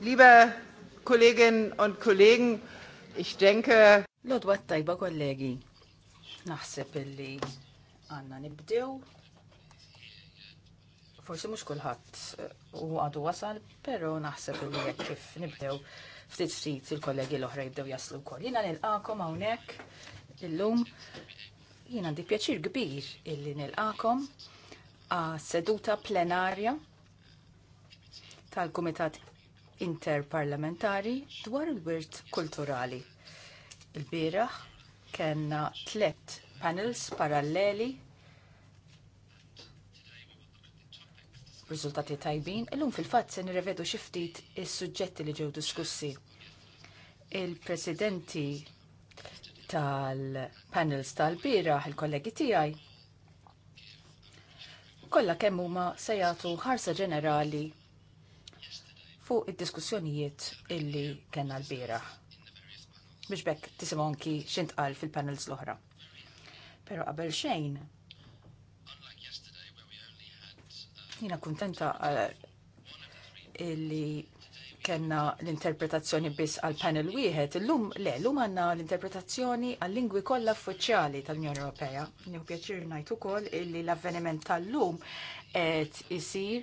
Liebe Kolleginnen und Kollegen, ich denke. Lodwa tajba kollegi, naħseb illi għanna nibdew. Forsi mux kullħat eh, u għadu wasal, pero naħseb illi jekk kif nibdew ftit ftit il-kollegi l-oħra jibdew jaslu kol. Jina nilqakom hawnhekk illum jina di pjaċir kbir illi nilqakom għas seduta plenarja tal-Kumitat interparlamentari dwar il-wirt kulturali. Il-bieraħ kellna tliet panels paralleli riżultati tajbin, illum fil-fatt se nirrevedu xi ftit is-suġġetti li ġew diskussi. Il-presidenti tal-panels tal-biraħ, il-kollegi tiegħi, kollha kemm huma se jagħtu ħarsa ġenerali fuq id-diskussjonijiet illi kena l bira Biex bekk tisimonki xint għal fil-panels l-oħra. Pero qabel xejn, jina kontenta eh, illi kena l-interpretazzjoni biss għal panel wieħed. Illum le, l-lum għanna l-interpretazzjoni għal lingwi kollha uffiċjali tal-Unjoni Ewropea. Nieħu pjaċir ngħid ukoll illi l-avveniment tal-lum qed isir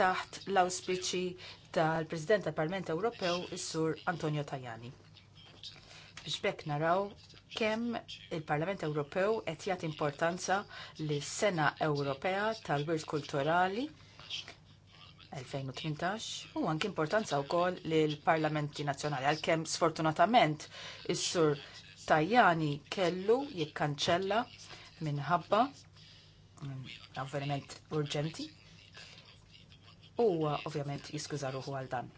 taħt l-auspiċi tal-President tal-Parlament Ewropew, is-Sur Antonio Tajani. Biex bekk naraw kemm il-Parlament Ewropew qed jagħti importanza lis sena Ewropea tal-Wirt Kulturali 2018 u anki importanza wkoll lill parlamenti nazzjonali għalkemm sfortunatament is-sur Tajani kellu jikkanċella minħabba mm, avveniment urġenti u ovvjament jiskuża ruħu għal dan.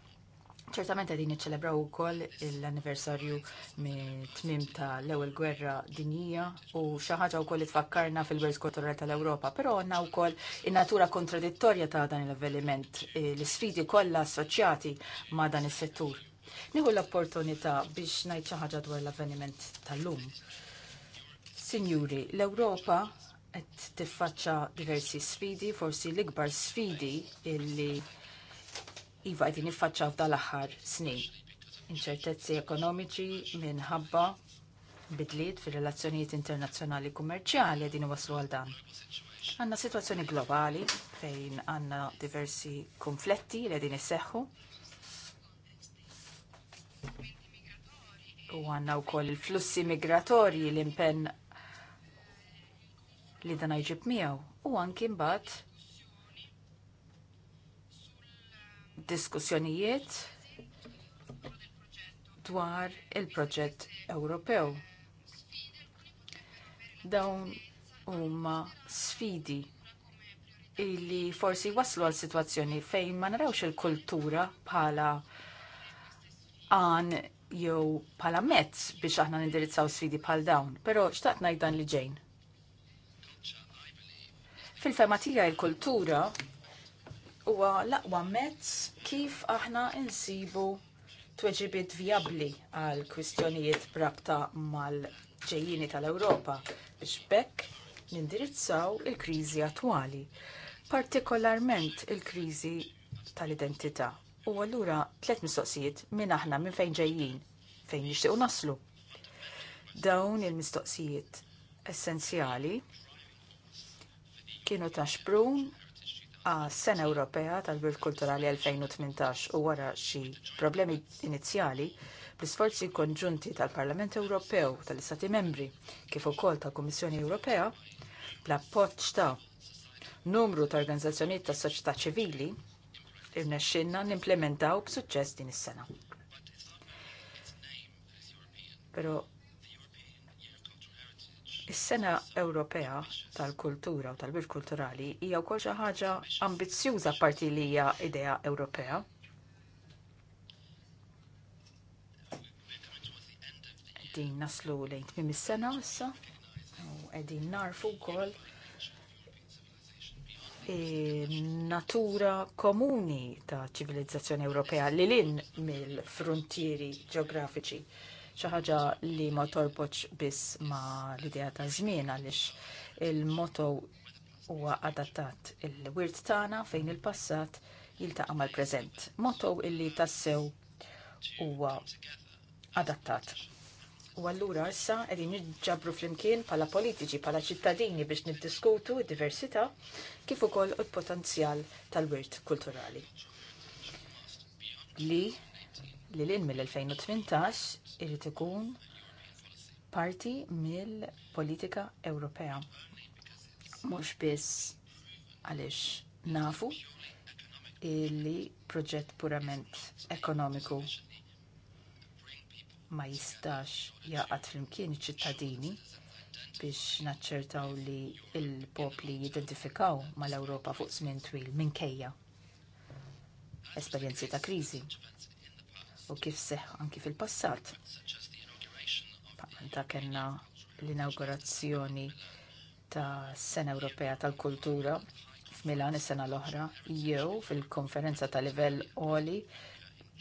Ċertament qegħdin iċċelebraw ukoll l-anniversarju mit tmim ta' l-ewel gwerra dinjija u xi ħaġa wkoll tfakkarna fil-Wers Kulturali tal ewropa però għandna wkoll in-natura kontradittorja ta' dan l-avveniment, eh, l isfidi kollha assoċjati ma' dan is-settur. Nieħu l-opportunità biex ngħid xi ħaġa dwar l-avveniment tal-lum. Sinjuri, l-Ewropa qed tiffaċċa diversi sfidi, forsi l-ikbar sfidi illi iva qegħdin niffaċċaw f'dan l-aħħar snin. Inċertezzi ekonomiċi minħabba bidliet fir-relazzjonijiet internazzjonali kummerċjali qegħdin waslu għal dan. Għandna sitwazzjoni globali fejn għandna diversi konfletti li qegħdin isseħħu. U għandna wkoll il-flussi migratorji l-impenn li dan jġib miegħu u anki mbagħad diskussjonijiet dwar il-proġett Ewropew. Dawn huma sfidi illi forsi waslu għal situazzjoni fejn ma narawx il-kultura bħala għan jew bħala mezz biex aħna nindirizzaw sfidi bħal dawn. Però xtaqt ngħid dan li ġejn. Fil-fema tija il-kultura huwa l-aqwa mezz kif aħna insibu tweġibiet vjabli għal kwistjonijiet brabta mal-ġejjini tal-Ewropa biex bekk nindirizzaw il-kriżi attwali, partikolarment il-kriżi tal-identità. U allura tliet mistoqsijiet minn aħna minn fejn ġejjin, fejn nixtiequ naslu. Dawn il-mistoqsijiet essenzjali kienu ta' xprun għas sena Ewropea tal-Wirt Kulturali 2018 u wara xi problemi inizjali bl-isforzi konġunti tal-Parlament Ewropew, tal-Istati Membri, kif ukoll tal-Kummissjoni Ewropea, bl-appoġġ ta' numru ta' organizzazzjonijiet tas soċjetà ċivili, irnexxinna nimplementaw b'suċċess din is-sena. Is-sena Ewropea tal-kultura u tal-bir kulturali hija wkoll xi ħaġa ambizzjuża parti li hija idea Ewropea. Qegħdin naslu lejn tmiem is-sena issa u qegħdin narfu wkoll e, natura komuni ta' ċivilizzazzjoni Ewropea li lin mill-frontieri ġeografiċi xi ħaġa li ma torboċ biss ma l-idea ta' żmien għaliex il-moto huwa adattat il-wirt tagħna fejn il-passat jiltaqa' mal-preżent. Moto illi tassew huwa adattat. U allura issa qegħdin niġġabru flimkien bħala politiċi, bħala ċittadini biex niddiskutu d-diversità kif ukoll il-potenzjal tal-wirt kulturali. Li li l-in mill-2018 irid ikun parti mill-politika Ewropea. Mhux biss għaliex nafu illi proġett purament ekonomiku ma jistax jaqat flimkien iċ-ċittadini biex naċċertaw li l popli jidentifikaw mal-Ewropa fuq żmien twil minkejja esperjenzi ta' kriżi u kif seħħ anki fil-passat. Ta' kena l-inaugurazzjoni ta' Sena Ewropea tal-Kultura f'Milan is-sena l-oħra jew fil-konferenza ta' livell oli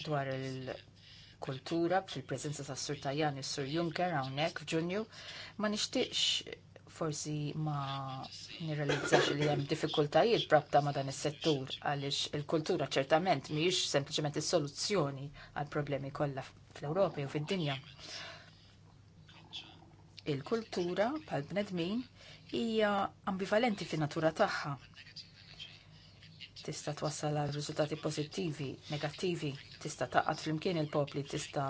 dwar il-kultura fil-preżenza ta' Sur Tajani Sur Juncker hawnhekk f'Ġunju ma nixtieqx forsi ma nirrealizzax li hemm diffikultajiet brabta ma dan is-settur għaliex il-kultura ċertament mhijiex sempliċement is-soluzzjoni għal problemi kollha fl-Ewropa u fid-dinja. Il-kultura bħal bnedmin hija ambivalenti fin-natura tagħha. Tista' twassal għal riżultati pożittivi, negattivi, tista' taqgħod flimkien il-popli, tista'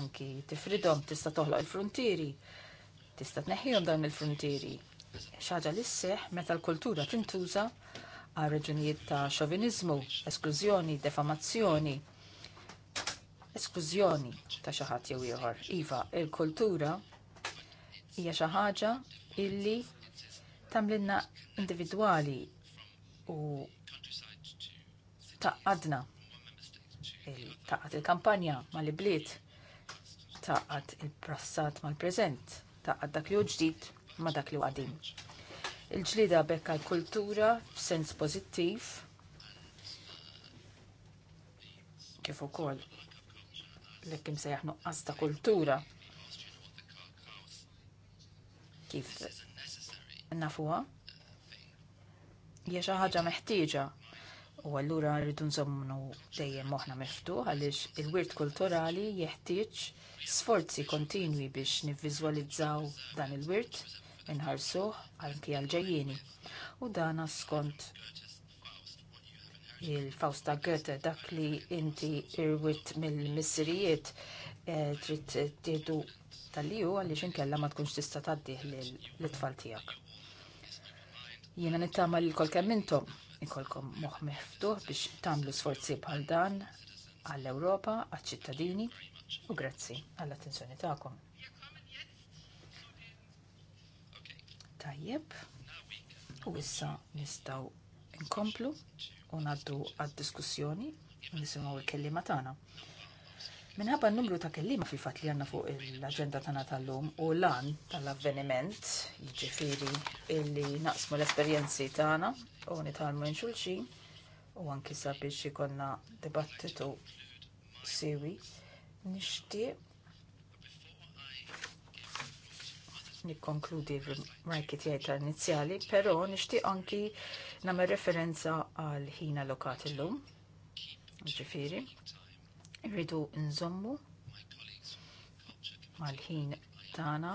anki tifridhom, tista' toħloq il-frontieri, il il frontieri tista' tneħħihom dawn il-frontieri. Xaġa li sseħħ meta l-kultura tintuża għal raġunijiet ta' xoviniżmu, esklużjoni, defamazzjoni, esklużjoni ta' xi ħadd jew ieħor. Iva, il-kultura hija xi ħaġa illi tamlinna individwali u taqqadna il il-kampanja mal-ibliet taqqat il-prassat mal-preżent ta' dak li hu ġdid ma' dak li għadim. Il-ġlida bekka l-kultura f'sens pożittiv kif ukoll l-ekkim se nuqqas ta' kultura kif nafuha jiexa ħagġa ħaġa meħtieġa U allura rridu nżommu dejjem moħna miftuħ għaliex il-wirt kulturali jeħtieġ sforzi kontinwi biex nivviżwalizzaw dan il-wirt inħarsuh anki għal-ġejjieni. U dana skont il-Fausta Goethe dak li inti irwit mill-missirijiet eh, trid tieħdu tal-liju għaliex inkella ma tkunx tista' taddih l-tfal tiegħek. Jiena nittama lil kol kemm intom ikolkom moħ miftuħ biex tagħmlu sforzi bħal dan għall-Ewropa, għal-ċittadini u grazzi għall-attenzjoni tagħkom. Tajjeb, u issa nistgħu nkomplu u ngħaddu għad-diskussjoni u nisimgħu l-kelliema tagħna. Minħabba n-numru ta' kellima fil-fat li għanna fuq l-agenda tana tal-lum u lan tal-avveniment, ġifiri illi naqsmu l-esperienzi tana u nitalmu nxulxin u anki sabiex ikonna dibattitu siwi. Nishti nikkonkludi r-marki inizjali pero nishti anki namer referenza għal ħina lokat l-lum, ġifiri, Rridu nżommu mal-ħin tagħna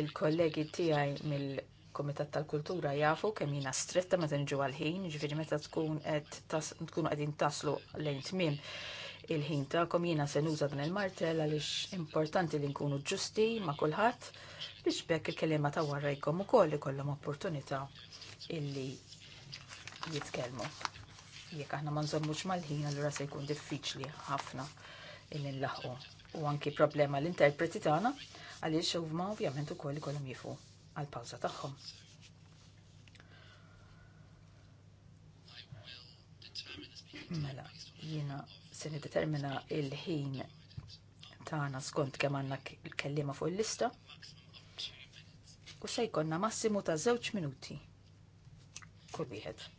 il-kollegi tiegħi mill Komitat tal-Kultura jafu kemm jiena stretta meta nġu għal-ħin, ġifieri meta tkun qed tkunu qegħdin taslu lejn tmiem il-ħin tagħkom jiena se nuża dan il-martell għaliex importanti li nkunu ġusti ma' kulħadd biex bekk il-kelima ta' warrajkom ukoll ikollhom opportunità illi jitkellmu. Jekk aħna ma nżommux mal-ħin, allura se jkun diffiċli ħafna illi nlaħqu. U anki problema l-interpreti tagħna għaliex huma ovvjament ukoll ikollhom jifu għall pawża tagħhom. Mela, jiena se niddetermina il-ħin tagħna skont kemm għandna l-kellima fuq il-lista u se jkollna massimu ta' żewġ minuti kull wieħed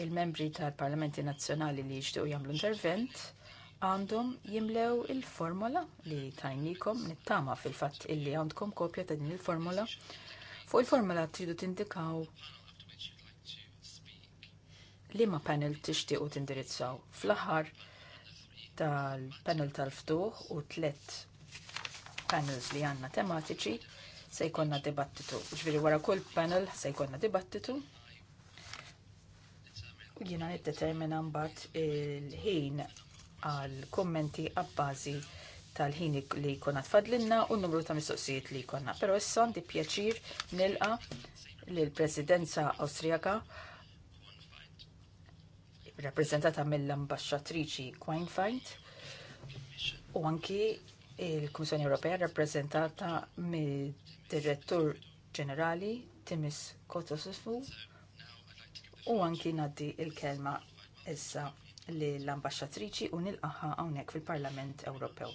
il-membri tal-Parlamenti Nazzjonali li jixtiequ jagħmlu intervent għandhom jimlew il-formola li tajnikom nittama fil-fatt illi għandkom kopja ta' din il-formola. Fuq il-formola tridu tindikaw li ma panel tixtiequ tindirizzaw fl-aħħar tal-panel tal-ftuħ u tlet panels li għanna tematiċi se jkonna dibattitu. Ġviri wara kull panel se jkonna dibattitu Jiena niddetermina mbagħad il-ħin għal kummenti għabbażi tal-ħin li jkun fadlinna u n-numru ta' mistoqsijiet li jkollna. Però issa għandi pjaċir nilqa lill presidenza Awstrijaka rappresentata mill-ambasċatriċi Quinfight u anki il komissjoni Ewropea rappresentata mid-Direttur Ġenerali Timis Kotosofu u anki naddi il-kelma issa li l-ambasċatriċi u nilqaħħa hawnhekk fil-Parlament Ewropew.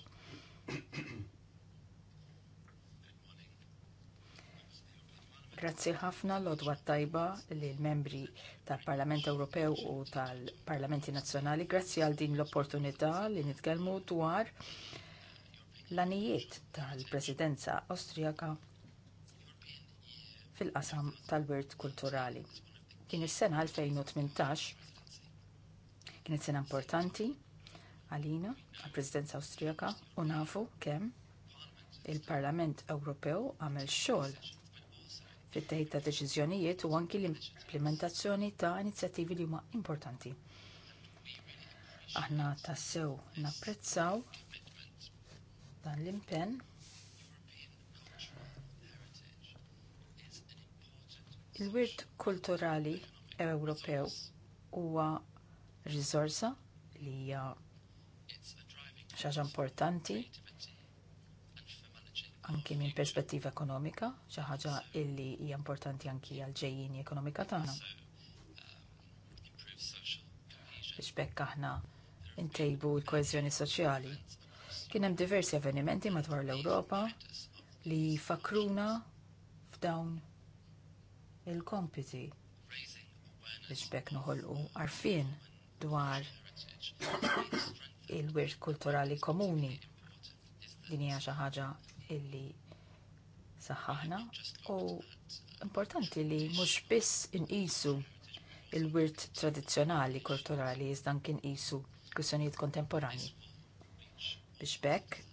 Grazzi ħafna l-odwa tajba li l-membri tal-Parlament Ewropew u tal-Parlamenti Nazzjonali. Grazzi għal din l-opportunità li nitkellmu dwar l-anijiet tal-Presidenza Austriaka fil-qasam tal-Wirt Kulturali. Kien is-sena 2018 kienet sena importanti għalina għal Presidenza Awstrijaka u nafu kemm il-Parlament Ewropew għamel xogħol fit-teħid ta' deċiżjonijiet u anki l-implementazzjoni ta' inizjattivi li huma importanti. Aħna tassew napprezzaw dan l-impenn Il-wirt kulturali Ewropew huwa riżorsa li hija xaġa importanti anki minn perspettiva ekonomika, xi ħaġa illi hija importanti anki għal ġejjini ekonomika tagħna. Biex bekk aħna ntejbu l-koeżjoni soċjali. Kien hemm diversi avvenimenti madwar l-Ewropa li fakruna f'dawn il-kompiti biex bekk noħolqu għarfien dwar il-wirt kulturali komuni. Din hija xi ħaġa illi saħħaħna u importanti li mhux biss inqisu il-wirt tradizzjonali kulturali iżda kien qisu kwistjonijiet kontemporani. Biex bekk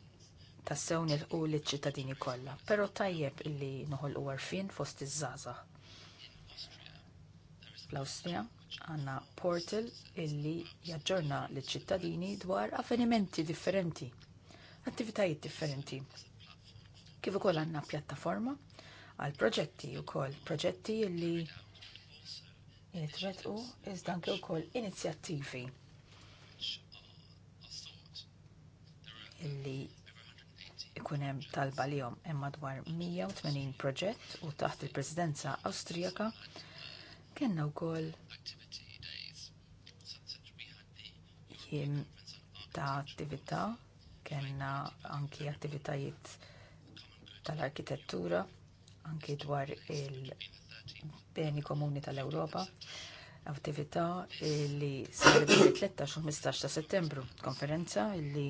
tassew nilqu liċ ċittadini kollha, però tajjeb illi noħolqu għarfien fost iż-żgħażagħ. Fl-Awstrija għandna portal illi jaġġorna liċ ċittadini dwar avvenimenti differenti, attivitajiet differenti. Kif ukoll għandna pjattaforma għal proġetti wkoll proġetti illi jitretqu iżda anke wkoll inizjattivi illi ikun hemm talba lihom hemm madwar 180 proġett u taħt il-Presidenza Awstrijaka Kellna wkoll jien ta' attività, kellna anki attivitajiet tal-arkitettura, anki dwar il-beni komuni tal-Europa, attività li saret bil-13 u 15 ta' settembru, konferenza li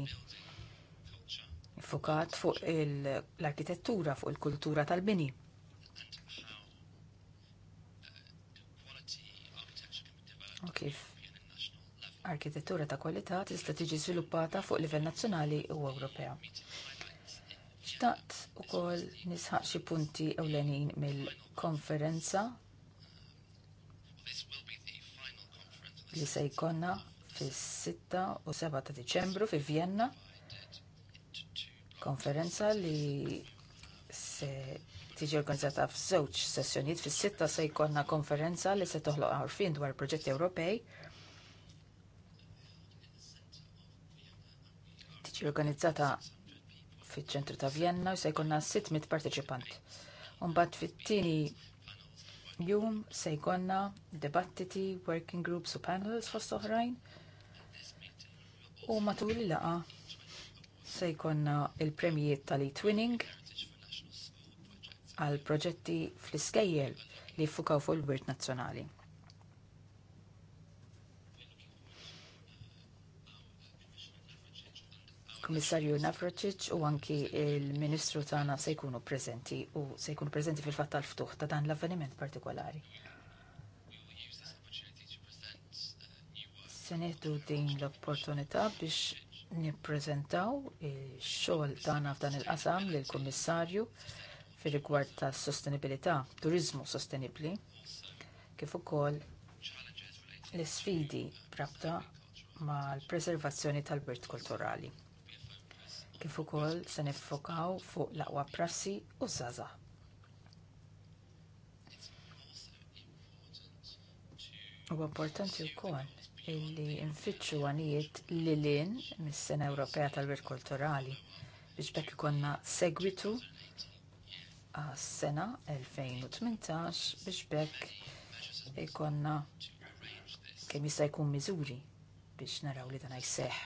fukat fuq l-arkitettura, fuq il-kultura tal-bini. u kif arkitettura ta' kwalità tista' tiġi żviluppata fuq livell nazzjonali u Ewropea. Xtaqt ukoll nisħaq xi punti ewlenin mill-konferenza li se jkollna fis-6 u 7 ta' Diċembru fi Vienna konferenza li se tiġi organizzata f'żewġ sessjonijiet fis-sitta se jkollna konferenza li se toħloq għarfien dwar proġetti Ewropej. Tiġi organizzata fiċ-ċentru ta' Vienna u se jkollna 600 partiċipant. Mbagħad fit-tieni jum se jkollna dibattiti, working groups u panels fost oħrajn. U matul il-laqa se jkollna il-premijiet tal-e-twinning għal proġetti fl-iskejjel li jiffukaw fuq il-wirt nazzjonali. Komissarju Navracic u anki il-Ministru tagħna se jkunu preżenti u se jkunu preżenti fil-fatt tal-ftuħ ta' dan l-avveniment partikolari. Se nieħdu din l-opportunità biex nippreżentaw ix-xogħol tagħna f'dan il-qasam lill-Kummissarju fil rigward ta' sostenibilità, turizmu sostenibli, kif ukoll l-sfidi brabta mal preservazzjoni tal-birt kulturali. Kif ukoll se niffokaw fuq l-aqwa prassi u żaza. Huwa importanti wkoll illi nfittxu għanijiet lilin mis-Sena Ewropea tal-Birt Kulturali biex bekk ikonna segwitu għas-sena 2018 biex bekk ikonna kemm jista' jkun miżuri biex naraw li dan jseħħ.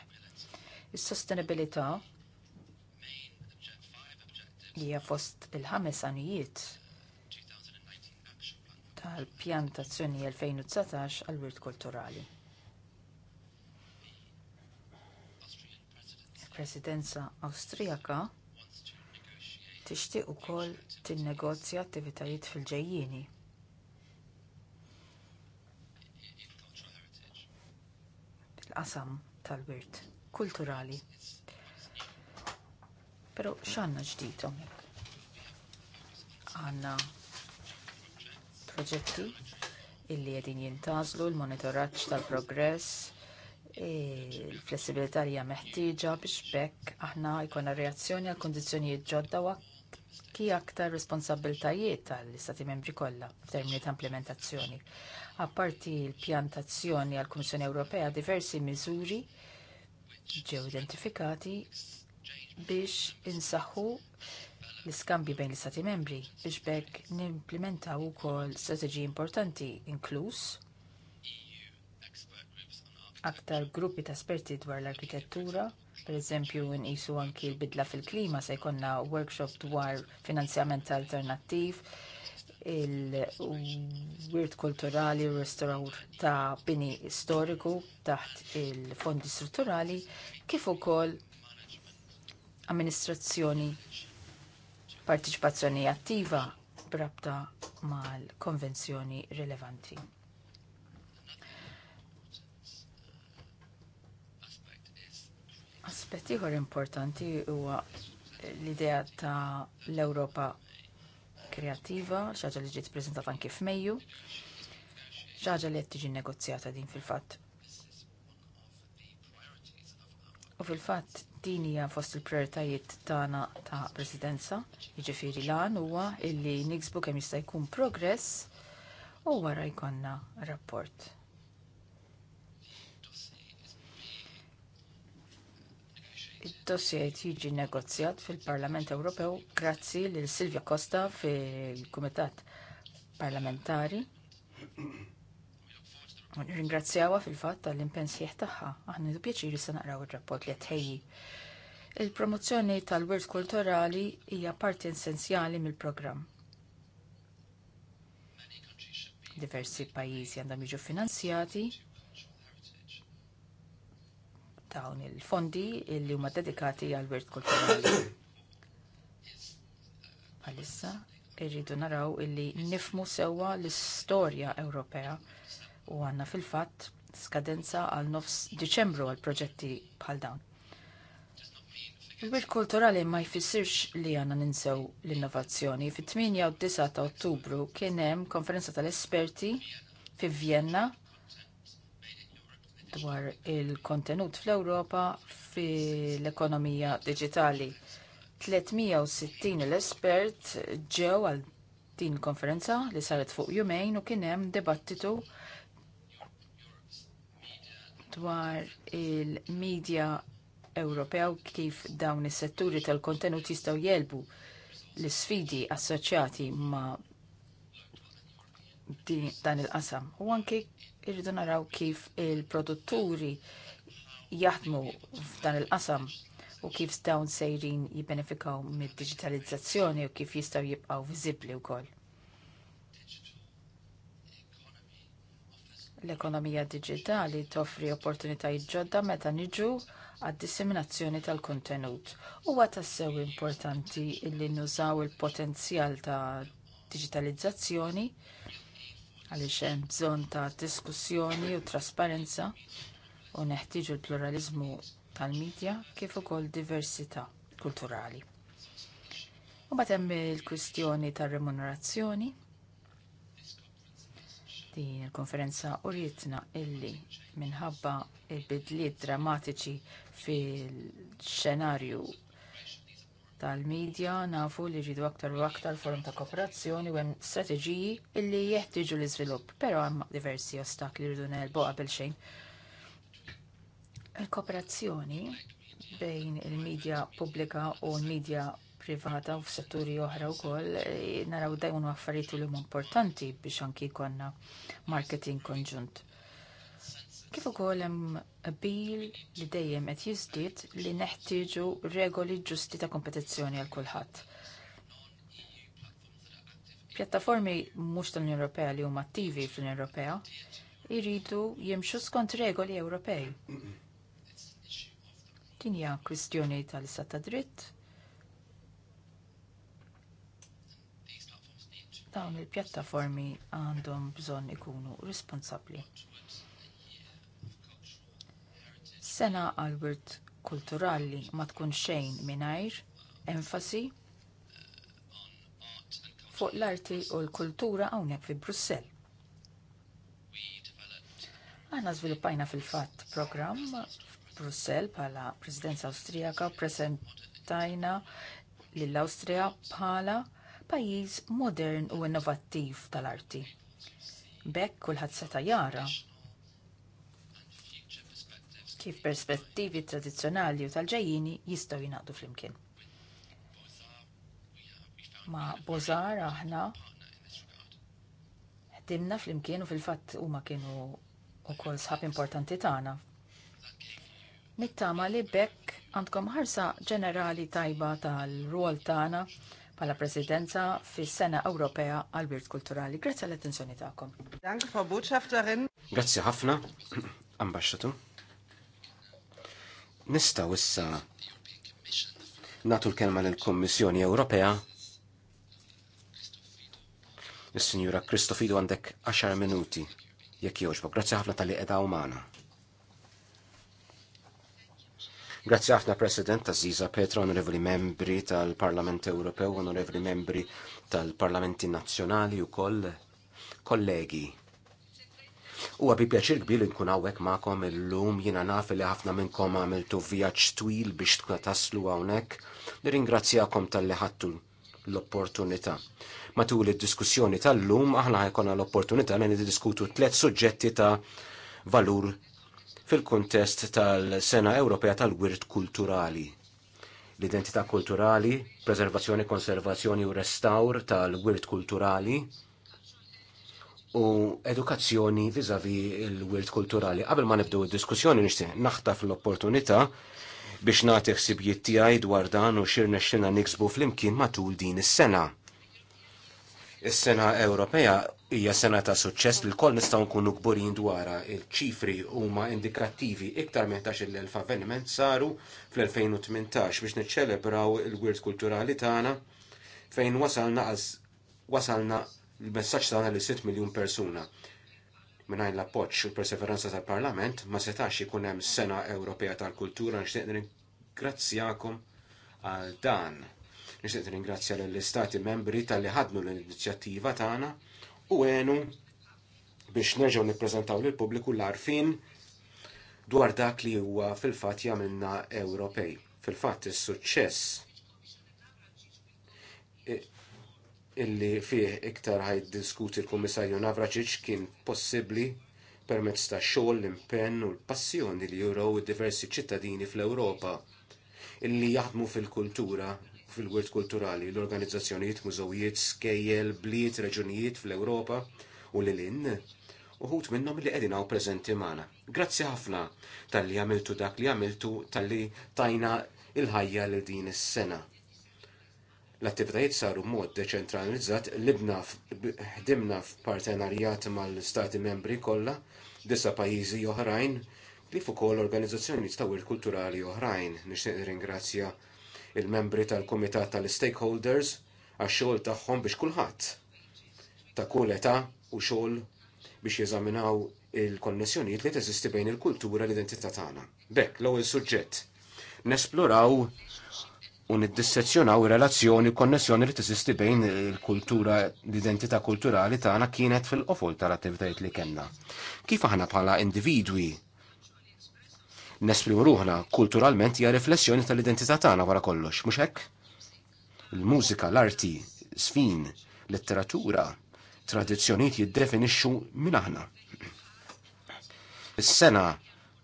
Is-sostenibilità hija fost il-ħames għanijiet tal-pjan tazzjoni 2019 għall wirt kulturali. Il-Presidenza Awstrijaka tixtieq ukoll tinnegozja attivitajiet fil-ġejjieni. Il-qasam tal-wirt kulturali. Però x'għandna ġdidhom? Għandna proġetti illi qegħdin jintgħażlu l-monitoraġġ tal-progress, il-flessibilità li hija meħtieġa biex bekk aħna jkollna reazzjoni għal kondizzjonijiet ġodda ki aktar responsabiltajiet tal-Istati membri kollha f'termini ta' implementazzjoni. Apparti l-pjantazzjoni għall kummissjoni Ewropea diversi miżuri ġew identifikati biex insaħħu l-iskambji bejn l-Istati membri biex bekk nimplementaw ukoll strateġiji importanti inkluż aktar gruppi ta' esperti dwar l-arkitettura pereżempju nqisu anki l-bidla fil-klima se jkollna workshop dwar finanzjament alternattiv il-wirt kulturali u restawr ta' bini storiku taħt il-fondi strutturali kif ukoll amministrazzjoni partiċipazzjoni attiva brabta mal-konvenzjoni rilevanti. Aspetti ieħor importanti huwa l-idea ta' l-Ewropa kreativa, xaġa li ġiet prezentata anki f'Mejju, xaġa li qed tiġi negozjata din fil-fatt. U fil-fatt din hija fost il-prioritajiet tagħna ta' presidenza, jiġifieri lan huwa illi niksbu kemm jista' jkun progress u wara jkollna rapport. Id-dossier jiġi negozjat fil-Parlament Ewropew grazzi lil Silvia Costa fil-Kumitat Parlamentari. Ringrazzjawa fil-fatt tal-impensieħ tagħha. Aħna du pjaċiri se naqraw ir-rapport li tħejji. Il-promozzjoni tal-wirt kulturali hija parti essenzjali mill-programm. Diversi pajjiżi għandhom jiġu finanzjati dawn il-fondi li huma dedikati għal wirt kulturali. Għalissa, irridu naraw illi nifmu sewwa l-istorja Ewropea u għandna fil-fatt skadenza għal nofs Diċembru għal proġetti bħal dawn. Il-wirt kulturali ma jfissirx li għanna ninsew l-innovazzjoni. Fit-8 u 9 ta' Ottubru kien hemm konferenza tal-esperti fi Vienna dwar il-kontenut fl-Ewropa fil-ekonomija digitali. 360 l-espert ġew għal din konferenza li saret fuq jumejn u kien hemm dibattitu dwar il-medja Ewropew kif dawn is-setturi tal-kontenut jistgħu jelbu l isfidi assoċjati ma' di, dan il-qasam. U anki irridu naraw kif il-produtturi jaħdmu f'dan il-qasam u kif stawn sejrin jibbenefikaw mid-digitalizzazzjoni u kif jistaw jibqaw viżibbli wkoll. L-ekonomija digitali toffri opportunitajiet ġodda meta niġu għad-disseminazzjoni tal-kontenut. Huwa tassew importanti illi nużaw il-potenzjal ta' digitalizzazzjoni għaliex hemm bżonn ta' diskussjoni u trasparenza u neħtieġu l-pluralizmu tal-medja kif ukoll diversità kulturali. U bat hemm il-kwistjoni tar-remunerazzjoni. Din il-konferenza urietna illi minħabba il-bidliet drammatiċi fil-xenarju tal-medja nafu li rridu aktar u aktar forum ta' kooperazzjoni u hemm strateġiji illi jeħtieġu l-iżvilupp, però hemm diversi ostakli li rridu nelbu qabel xejn. Il-kooperazzjoni bejn il-medja pubblika u l-medja privata u f'setturi oħra wkoll eh, naraw dejjem affarijiet li importanti biex anki jkollna marketing konġunt. Kif ukoll hemm bil li dejjem qed jiżdied li neħtieġu regoli ġusti ta' kompetizzjoni għal kulħadd. Pjattaformi mhux tal-Unjoni Ewropea li huma attivi fl-Unjoni Ewropea jridu jimxu skont regoli Ewropej. Din hija kwistjoni tal-istat ta' dritt. Dawn il-pjattaformi għandhom bżonn ikunu responsabbli. sena għal-wirt kulturali ma tkun xejn mingħajr enfasi fuq l-arti u l-kultura hawnhekk fi Brussell. Aħna żviluppajna fil-fatt programm f'Brussell bħala Presidenza Awstrijaka presentajna lill-Awstrija bħala pajjiż modern u innovattiv tal-arti. B'hekk kulħadd seta' jara kif perspettivi tradizzjonali u tal-ġejjini jistgħu jingħaqdu flimkien. Ma Bozar aħna ħdimna flimkien u fil-fatt huma kienu wkoll sħab importanti tagħna. Nittama li bekk għandkom ħarsa ġenerali tajba tal rwol tagħna bħala presidenza fis sena Ewropea għall wirt Kulturali. Grazzi għall attenzjoni tagħkom. Dank, Grazzi ħafna, ambasċatu. Nistaw issa natu l-kelma l-Kommissjoni Ewropea. Is-Sinjura Kristofidu għandek 10 minuti jekk jogħġbok. Grazzi ħafna tal-li qiegħda umana. Grazzi ħafna President Aziza Petra, onorevoli membri tal-Parlament Ewropew, onorevoli membri tal-Parlamenti Nazzjonali u koll kollegi. U għabi pjaċir kbir nkun għawek ma'kom il-lum jina naf li ħafna minnkom għamiltu vjaċ twil biex tkun taslu għawnek. Nirringrazzjakom tal-li ħattu l-opportunità. Matul id-diskussjoni tal-lum aħna ħajkonna l-opportunità li niddiskutu tliet suġġetti ta' valur fil-kuntest tal-Sena Ewropea tal wirt Kulturali. L-identità kulturali, preservazzjoni, konservazzjoni u restaur tal wirt Kulturali, u edukazzjoni vizavi il-wirt kulturali. Qabel ma nibdew id-diskussjoni nixtieq naħtaf l-opportunità biex nagħti ħsibijiet tiegħi dwar dan u xir xina niksbu flimkien matul din is-sena. Is-sena Ewropea hija sena ta' suċċess li l-koll nistgħu nkunu kburin dwarha. Il-ċifri huma indikattivi iktar minn elf avveniment saru fl-2018 biex niċċelebraw il-wirt kulturali tagħna fejn wasalna wasalna il-messaġġ tagħna li 6 miljun persuna minnajn l-appoġġ u l-perseveranza tal-Parlament ma setax ikun hemm sena Ewropea tal-Kultura nixtieq ringrazzjakom għal dan. Nixtieq ringrazzja lill-Istati membri tal-li ħadnu l-inizjattiva tagħna u għenu biex nerġgħu nippreżentaw lill-pubbliku l-arfin dwar dak li huwa fil-fatt jagħmilna Ewropej. Fil-fatt is-suċċess illi fih iktar ħaj diskuti l-Komissarju Navraċiċ kien possibbli permezz ta' xogħol l-impenn u l-passjoni li juraw diversi ċittadini fl-Ewropa illi jaħdmu fil-kultura fil-wirt kulturali l-organizzazzjonijiet, mużewijiet, skejjel, bliet, reġunijiet fl-Ewropa u l lin uħut minnom li għedina u prezenti maħna. Grazzi ħafna tal-li għamiltu dak li għamiltu tal-li tajna il-ħajja l din is-sena. L-attivitajiet saru mod deċentralizzat libna ħdimna f'partenarjat mal-Stati membri kollha, disa pajjiżi oħrajn, kif ukoll organizzazzjoni tawil kulturali oħrajn. Nixtieq ringrazzja il-membri tal-Kumitat tal-Stakeholders għax-xogħol tagħhom biex kulħadd ta' kull età u xogħol biex jeżaminaw il-konnessjonijiet li teżisti bejn il-kultura l-identità tagħna. Bekk, l-ewwel suġġett nesploraw u niddissezzjonaw ir-relazzjoni u konnessjoni li tesisti bejn il-kultura, l-identità kulturali tagħna kienet fil-qofol tal-attivitajiet li kellna. Kif aħna bħala individwi nesprimu ruħna kulturalment hija riflessjoni tal-identità tagħna wara kollox, mhux hekk? Il-mużika, l-arti, sfin, letteratura, tradizzjonijiet jiddefinixxu minn aħna. Is-sena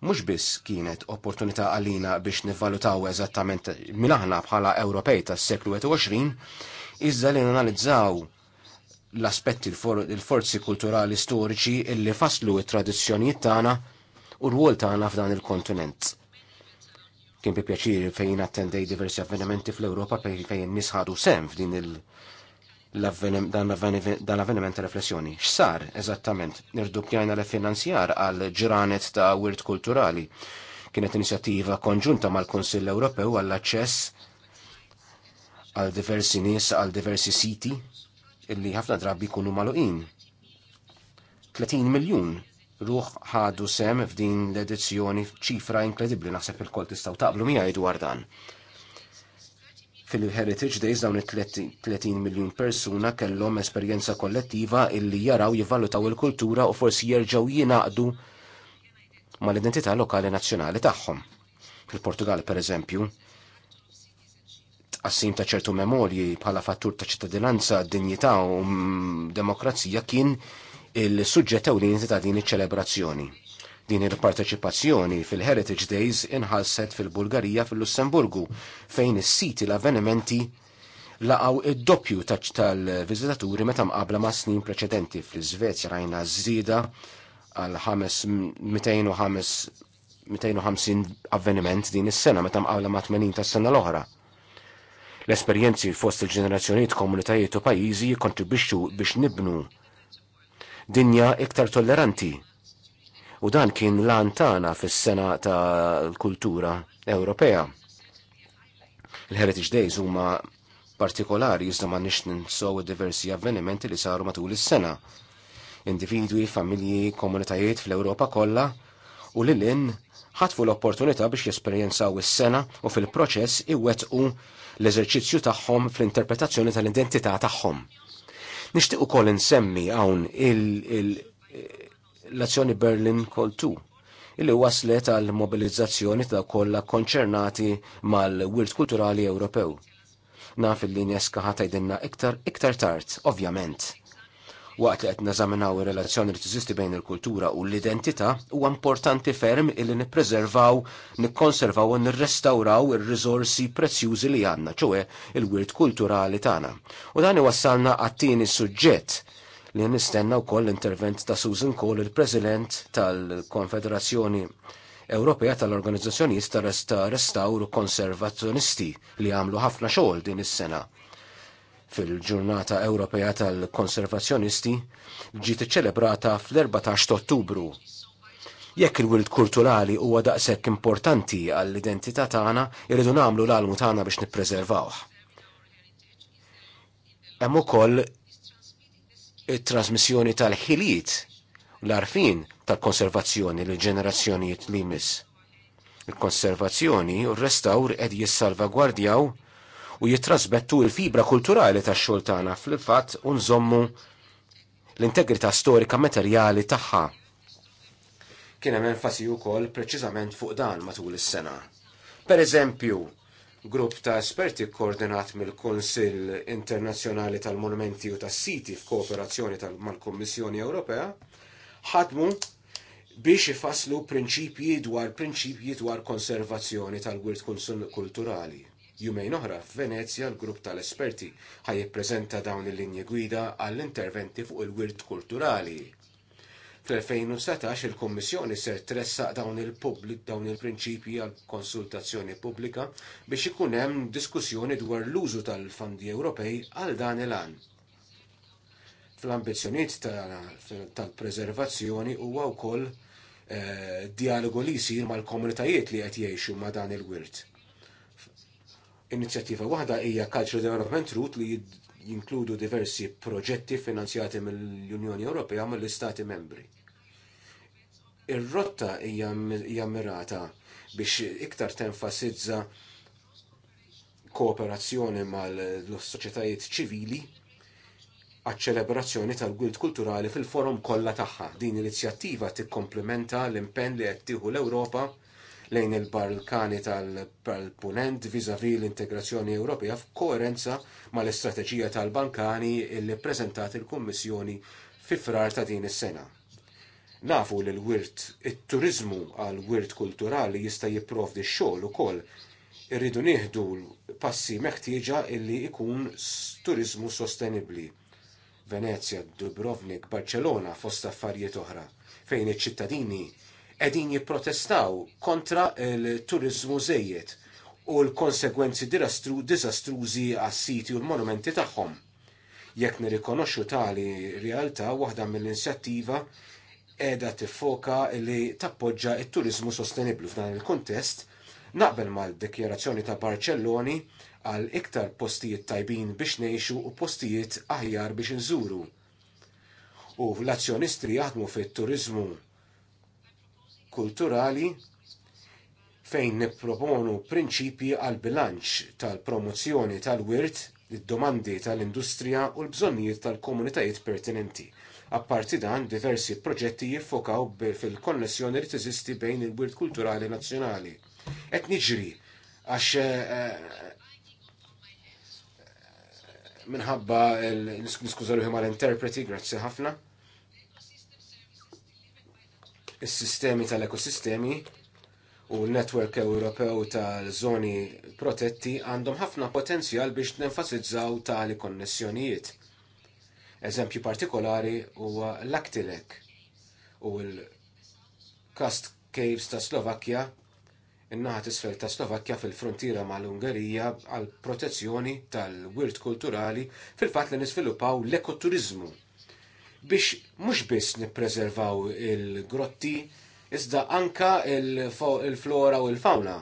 mhux biss kienet opportunità għalina biex nivvalutaw eżattament minn aħna bħala Ewropej tas-seklu 21, iżda li nanalizzaw l-aspetti l-forzi kulturali storiċi illi faslu it-tradizzjonijiet tagħna u r-wol tagħna f'dan il-kontinent kien bi pjaċir fejn attendej diversi avvenimenti fl ewropa fejn nisħadu sem f'din il- dan l-avveniment riflessjoni. X'sar eżattament? Nirdupjajna l-finanzjar għal ġranet ta' wirt kulturali. Kienet inizjattiva konġunta mal-Konsill Ewropew għall aċċess għal diversi nies għal diversi siti illi ħafna drabi jkunu maluqin. 30 miljun ruħ ħadu sem f'din l-edizzjoni ċifra inkredibbli naħseb il-kol tistgħu taqblu mija dwar dan. Fil-Heritage Days dawn it-30 miljun persuna kellhom esperjenza kollettiva illi jaraw jivvalutaw il-kultura u forsi jerġgħu jingħaqdu mal-identità lokali nazzjonali tagħhom. Fil-Portugal pereżempju, tqassim ta' ċertu memorji bħala fattur ta' ċittadinanza, dinjità u demokrazija kien il-suġġett ewlieni ta' din iċ-ċelebrazzjoni Din il-parteċipazzjoni fil-Heritage Days inħasset fil-Bulgarija fil-Lussemburgu fejn is-siti l-avvenimenti laqaw id-doppju tal-vizitaturi meta mqabla ma' snin preċedenti fl-Iżvezja rajna żieda għal 250 avveniment din is-sena meta mqabla ma' 80 tas-sena l-oħra l-esperjenzi fost il-ġenerazzjoniet komunitajiet u pajjiżi jikkontribwixxu biex nibnu dinja iktar tolleranti U dan kien lantana fis-sena ta' kultura Ewropea. Il-Heritage Days huma partikolari iżda ma nix ninsow diversi avvenimenti li saru matul is-sena. Individwi, familji, komunitajiet fl-Ewropa kollha u lilin ħatfu l-opportunità biex jesperjenzaw is-sena u fil-proċess iwettqu l-eżerċizzju tagħhom fl-interpretazzjoni tal-identità tagħhom. Nixtieq ukoll insemmi hawn l-azzjoni Berlin Call 2 illi waslet għal mobilizzazzjoni ta' kollha konċernati mal-wirt kulturali Ewropew. Naf il-linja ħata tajdinna iktar iktar tard, ovvjament. Waqt li qed nażaminaw ir-relazzjoni li tiżisti bejn il-kultura u l-identità huwa importanti ferm illi nippreservaw, nikkonservaw u nirrestawraw ir-riżorsi prezzjużi li għandna, ċoe il-wirt kulturali tagħna. U dan iwassalna għat-tieni suġġett li nistenna wkoll l-intervent ta' Susan Cole, il-President tal-Konfederazzjoni Ewropea tal-Organizzazzjonist ta' Restawru Konservazzjonisti li għamlu ħafna xogħol din is-sena fil-ġurnata Ewropea tal-Konservazzjonisti ġiet iċċelebrata fl-14 Ottubru. Jekk il-wild kulturali huwa daqshekk importanti għall-identità tagħna, irridu nagħmlu l-almu tagħna biex nippreservawh. Hemm ukoll it-trasmissjoni tal-ħiliet l-arfin tal-konservazzjoni l ġenerazzjonijiet li jmiss. Il-konservazzjoni u r-restawr qed jissalvagwardjaw u jitrasbettu il-fibra kulturali tax xogħol tagħna fil-fatt unżommu l-integrità storika materjali tagħha. Kien hemm enfasi wkoll preċiżament fuq dan matul is-sena. Per eżempju, grupp ta' esperti koordinat mill-Konsil Internazzjonali tal-Monumenti u tas-Siti f'kooperazzjoni mal-Kummissjoni Ewropea ħadmu biex ifasslu prinċipji dwar prinċipji dwar konservazzjoni tal-wirt kulturali. Jumejn oħra f'Venezja l-grupp tal-esperti ħaj jippreżenta dawn il-linji gwida għall-interventi fuq il-wirt kulturali Fl-2017 il-Kommissjoni ser tressaq dawn il-publik dawn il-prinċipji għal konsultazzjoni pubblika biex ikun hemm diskussjoni dwar l-użu tal-fondi Ewropej għal dan il-għan. fl ambizzjonijiet tal-preservazzjoni huwa wkoll eh, dialogu li jsir mal-komunitajiet li qed jgħixu ma' dan il-wirt inizjattiva waħda hija Culture Development Route li jinkludu diversi proġetti finanzjati mill-Unjoni Ewropea mill-Istati membri. Ir-rotta hija mirata biex iktar tenfasizza kooperazzjoni mal-soċjetajiet ċivili għaċ-ċelebrazzjoni tal-Gwild Kulturali fil-forum kollha tagħha. Din l-inizjattiva tikkomplementa l-impenn li qed tieħu l-Ewropa lejn il-Balkani tal-Punent vizavi l-integrazzjoni Ewropea f'koerenza mal-istrateġija tal-Balkani illi preżentat il-Kummissjoni fi frar ta' din is-sena. Nafu li l-wirt, it-turizmu għal wirt kulturali jista' jipprovdi x-xogħol ukoll irridu nieħdu passi meħtieġa illi jkun turizmu sostenibbli. Venezia, Dubrovnik, Barcelona fost affarijiet oħra, fejn iċ-ċittadini qegħdin jipprotestaw kontra l-turiżmu żejjed u l-konsegwenzi diżastrużi għas-siti u l-monumenti tagħhom. Jekk nirrikonoxxu tali realtà waħda mill-inizjattiva qiegħda tiffoka li tappoġġa t turiżmu sostenibbli f'dan il-kuntest, naqbel mal-dikjerazzjoni ta' Barcelloni għal iktar postijiet tajbin biex ngħixu u postijiet aħjar biex nżuru. U l-azzjonisti jaħdmu fit turiżmu kulturali fejn nipproponu prinċipji għal bilanċ tal-promozzjoni tal-wirt, id-domandi tal-industrija u l-bżonnijiet tal-komunitajiet pertinenti. Apparti dan, diversi proġetti jiffokaw fil-konnessjoni li tiżisti bejn il-wirt kulturali nazzjonali. Qed niġri għax eh, eh, minħabba niskużaru mal interpreti grazzi ħafna is-sistemi tal-ekosistemi u l-Netwerk Ewropew tal-Żoni Protetti għandhom ħafna potenzjal biex nenfasizzaw tali konnessjonijiet. Eżempju partikolari huwa l-Aktilek u l-Kast Caves ta' Slovakkja in-naħa tisfel ta' Slovakkja fil-frontiera mal-Ungerija għal protezzjoni tal-wirt kulturali fil-fatt li nisvilupaw l-ekoturizmu biex mhux biss nipprezervaw il-grotti iżda anka il-flora u l-fauna.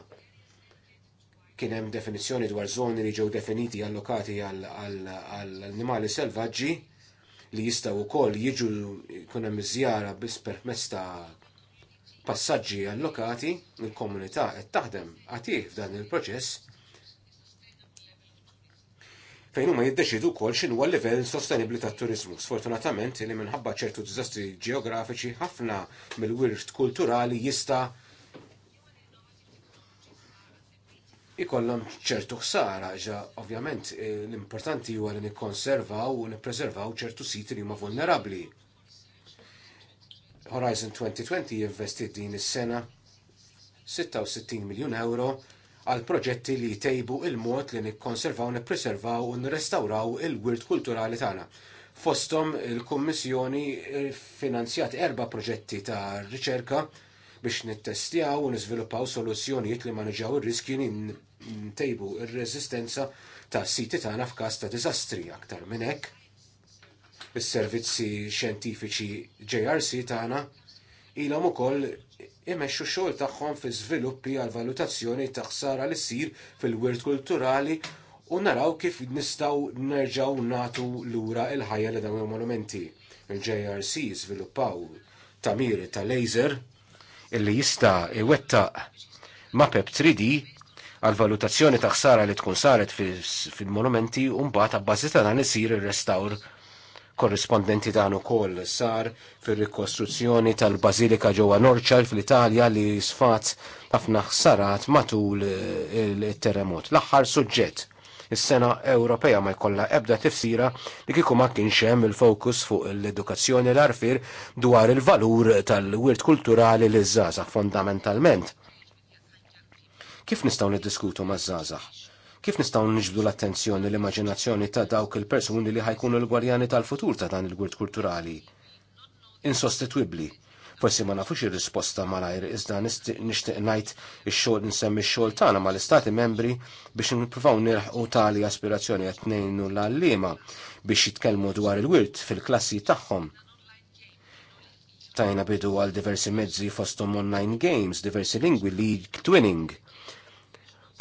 Kien hemm definizzjoni dwar żoni li ġew definiti allokati għall-annimali selvaġġi li jistgħu wkoll jiġu jkun hemm iżjara biss permezz ta' passaġġi allokati, il-komunità qed taħdem għatih f'dan il-proċess fejn huma jiddeċidu wkoll x'inhu l-livell sostenibbli tat-turiżmu. Sfortunatament li minħabba ċertu diżastri ġeografiċi ħafna mill-wirt kulturali jista' ikollhom ċertu ħsara ġa ovvjament eh, l-importanti huwa li nikkonservaw u nippreservaw ċertu siti li huma vulnerabbli. Horizon 2020 jinvestit din is-sena 66 miljun euro għal proġetti li jtejbu il-mod li nikkonservaw, nippreservaw u nirrestawraw il-wirt kulturali tagħna. Fostom il-Kummissjoni finanzjat erba' proġetti ta' riċerka biex nittestjaw u niżviluppaw soluzzjonijiet li ma niġaw ir-riskju ntejbu ir-reżistenza ta' siti tagħna f'każ ta' diżastri aktar minn hekk. Is-servizzi xjentifiċi JRC tagħna ilhom ukoll imexxu xogħol tagħhom fi żviluppi għal valutazzjoni ta' ħsara li ssir fil-wirt kulturali u naraw kif nistgħu nerġgħu nagħtu lura l-ħajja li dawn il-monumenti. Il-JRC żviluppaw tamir ta' laser illi jista' iwettaq mapep 3D għal valutazzjoni ta' ħsara li tkun saret fil-monumenti u mbagħad abbażi ta' dan isir ir-restawr korrispondenti dan ukoll sar fir-rikostruzzjoni tal-Bażilika ġewwa Norċal fl-Italja li sfat ħafna ħsarat matul il-terremot. L-aħħar suġġett is-sena Ewropea ma jkollha ebda tifsira li kieku ma kienx hemm il-fokus fuq l-edukazzjoni l-arfir dwar il-valur tal-wirt kulturali li żgħażagħ fondamentalment. Kif nistgħu niddiskutu maż-żgħażagħ? Kif nistgħu niġbdu l-attenzjoni l-immaġinazzjoni ta' dawk il-persuni li ħajkunu l gwarjani tal-futur ta' dan il-gwirt kulturali? Insostituibli. Forsi ma nafux ir-risposta malajr iżda nixtieq ngħid ix-xogħol nsemmi x-xogħol tagħna mal-istati membri biex nippruvaw nirħqu tali aspirazzjoni qed ngħinu l-għalliema biex jitkellmu dwar il-wirt fil-klassi tagħhom. Tajna bidu għal diversi mezzi fosthom online games, diversi lingwi, league twinning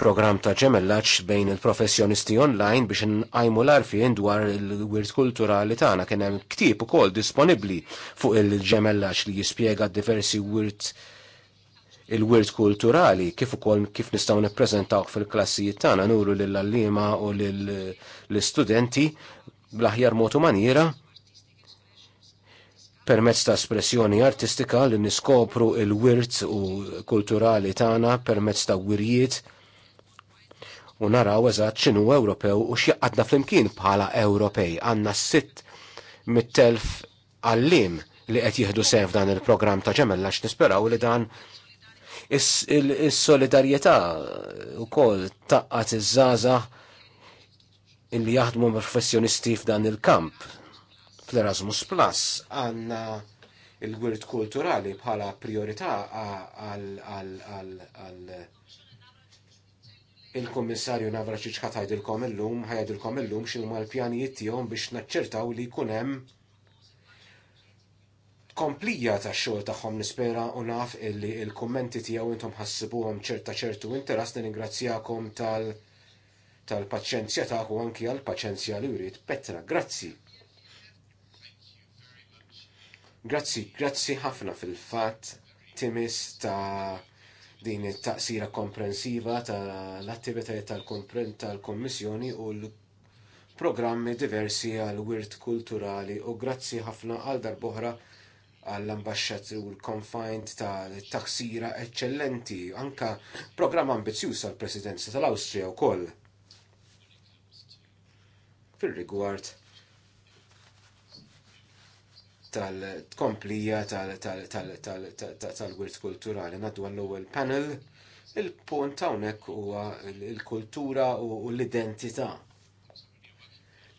program ta' ġemellaċ bejn il-professjonisti online biex nqajmu l-arfien dwar il-wirt kulturali tagħna kien hemm ktieb ukoll disponibbli fuq il-ġemellaċ li jispjega diversi wirt il-wirt kulturali kif ukoll kif nistgħu nippreżentaw fil-klassijiet tagħna nuru lil allima u lill-studenti bl-aħjar motu maniera permezz ta' espressjoni artistika li niskopru il-wirt u kulturali tagħna permezz ta' wirjiet u naraw eżat x'inhu Ewropew u x'jaqadna flimkien bħala Ewropej għandna sitt mit-telf għallim li qed jieħdu sehem f'dan il-programm ta' ġemella x nisperaw li dan is-solidarjetà wkoll taqqat iż-żgħażagħ illi jaħdmu professjonisti f'dan il-kamp fl-Erasmus Plus għanna il-gwirt kulturali bħala priorità għal il-Kummissarju Navraċiċ ħatajdilkom illum, ħajdilkom illum xinu ma l-pjanijiet tiegħhom biex naċċertaw li jkun hemm komplija ta' xogħol tagħhom nispera u naf illi il-kummenti tiegħu intom ħassibuhom ċerta ċertu interess ningrazzjakom tal tal-paċenzja tagħku anki għall paċenzja li jrid Petra, grazzi. Grazzi, grazzi ħafna fil-fatt timis ta' din it-taqsira komprensiva tal-attivitajiet tal-Kommissjoni u l-programmi diversi għal wirt kulturali u grazzi ħafna għal darbohra għall-ambasċatur confined tal taqsira eccellenti, anka programm ambizzjuż għall presidenza tal-Awstrija wkoll. Fil-rigward tal-tkomplija tal-wirt kulturali. Naddu għall-ewwel panel, il-punt hawnhekk huwa l-kultura u l-identità.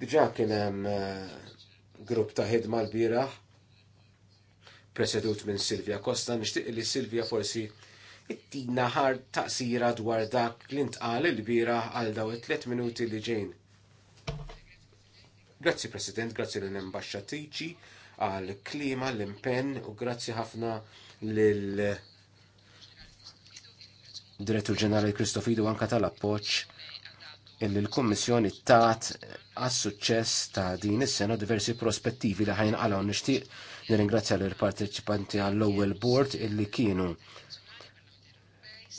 Diġà kien hemm eh, grupp ta' ħidma l-bieraħ presedut minn Silvia Costa, nixtieq li Silvia forsi ittina ħar taqsira dwar dak li ntqal il-bira għal daw it-tlet minuti li ġejn. Grazzi President, grazzi l embaxxatriċi għal klima l-impenn u grazzi ħafna lil Direttur Ġenerali Kristofidu anka tal-appoġġ illi l-Kommissjoni tat għas suċċess ta' din is-sena diversi prospettivi li ħajn għalhom nixtieq nirringrazzja lill parteċipanti għall-ewwel board illi kienu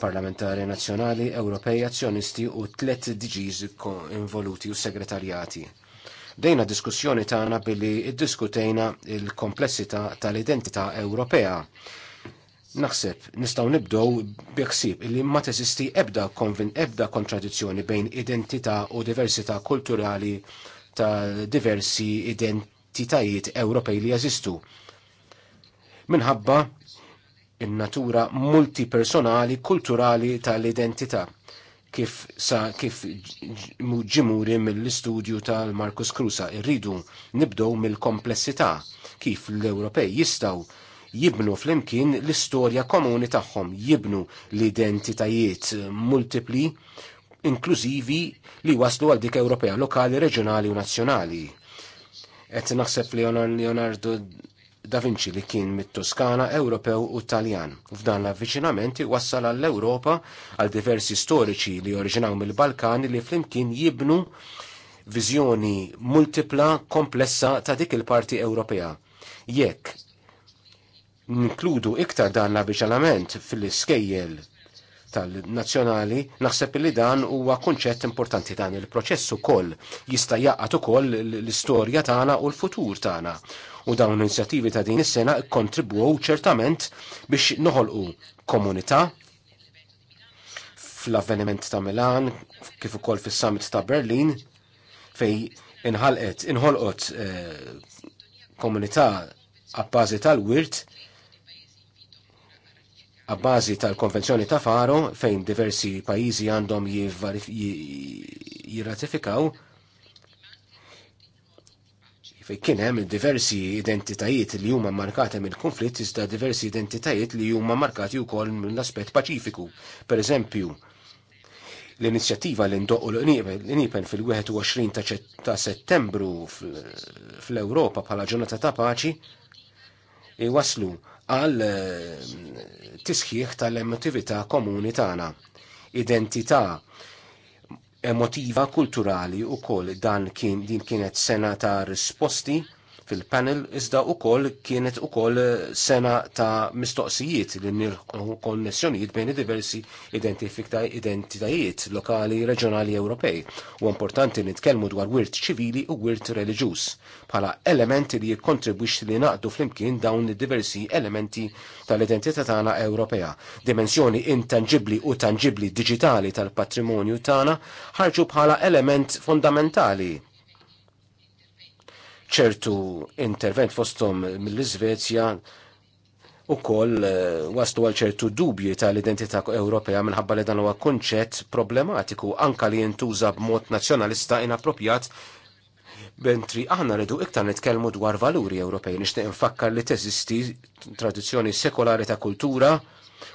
parlamentari nazzjonali, Ewropej, azzjonisti u tlet DGs involuti u segretarjati. Dejna diskussjoni tagħna billi iddiskutejna il-komplessità tal-identità Ewropea. Naħseb nistgħu nibdew biħsib li ma teżisti ebda ebda kontradizzjoni bejn identità u diversità kulturali ta' diversi identitajiet Ewropej li jeżistu. Minħabba in-natura multipersonali kulturali tal-identità kif sa kif ġimuri mill-istudju tal-Markus Krusa irridu nibdow mill-komplessità kif l-Ewropej jistaw jibnu flimkien l-istorja komuni tagħhom, jibnu l-identitajiet multipli inklużivi li waslu għal dik Ewropea lokali, reġjonali u nazzjonali. Et naħseb Leonardo Da Vinci li kien mit-Toskana Ewropew u Taljan. F'dan l-avviċinamenti wassal għall-Ewropa għal diversi storiċi li oriġinaw mill-Balkani li flimkien jibnu viżjoni multipla komplessa ta' dik il-parti Ewropea. Jekk nkludu iktar dan l-avviċinament fil-iskejjel tal-nazzjonali, naħseb li dan huwa kunċett importanti dan il-proċess ukoll jista' jaqgħat ukoll l-istorja tagħna u l-futur tagħna u dawn l-inizjattivi ta' din is-sena kontribwew ċertament biex noħolqu komunità fl-avveniment ta' Milan, kif ukoll fis-summit ta' Berlin, fej inħalqet, inħolqot eh, komunità għabbażi tal-wirt, għabbażi tal-konvenzjoni ta' Faro, fejn diversi pajjiżi għandhom jirratifikaw. Jiv fej kien hemm diversi identitajiet li huma markati mill konflitt iżda diversi identitajiet li huma markati wkoll mill-aspett paċifiku. Per eżempju, l-inizjattiva li ndoqqu l inipen fil-21 ta' settembru fl-Europa bħala ġurnata ta' paċi waslu għal eh, tisħiħ tal-emotività komuni tagħna. Identità emotiva, kulturali u koll dan kien din kienet sena ta' risposti fil-panel iżda ukoll kienet ukoll eh, sena ta' mistoqsijiet li nirħu konnessjonijiet bejn diversi identitajiet lokali, reġjonali Ewropej. U importanti nitkellmu dwar wirt ċivili u wirt reliġjuż bħala elementi li jikkontribwix li naqdu flimkien dawn diversi elementi tal-identità tagħna Ewropea. Dimensjoni intangibli u tangibli digitali tal-patrimonju tagħna ħarġu bħala element fondamentali ċertu intervent fostom mill-Iżvezja u koll eh, waslu għal ċertu dubji tal-identità Ewropea minħabba li dan huwa kunċett problematiku anka li jintuża b'mod nazzjonalista inappropjat Bentri aħna rridu iktar nitkellmu dwar valuri Ewropej nixtieq infakkar li teżisti tradizzjoni sekolari ta' kultura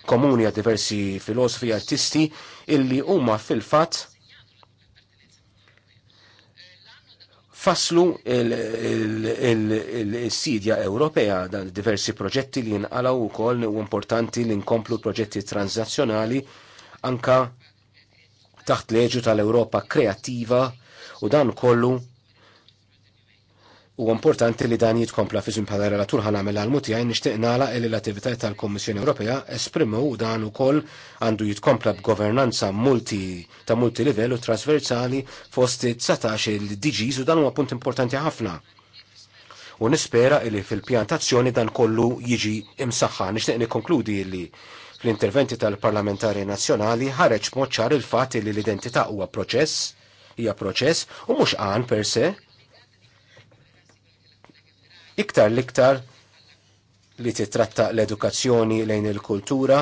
komuni għad diversi filosofi artisti illi huma fil-fatt faslu il-sidja Ewropea dan diversi proġetti li nqalaw wkoll u importanti li nkomplu proġetti transazzjonali anka taħt leġu tal-Ewropa kreattiva u dan kollu U importanti li dan jitkompla fi bħala relatur ħan għamil għal mutijaj nishtiq nala illi l-attività tal-Kommissjoni Ewropea esprimu u dan u koll għandu jitkompla b'governanza multi ta' multi livell u trasversali fost 19 il-DGs u dan huwa punt importanti ħafna. U nispera illi fil-pjantazzjoni dan kollu jiġi imsaxħa. Nishtiq nikonkludi illi fl-interventi tal-parlamentari nazzjonali ħareġ moċċar il-fat li l-identità huwa proċess, hija proċess u mhux għan per se, iktar l-iktar li titratta l-edukazzjoni lejn il-kultura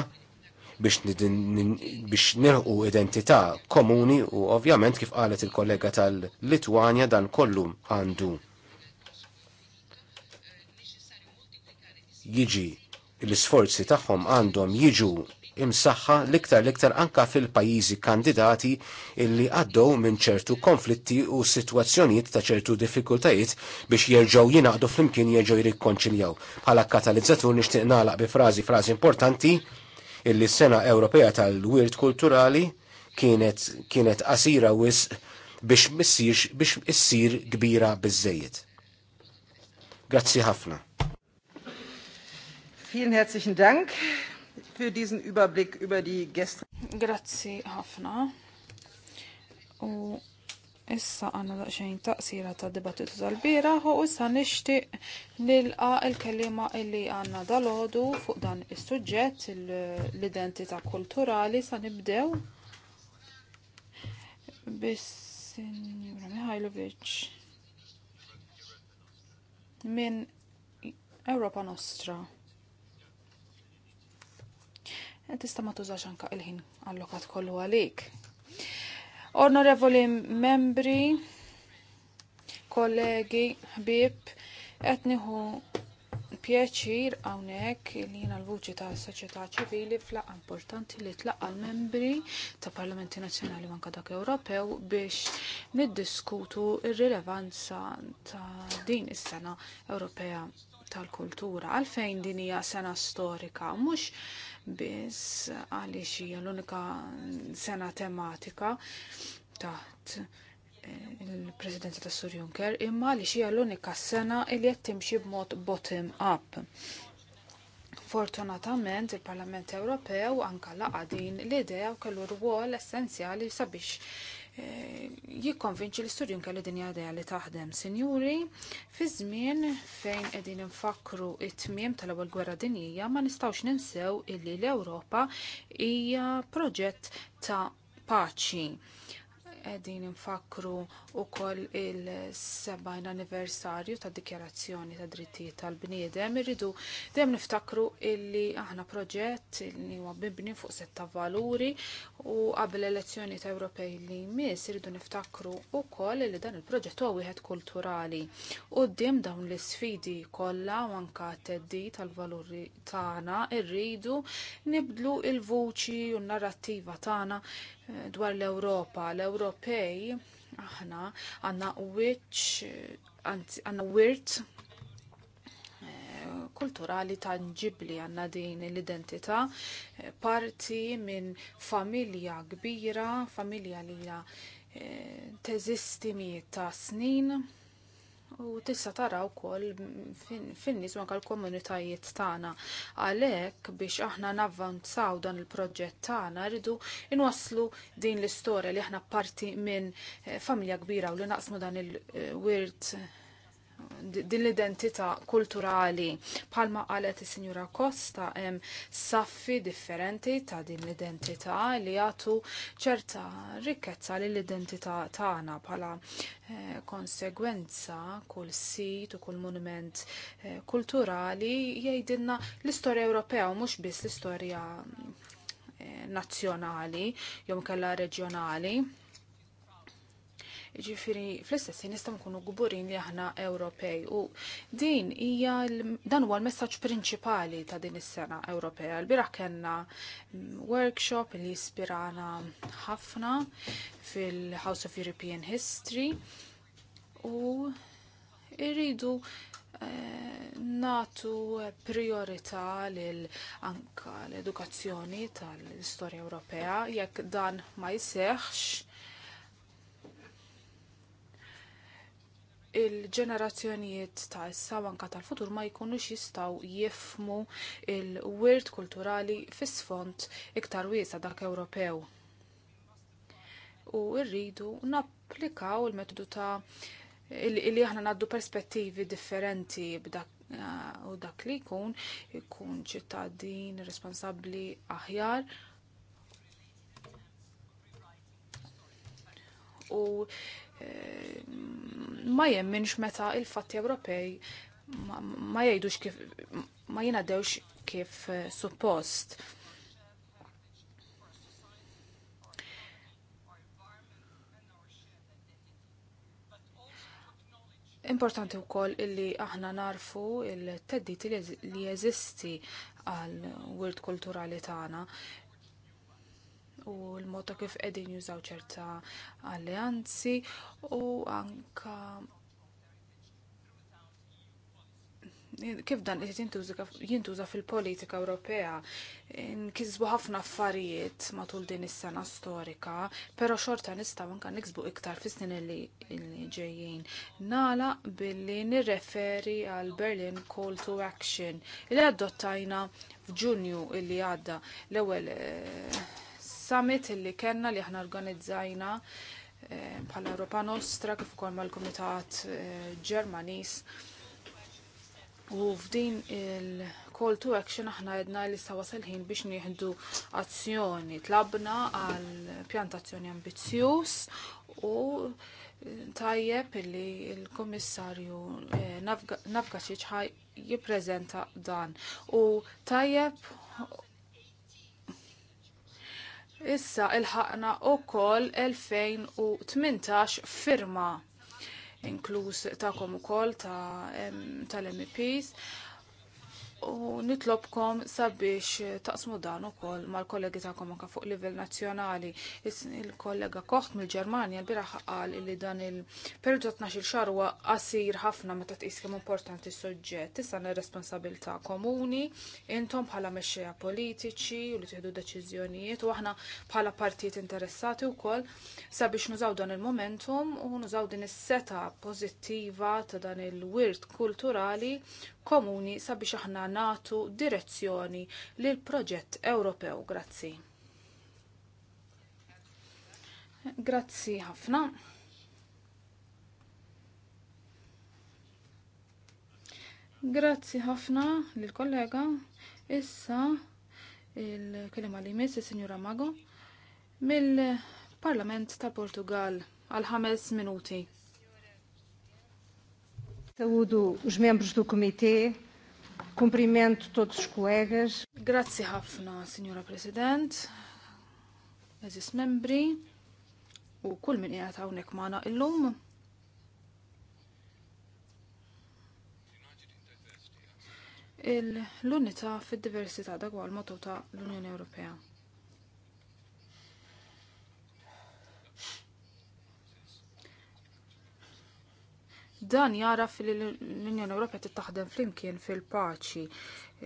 biex nirqu identità komuni u ovvjament kif qalet il-kollega tal-Litwanja dan kollu għandu jiġi l-sforzi tagħhom għandhom jiġu imsaħħa liktar liktar anka fil-pajjiżi kandidati illi għaddew minn ċertu konflitti u sitwazzjonijiet ta' ċertu diffikultajiet biex jerġgħu jingħaqdu flimkien jerġgħu jirrikkonċiljaw. Bħala katalizzatur nixtieq nagħlaq bi frażi frażi importanti illi s-sena Ewropea tal-Wirt Kulturali kienet kienet qasira wis biex missirx biex issir kbira biżejjed. Grazzi ħafna. Vielen herzlichen Dank für diesen Überblick über die Gäste. Grazzi ħafna. U issa għanna daċxajn taqsira ta' dibattitu tal-bira u issa nishtiq nilqa il-kelima illi għanna dal-ħodu fuq dan is-suġġett l-identità kulturali sa' nibdew. Biss, Mihajlovic. Min Europa Nostra. Eh, tista' ma tużax anka il-ħin allokat kollu għalik. Onorevoli membri, kollegi, ħbib, etniħu pjaċir għawnek li jina l-vuċi ta' soċjetà ċivili fl-laqqa importanti li tlaqqa l-membri ta' Parlamenti Nazzjonali manka dak Ewropew biex niddiskutu il rilevanza ta' din is-sena Ewropea tal-kultura għalfejn din hija sena storika mhux biss għaliex hija l-unika sena tematika taħt eh, il-Presidenza ta' Sur Juncker imma li hija l-unika sena li qed timxi b'mod bottom up. Fortunatament il-Parlament Ewropew anka laqa din l-idea u kellu rwol essenzjali sabiex Eh, jikkonvinċi l-istudju kelli din jadeja li taħdem sinjuri fi żmien fejn qegħdin infakru it-tmiem tal-ewwel gwerra dinjija ma nistgħux ninsew illi l-Ewropa hija proġett ta' paċi. Edin infakru u koll il-70 anniversarju ta' dikjarazzjoni ta' drittijiet tal-bniedem. Irridu dem niftakru illi aħna proġett illi huwa bibni fuq setta valuri u qabel elezzjoni ta' Ewropej li jmiss irridu niftakru u koll illi dan il-proġett huwa wieħed kulturali. U d-dim dawn l-sfidi kollha u anka teddi tal-valuri tagħna irridu nibdlu il-vuċi u n-narrattiva tagħna dwar l-Ewropa, l-Ewropej, aħna għanna wiċ, għanna wirt eh, kulturali tangibli għanna din l-identità, eh, parti minn familja kbira, familja li eh, teżisti ta' snin, U tista' tara wkoll fin-nies anke komunitajiet tagħna. Għalhekk biex aħna navvanzaw dan il-proġett tagħna rridu inwasslu din l-istorja li aħna parti minn eh, familja kbira u li naqsmu dan il-wirt eh, din l-identità kulturali. Palma qalet is-Sinjura Costa hemm saffi differenti ta' din l-identità li għatu ċerta rikkezza lill identità tagħna bħala eh, konsegwenza kull sit u kull monument eh, kulturali jgħidilna l-istorja Ewropea u mhux biss l-istorja eh, nazzjonali jew kella reġjonali Ġifiri, fl-istess nistgħu nkunu gburin li aħna Ewropej u din hija dan huwa l-messaġġ prinċipali ta' din is-sena Ewropea. L-biraħ kellna workshop li jispirana ħafna fil-House of European History u irridu eh, natu priorità lil anka l-edukazzjoni tal-istorja Ewropea jekk dan ma jseħħx il-ġenerazzjonijiet ta' issa anka tal-futur ma jkunux jistaw jifmu il-wirt kulturali fis-sfond iktar wiesa dak Ewropew. U rridu napplikaw il-metodu ta' li aħna naddu perspettivi differenti b'dak u dak li jkun ikun ċittadin responsabbli aħjar u ma jemminx meta il-fatti Ewropej ma jgħidux kif ma jinadewx kif eh, suppost. Importanti u koll illi aħna narfu il-teddit li jeżisti għal wirt kulturali tagħna u l-mod kif qegħdin jużaw ċerta alleanzi u anka kif dan qed jintuża fil-politika Ewropea. Nkisbu ħafna affarijiet matul din is-sena storika, però xorta nistgħu anke niksbu iktar fis-snin li ġejjin. Nala billi nirreferi għal Berlin Call to Action li adottajna f'Ġunju li għadda l-ewwel eh, summit illi kellna li aħna organizzajna eh, bħala Europa Nostra kif ukoll mal-Kumitat eh, Ġermanis. U f'din il-call to action aħna għedna li sta wasal ħin biex nieħdu azzjoni. Tlabna għal pjantazzjoni ambizzjuż u eh, tajjeb li il-Kummissarju Navgaċiċ ħaj jippreżenta dan. U tajjeb Issa il-ħakna u kol 2018 firma inkluż ta'kom u kol tal-MEPs u nitlobkom sabiex taqsmu dan ukoll mal-kollegi ta' anke fuq livell nazzjonali. Il-kollega Koch mill-Ġermanja l-biraħ qal li dan il periodu ta' 12 xahar huwa qasir ħafna meta tqis kemm importanti s-suġġett. Issa responsabilità komuni, intom bħala mexxejja politiċi u li tieħdu deċiżjonijiet u aħna bħala partijiet interessati wkoll sabiex nużaw dan il-momentum u nużaw din is-seta pożittiva ta' dan il-wirt kulturali komuni sabiex aħna natu direzzjoni lil proġett Ewropew. Grazzi. Grazzi ħafna. Grazzi ħafna lil kollega Issa il-kelima li jmiss il-Sinjura Mago mill-Parlament tal-Portugal għal ħames minuti. Saludo os membros do comitê, cumprimento todos os colegas. Grazie ħafna, Signora President, eżis membri u kull min qiegħed hawnhekk magħna illum. Il lunita unità fid-diversità dak huwa l ta' l-Unjoni Ewropea. Dan jara fil-Unjoni Ewropea tittaħdem flimkien fil-paċi,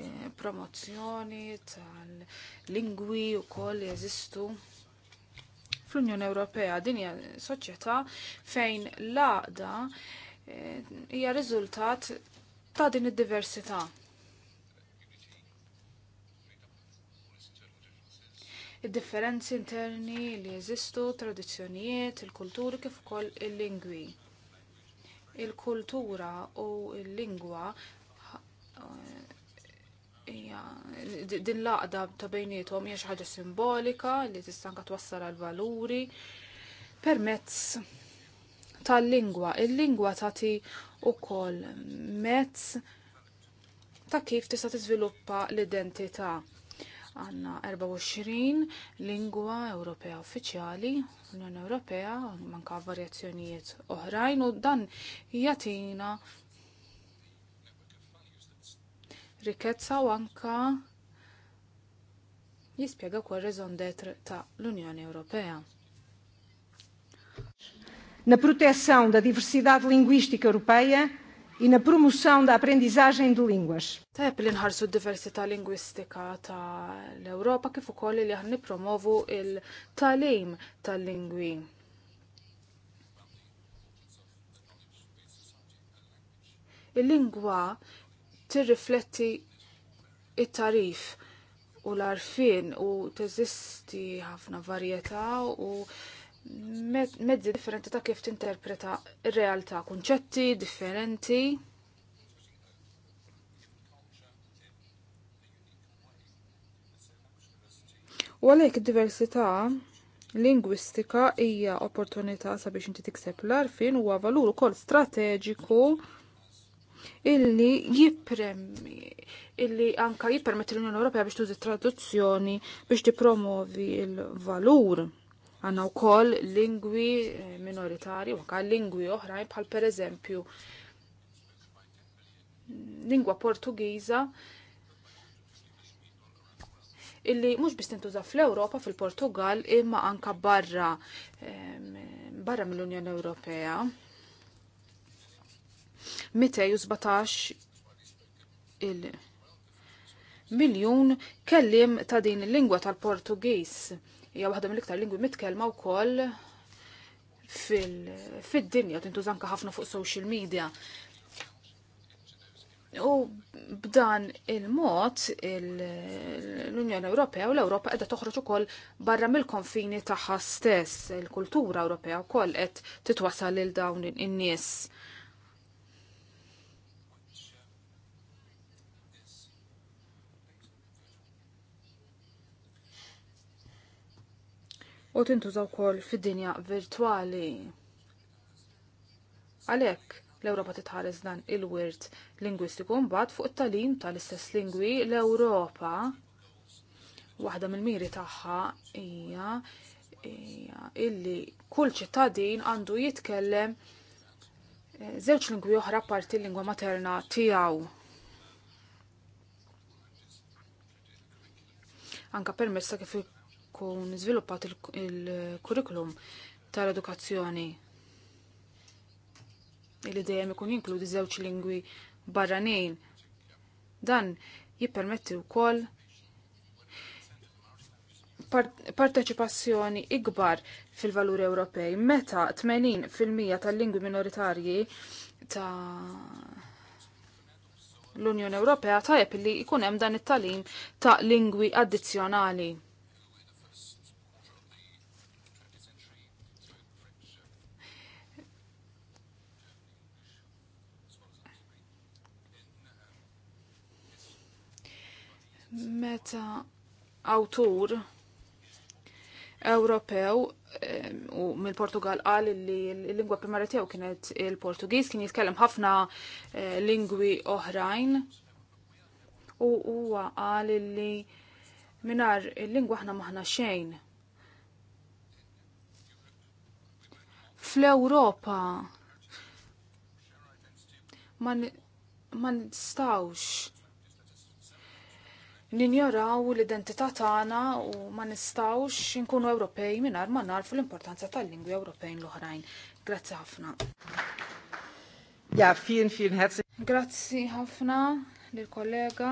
eh, promozzjoni tal-lingwi u koll jeżistu. Fl-Unjoni Ewropea din hija soċjetà fejn l-għaqda eh, hija riżultat ta' din id-diversità. id-differenzi interni li jeżistu, tradizzjonijiet, il-kulturi kif ukoll il-lingwi il-kultura u l-lingwa eh, din laqda ta' bejnietom hija xi ħaġa simbolika li tista' anke twassal għal valuri permezz tal-lingwa. Il-lingwa tagħti ukoll mezz ta' kif tista' tiżviluppa l-identità għanna 24 lingwa Ewropea uffiċjali, l-Unjoni Ewropea, manka varjazzjonijiet oħrajn u dan jatina rikezza u anka jispjega kwa rezon detr ta' l-Unjoni Ewropea. Na proteção da diversidade linguística europeia in e a promoção da aprendizagem de línguas. Tajab li nħarsu d-diversità lingwistika ta' l-Europa kif ukoll li aħna nippromovu il-talim tal-lingwi. Il-lingwa tirrifletti it-tarif u l-arfin u teżisti ħafna varjetà u mezzi differenti ta' kif tinterpreta r-realtà, kunċetti differenti. U għalhekk id-diversità lingwistika hija opportunità sabiex inti tikseb l-arfin huwa valur ukoll strateġiku illi jippremmi illi anka jippermetti l-Unjoni Ewropea biex tużi traduzzjoni biex tippromovi l-valur Għanna wkoll lingwi eh, minoritarji u lingwi oħrajn bħal pereżempju lingwa Portugiża illi mhux biss tintuża fl-Ewropa fil-Portugal imma anka barra barra mill-Unjoni Ewropea. 217 il miljun kellim ta' din il-lingwa tal-Portugiż hija waħda mill-iktar lingwi mitkellma wkoll fid-dinja tintuż anke ħafna fuq social media. U b'dan il-mod l-Unjoni Ewropea u l-Ewropa qiegħda toħroġ ukoll barra mill-konfini tagħha stess, il-kultura Ewropea wkoll qed titwasal lil dawn in-nies. in nies u tintużaw wkoll fid-dinja virtwali. Għalhekk l-Ewropa titħares dan il-wirt lingwistiku mbagħad fuq it-talim tal-istess lingwi l-Ewropa waħda mill-miri tagħha hija illi kull ċittadin għandu jitkellem eh, żewġ lingwi oħra parti l-lingwa materna tiegħu. Anka permessa kif ikun żviluppat il-kurrikulum tal-edukazzjoni li dejjem ikun jinkludi żewġ lingwi barranin. Dan jippermetti wkoll parteċipazzjoni ikbar fil-valuri Ewropej. Meta 80% tal-lingwi minoritarji ta' l-Unjoni Ewropea tajjeb li jkun hemm dan it-talim ta' lingwi addizzjonali. Meta awtur Ewropew u mill-Portugal qal li l-lingwa primarja tiegħu kienet il-Portugiż, kien jitkellem ħafna eh, lingwi oħrajn u huwa qal li minar il-lingwa aħna maħna xejn. Fl-Ewropa ma nistawx ninjoraw l-identità tagħna u ma nistawx inkunu Ewropej mingħajr ma narfu l-importanza tal-lingwi Ewropej l-oħrajn. Grazzi ħafna. Ja, vielen, vielen herzlichen Grazzi ħafna lil kollega.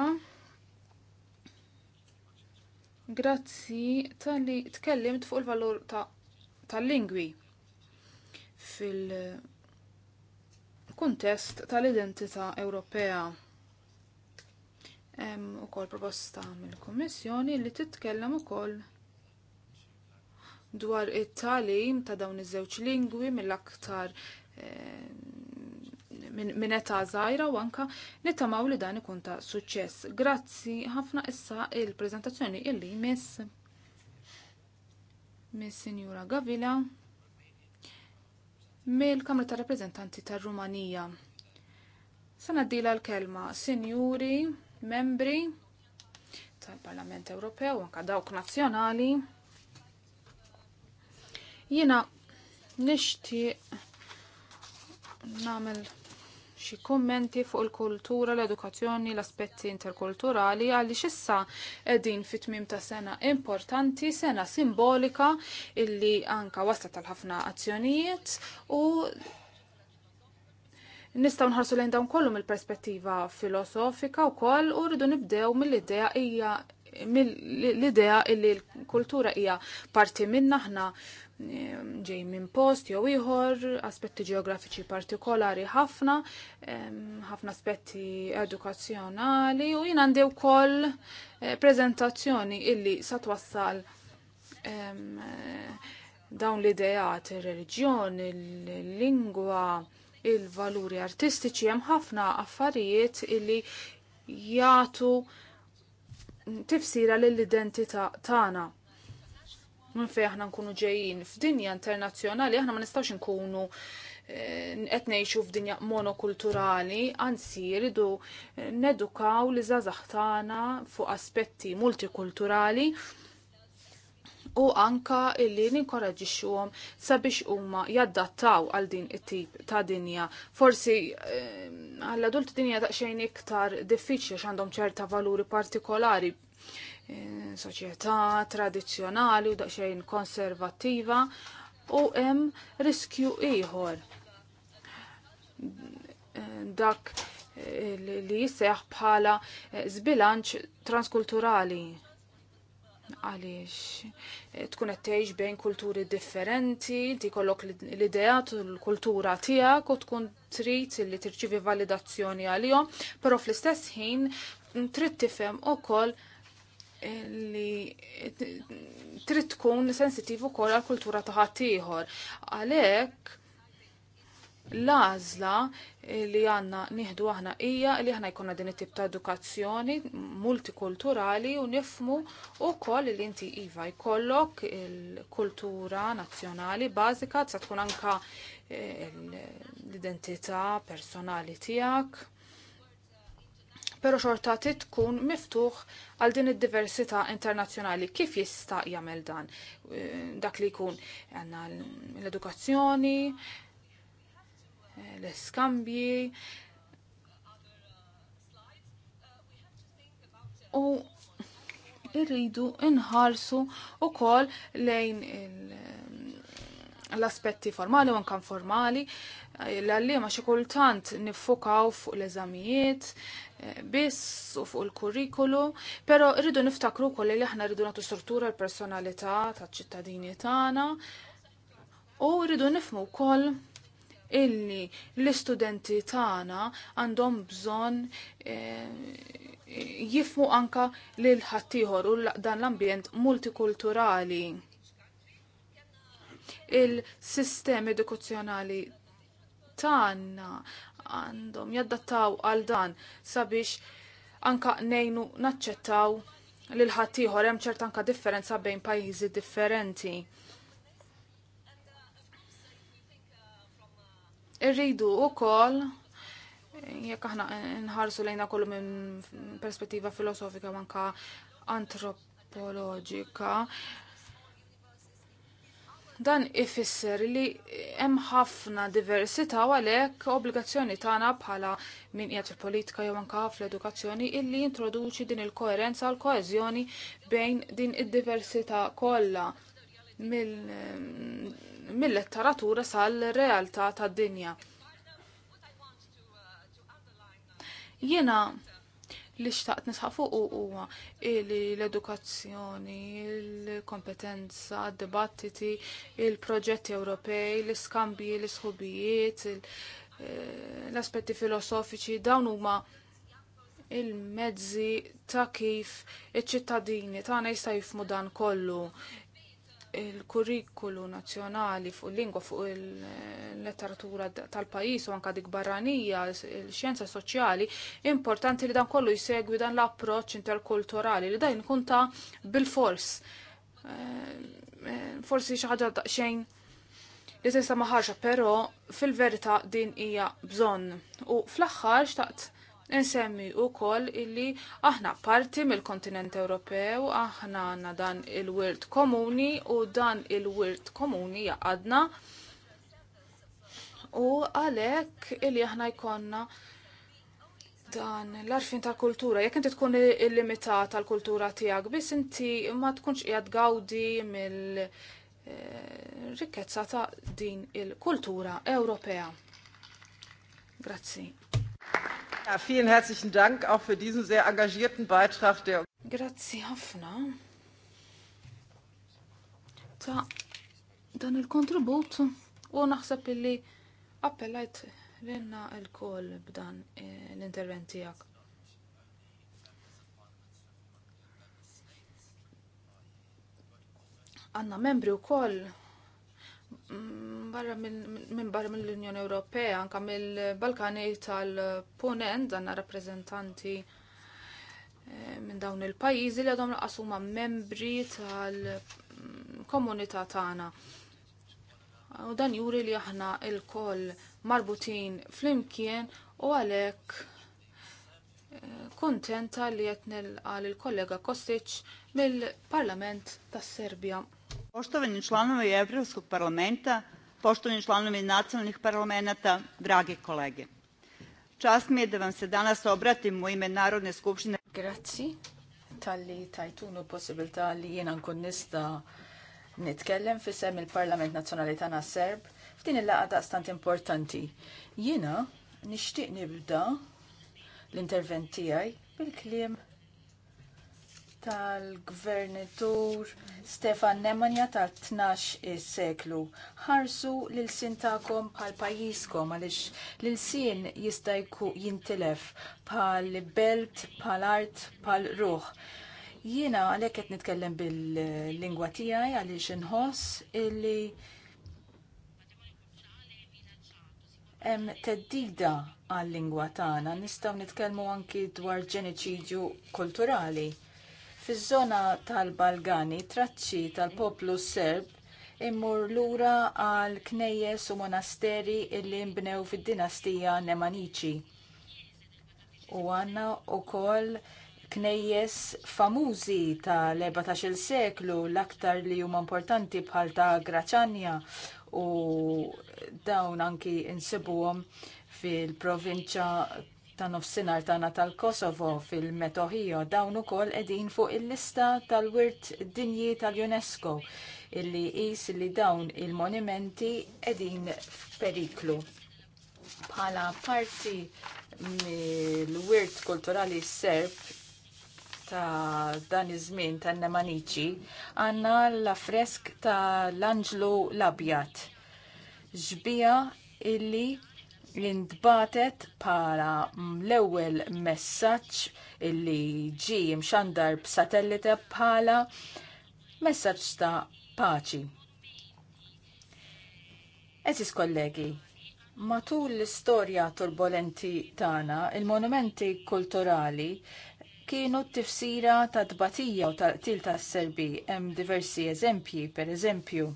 Grazzi tal-li tkellimt fuq il-valur tal-lingwi fil-kuntest tal-identità Ewropea u ukoll proposta mill-Kummissjoni li titkellem ukoll dwar it-talim ta' dawn iż-żewġ lingwi mill-aktar eh, minn eta' żgħira u anka nittamaw li dan ikun ta' suċċess. Grazzi ħafna issa il-preżentazzjoni illi miss miss Gavila mill-Kamra ta' Rappreżentanti tar-Rumanija. Sanaddila l-kelma, Sinjuri, membri tal-Parlament Ewropew, anka dawk nazzjonali. Jiena nixtieq nagħmel xi kummenti fuq il-kultura, l-edukazzjoni, l-aspetti interkulturali għalli xissa edin fit tmim ta' sena importanti, sena simbolika illi anka wasta tal-ħafna azzjonijiet u Nistaw nħarsu lejn dawn kollu mill-perspettiva filosofika u koll u rridu nibdew mill-idea hija l-idea illi l-kultura hija parti minn aħna ġej minn post jew ieħor, aspetti ġeografiċi partikolari ħafna, ħafna aspetti edukazzjonali u jien għandi wkoll eh, preżentazzjoni illi sa twassal eh, dawn l-idejat, ir-reliġjoni, il-lingwa, il il-valuri artistiċi hemm ħafna affarijiet illi jagħtu tifsira lill-identità tagħna. Minn fejn aħna nkunu ġejjin f'dinja internazzjonali aħna ma nistgħux nkunu eh, qed ngħixu f'dinja monokulturali, anzi jridu eh, nedukaw li żgħażagħ tagħna fuq aspetti multikulturali u anka illi ninkoraġixxuhom sabiex huma jaddattaw għal din it-tip ta' dinja. Forsi eh, għall adult dinja daqsxejn iktar diffiċli għax għandhom ċerta valuri partikolari eh, soċjetà tradizzjonali u daqsxejn konservattiva u hemm riskju ieħor dak eh, li jisseħ bħala zbilanċ transkulturali għaliex tkun qed tgħix bejn kulturi differenti, inti kollok l-ideat u l-kultura tiegħek u tkun trid li tirċivi validazzjoni għalihom, però fl-istess ħin trid tifhem ukoll li trid tkun sensitiv ukoll għall kultura ta' ieħor. Għalhekk l-għażla li għanna nieħdu aħna hija li aħna jkunna din it-tip ta' edukazzjoni multikulturali u nifmu wkoll li inti iva jkollok il-kultura nazzjonali bażika sa tkun anka eh, l-identità personali tiegħek. Però xorta tkun miftuħ għal din id-diversità internazzjonali. Kif jista' jagħmel dan? Eh, dak li jkun għandna l-edukazzjoni, l-skambji. U irridu inħarsu u kol lejn l-aspetti formali u ankan formali l-għalli ma xikultant nifukaw fuq l-eżamijiet, eh, biss u fuq il-kurrikulu, pero rridu niftakru kolli li aħna rridu natu struttura l-personalità ta' ċittadini tagħna u rridu nifmu wkoll illi l-istudenti tagħna għandhom bżonn eh, jifmu anka lil ħaddieħor u dan l-ambjent multikulturali. Il-sistemi edukazzjonali tagħna għandhom jaddattaw għal dan sabiex anka nejnu naċċettaw lil ħaddieħor hemm ċert anka differenza bejn pajjiżi differenti. Irridu wkoll jekk aħna nħarsu lejna kollu minn perspettiva filosofika manka antropologika, Dan ifisser li hemm ħafna diversità u għalhekk obbligazzjoni tagħna bħala min qiegħed fil-politika jew anke fl-edukazzjoni illi jintroduċi din il-koerenza l koeżjoni bejn din id-diversità kollha mill mill-letteratura sal-realtà tad-dinja. Jiena li xtaqt nisħaq fuq huwa li l-edukazzjoni, l-kompetenza, d-dibattiti, il-proġetti Ewropej, l-iskambji, l-isħubijiet, eh, l-aspetti filosofiċi, dawn huma il-mezzi ta' kif iċ-ċittadini tagħna jista' jifmu dan kollu il-kurrikulu nazzjonali fuq il-lingwa fuq il-letteratura tal-pajis u anka dik barranija, il-xjenza soċjali, importanti li dan kollu jsegwi dan l-approċ interkulturali li dan kun ta' bil-fors. Eh, eh, forsi xi ħaġa daqsxejn li tista' ma ħaġa, però fil-verità din hija bżonn. U fl-aħħar xtaqt Nsemmi u koll illi aħna parti mill-kontinent Ewropew, aħna għanna dan il-wirt komuni u dan il-wirt komuni jaqadna u għalek illi aħna jkonna dan l-arfin tal-kultura, jekk inti tkun il limita tal-kultura tiegħek, biss inti ma tkunx qiegħed gawdi mill rikkezza ta' din il-kultura Ewropea. Grazzi. Ja, vielen herzlichen Dank auch für diesen sehr engagierten Beitrag der. Grazie ħafna. Ta' dan il-kontribut u naħseb illi appellajt rinna l kol b'dan eh, l-intervent tiegħek. Għanna membri u koll Mm, barra minn barra mill-Unjoni Ewropea, anka mill-Balkani tal-Ponent, għanna rappresentanti eh, minn dawn il-pajizi li għadhom laqasuma membri tal-komunità tagħna. U dan juri li aħna il-koll marbutin flimkien u għalek eh, kontenta li qed għal il kollega Kostic mill-Parlament tas-Serbja. Poštovani članovi Evropskog parlamenta, poštovani članovi nacionalnih parlamenta, dragi kolege. Čast mi je da vam se danas obratim u ime Narodne skupštine. Grazie tal-li tajtunu possibilità li jena nkun nista nitkellem fisem il-Parlament Nazzjonali tana Serb f'din il-laqgħa stant importanti. Jena nishtiq nibda l-intervent tiegħi bil klim tal-gvernitur Stefan Nemanja tal-12 seklu. Ħarsu l-sin ta'kom pal pajjiżkom għaliex l-sin jista' jintilef pal belt, pal art, pal ruħ. Jiena għalhekk qed nitkellem bil-lingwa tiegħi għaliex inħoss illi hemm teddida għal-lingwa tagħna nistgħu nitkellmu anki dwar ġeneċidju kulturali. Fiż-żona tal-Balgani, traċċi tal-poplu Serb immur lura għal knejjes u monasteri illi mbnew fid-dinastija Nemaniċi. U għanna u koll knejjes famużi tal-14 seklu l-aktar li huma importanti bħal ta' Graċanja u dawn anki insibuhom fil-provinċja ta' nofsinhar tagħna tal-Kosovo fil-Metoħijo dawn ukoll qegħdin fuq il-lista tal-Wirt Dinji tal-UNESCO illi qis li dawn il-monumenti qegħdin f'periklu. Bħala parti mill-wirt kulturali serb ta' dan iż-żmien tan-Nemaniċi għandna l-affresk ta' l-Anġlu l-Abjad. Ġbija illi Li intbatet bħala mm, l-ewwel messaġġ illi ġi mxandar b'satellite bħala messaġġ ta' paċi. Eżis kollegi, matul l-istorja turbolenti tagħna, il-monumenti kulturali kienu t-tifsira ta' tbatija u ta' qtil tas serbi hemm diversi eżempji, pereżempju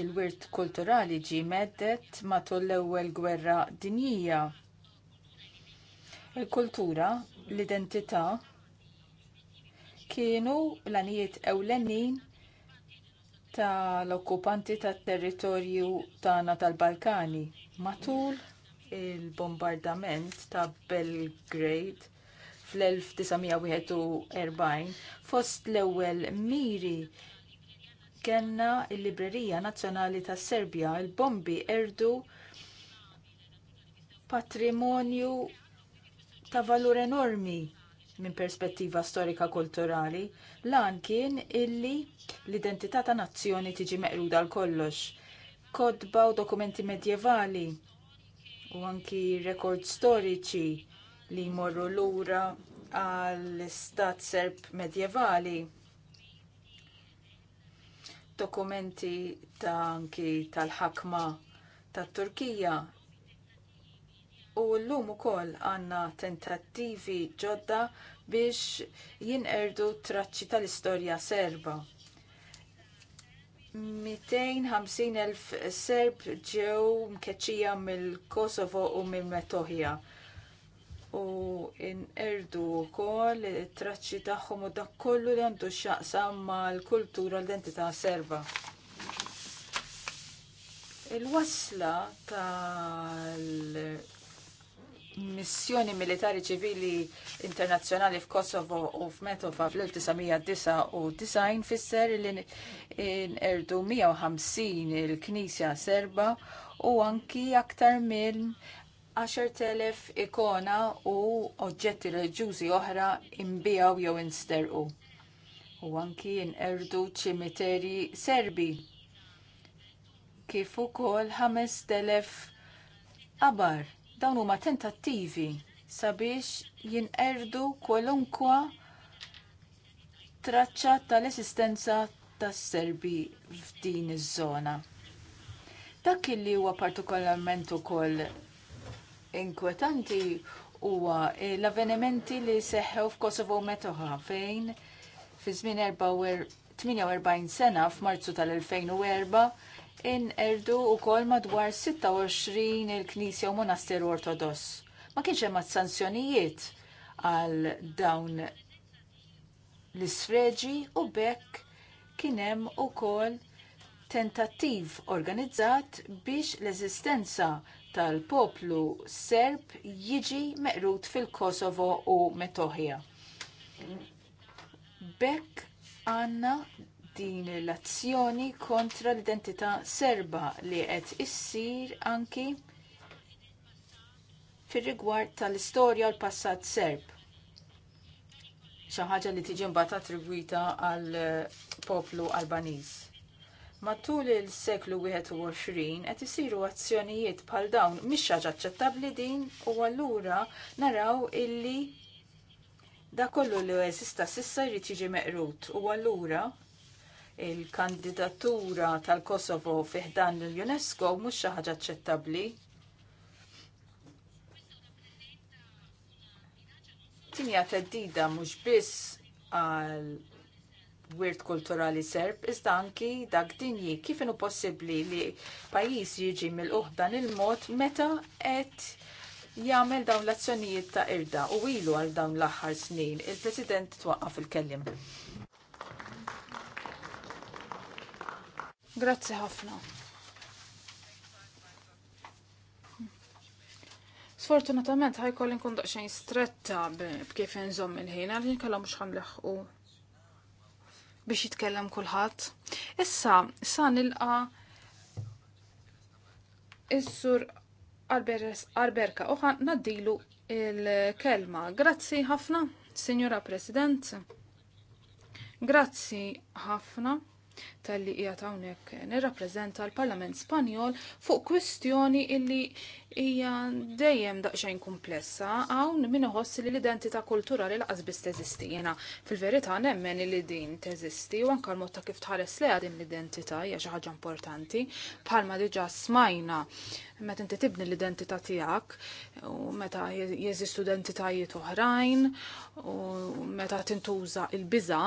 il-wirt kulturali ġi meddet matul l-ewwel gwerra dinjija. Il-kultura, l-identità kienu l-anijiet ewlenin tal-okkupanti tat-territorju tagħna tal-Balkani matul il-bombardament ta' Belgrade fl-1941 fost l-ewwel miri kellna l-Librerija Nazzjonali tas Serbja, il-bombi erdu patrimonju ta' valur enormi minn perspettiva storika kulturali, lan kien illi l-identità ta' nazzjoni tiġi meqruda għal kollox. Kodba u dokumenti medjevali u anki rekord storiċi li jmorru lura għall istat serb medjevali dokumenti ta' tal-ħakma tat Turkija u llum ukoll għandna tentattivi ġodda biex jinqerdu traċċi tal-istorja serba. 250.000 serb ġew mkeċija mill-Kosovo u mill-Metoħja u nqerdu wkoll it-traċċi tagħhom u dak kollu li għandu x'jaqsam mal-kultura l-identità serva. Il-wasla tal-missjoni militari ċivili internazzjonali f'Kosovo u f'Metova fl-1999 fisser li nqerdu 150 il-Knisja Serba u anki aktar minn 10.000 ikona u oġġetti reġużi oħra imbijaw jew insterqu. U anki inqerdu ċimiteri serbi. Kif ukoll 5.000 qabar. Dawn huma tentattivi sabiex jinqerdu kwalunkwa traċċa tal-esistenza tas-Serbi f'din iż-żona. Dak li huwa partikolarment ukoll inkwetanti huwa l-avvenimenti li seħħew f'Kosovo metoħa fejn fi żmien 48 er- sena f'Marzu tal-2004 u wkoll madwar 26 il-Knisja u Monasteru Ortodoss. Ma kienx hemm sanzjonijiet għal dawn l-isfreġi u bekk kien hemm ukoll tentattiv organizzat biex l-eżistenza tal-poplu serb jiġi meqrut fil-Kosovo u Metohija. Bekk għanna din l-azzjoni kontra l-identità serba li qed issir anki fir-rigward tal-istorja u l-passat serb. Xi ħaġa li tiġi mbagħad attribwita għall poplu Albaniż matul il-seklu 21 qed isiru azzjonijiet bħal dawn mhix ħaġa aċċettabbli din u allura naraw illi da kollu li jeżista sissa jrid jiġi meqrut u allura il-kandidatura tal-Kosovo fiħdan l-UNESCO mhux xi ħaġa aċċettabbli. Tinja teddida mhux biss għal wirt kulturali serb, iżda anki dak dinji kif inhu possibbli li pajjiż jiġi mill-uħdan il-mod meta qed jagħmel dawn l-azzjonijiet ta' irda u ilu għal dawn l-aħħar snin. Il-President twaqqaf il-kellim. Grazzi ħafna. Sfortunatament ħajkoll nkun daqxajn stretta b'kif inżomm il-ħin għal kalla mux ħamliħ u biex jitkellem kulħadd. Issa, sa nilqa is-sur Arberka uħa naddilu il-kelma. Grazzi ħafna, Signora President. Grazzi ħafna tal-li qiegħed hawnhekk nirrappreżenta l-Parlament Spanjol fuq kwistjoni illi hija dejjem daqsxejn komplessa hawn min iħoss li l-identità kulturali laqas biss teżisti. Jena fil-verità nemmen li din teżisti u anke l-mod ta' kif tħares li din l-identità hija xi ħaġa importanti bħalma diġà smajna meta inti tibni l-identità tiegħek u meta jeżistu identitajiet oħrajn u meta tintuża l-biża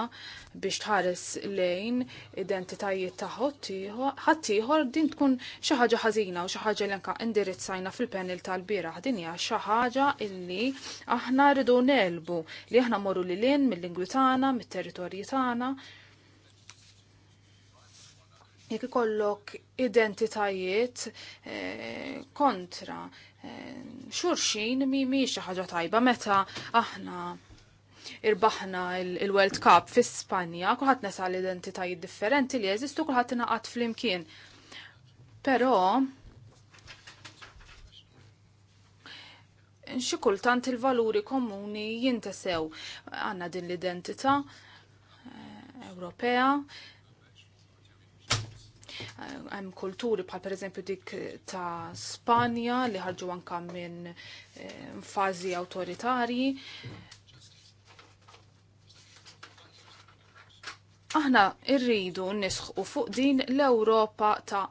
biex tħares lejn identitajiet ta' ieħor din tkun xi ħaġa ħażina u xi ħaġa li indirizzajna fil-panel tal-bieraħ din hija xi ħaġa illi aħna rridu nelbu li aħna morru lil hinn mill-lingwi tagħna, mit-territorji tagħna. Jekk ikollok identitajiet eh, kontra eh, xurxin mi mhix xi ħaġa tajba meta aħna irbaħna il-World Cup fi Spanja, kulħadd nesa l-identitajiet differenti li jeżistu, kulħadd ingħaqad flimkien. Però xi kultant il-valuri komuni jintesew għanna din l-identità eh, Ewropea eh, hemm kulturi bħal pereżempju dik ta' Spanja li ħarġu anka minn eh, fażi awtoritarji. Aħna rridu nisħu fuq din l-Ewropa ta'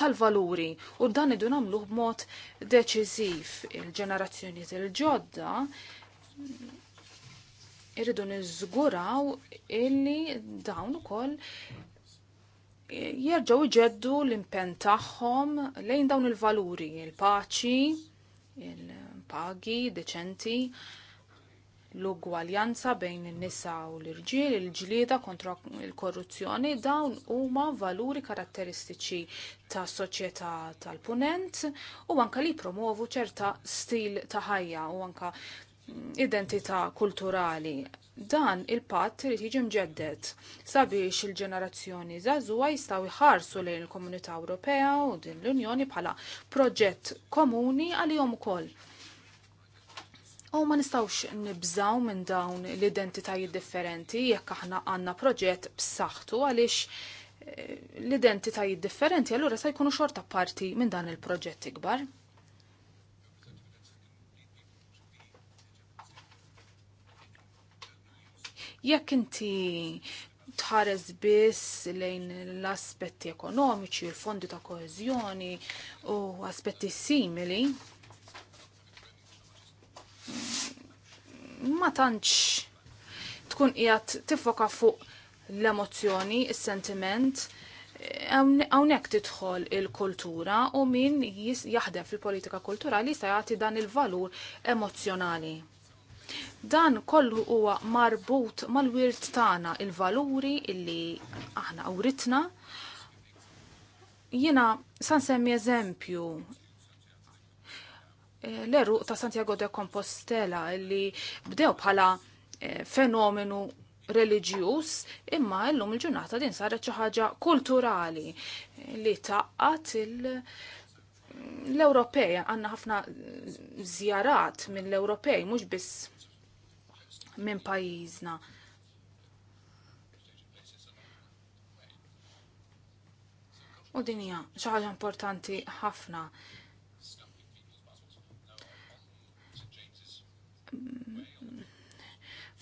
tal-valuri u dan idu nagħmluh b'mod deċiżiv il-ġenerazzjonijiet il-ġodda irridu nizguraw illi dawn ukoll jerġgħu jġeddu l-impenn tagħhom lejn dawn il-valuri, il-paċi, il-pagi deċenti, l-ugwaljanza bejn in-nisa u l-irġiel, il-ġlieda kontra l-korruzzjoni, dawn huma valuri karatteristiċi ta' soċjetà tal-punent u anka li promuovu ċerta stil ta' ħajja u anka mm, identità kulturali. Dan il-patt irid jiġi mġeddet sabiex il-ġenerazzjoni żagħżugħa jistgħu jħarsu lejn il-Komunità Ewropea u din l-Unjoni bħala proġett komuni għalihom ukoll U ma nistawx nibżaw minn dawn l-identitajiet differenti jekk aħna għanna proġett b'saħħtu għaliex eh, l-identitajiet differenti allura se jkunu xorta parti minn dan il-proġett ikbar. Jekk inti tħares biss lejn l-aspetti ekonomiċi, l-fondi ta' koezjoni u aspetti simili, ma tantx tkun qiegħed tifoka fuq l-emozzjoni, is-sentiment, hawnhekk tidħol il-kultura u min jaħdem fil-politika kulturali jista' jagħti dan il-valur emozjonali. Dan kollu huwa marbut mal-wirt tagħna, il-valuri illi aħna awritna. Jiena san semmi eżempju l-eruq ta' Santiago de Compostela li bdew bħala eh, fenomenu reliġjuż imma llum il-ġurnata din saret xi ħaġa kulturali li taqqat il l-Ewropej għandna ħafna żjarat minn l-Ewropej mhux biss minn pajjiżna. U din hija xi ħaġa importanti ħafna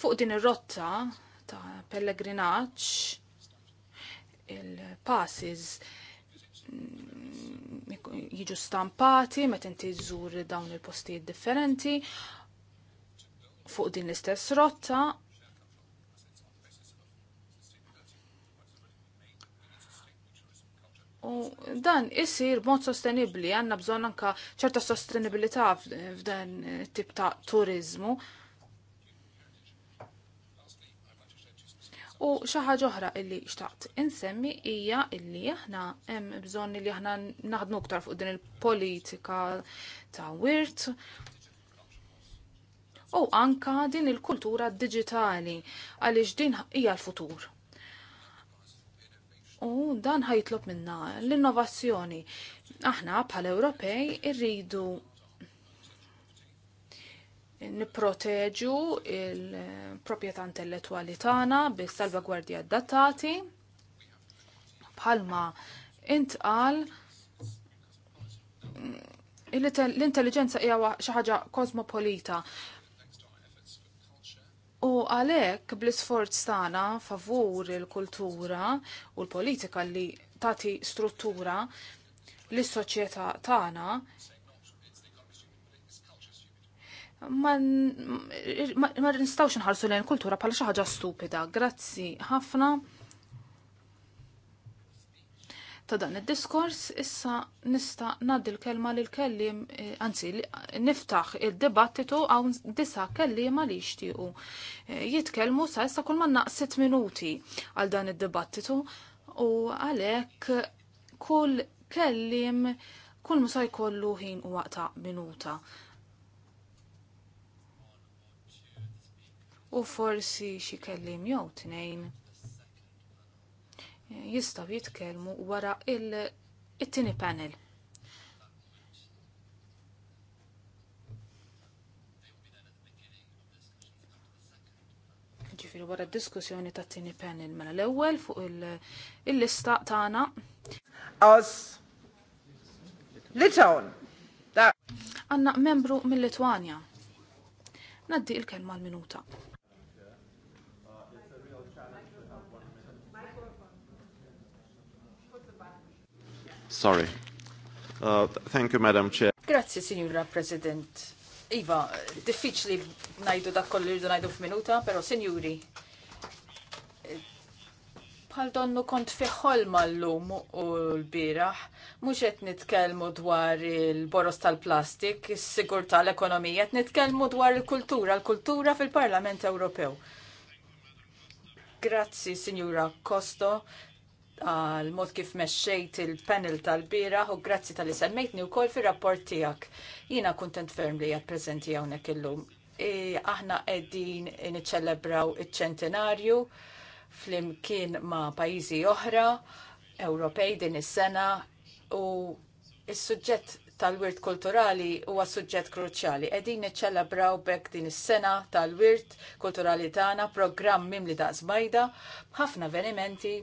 fuq din ir-rotta ta' pellegrinaġġ il-passes mm, jiġu stampati meta inti żżur dawn il-postijiet differenti fuq din l-istess rotta U dan isir mod sostenibli, għanna bżon anka ċerta sostenibilità f'dan tip ta' turizmu. U xaħġa ġohra illi xtaqt insemmi hija illi aħna hemm bżonn li aħna naħdmu aktar fuq din il-politika ta' wirt. U anka din il-kultura digitali għaliex din hija l-futur u dan ħajtlob minna l-innovazzjoni. Aħna bħal Ewropej irridu niproteġu il-propieta intellettuali tagħna bis-salvagwardja datati bħalma intqal l-intelligenza hija xi ħaġa kosmopolita U għalhekk bl-isforz tagħna favur il-kultura u l-politika li tagħti struttura lis soċjetà tagħna ma nistgħux nħarsu lejn kultura bħala xi ħaġa stupida. Grazzi ħafna ta' dan id-diskors, issa nista' naddi l-kelma l kellim, eh, anzi, niftaħ il-dibattitu għaw disa kellima li jixtiequ. Eh, jitkellmu sa' issa kull ma naqsit minuti għal dan id-dibattitu u għalhekk kull kellim kull musa jkollu ħin u waqta minuta. U forsi xi kellim jew tnejn jistaw jitkelmu wara il-tini panel. ġifiri wara diskussjoni ta' tini panel mela l-ewwel fuq il-lista tagħna. Aus Litawn. Għanna membru mill-Litwanja. Naddi il-kelma l-minuta. Sorry. Uh, thank you, Madam Chair. Grazie, Signora President. Iva, diffiċli najdu da kollu li najdu f'minuta, pero Signori, bħal donnu kont fiħolma l-lum u l-biraħ, mux qed nitkellmu dwar il-boros tal-plastik, is-sigur tal-ekonomija, qed nitkellmu dwar il-kultura, l-kultura fil-Parlament Ewropew. Grazzi, Signora Kosto, għal mod kif mexxejt il-panel tal-biraħ u grazzi tal-li semmejtni u kol fil-rapport tijak. Jina kontent ferm li għad prezenti għawnek illum. E, aħna għeddin niċċelebraw il-ċentenarju fl-imkien ma' pajizi oħra, Ewropej din is-sena u is-suġġett tal-wirt kulturali huwa suġġett kruċjali. Qegħdin niċċelebraw bekk din is-sena tal-wirt kulturali tagħna programm mimli daqs bajda b'ħafna avvenimenti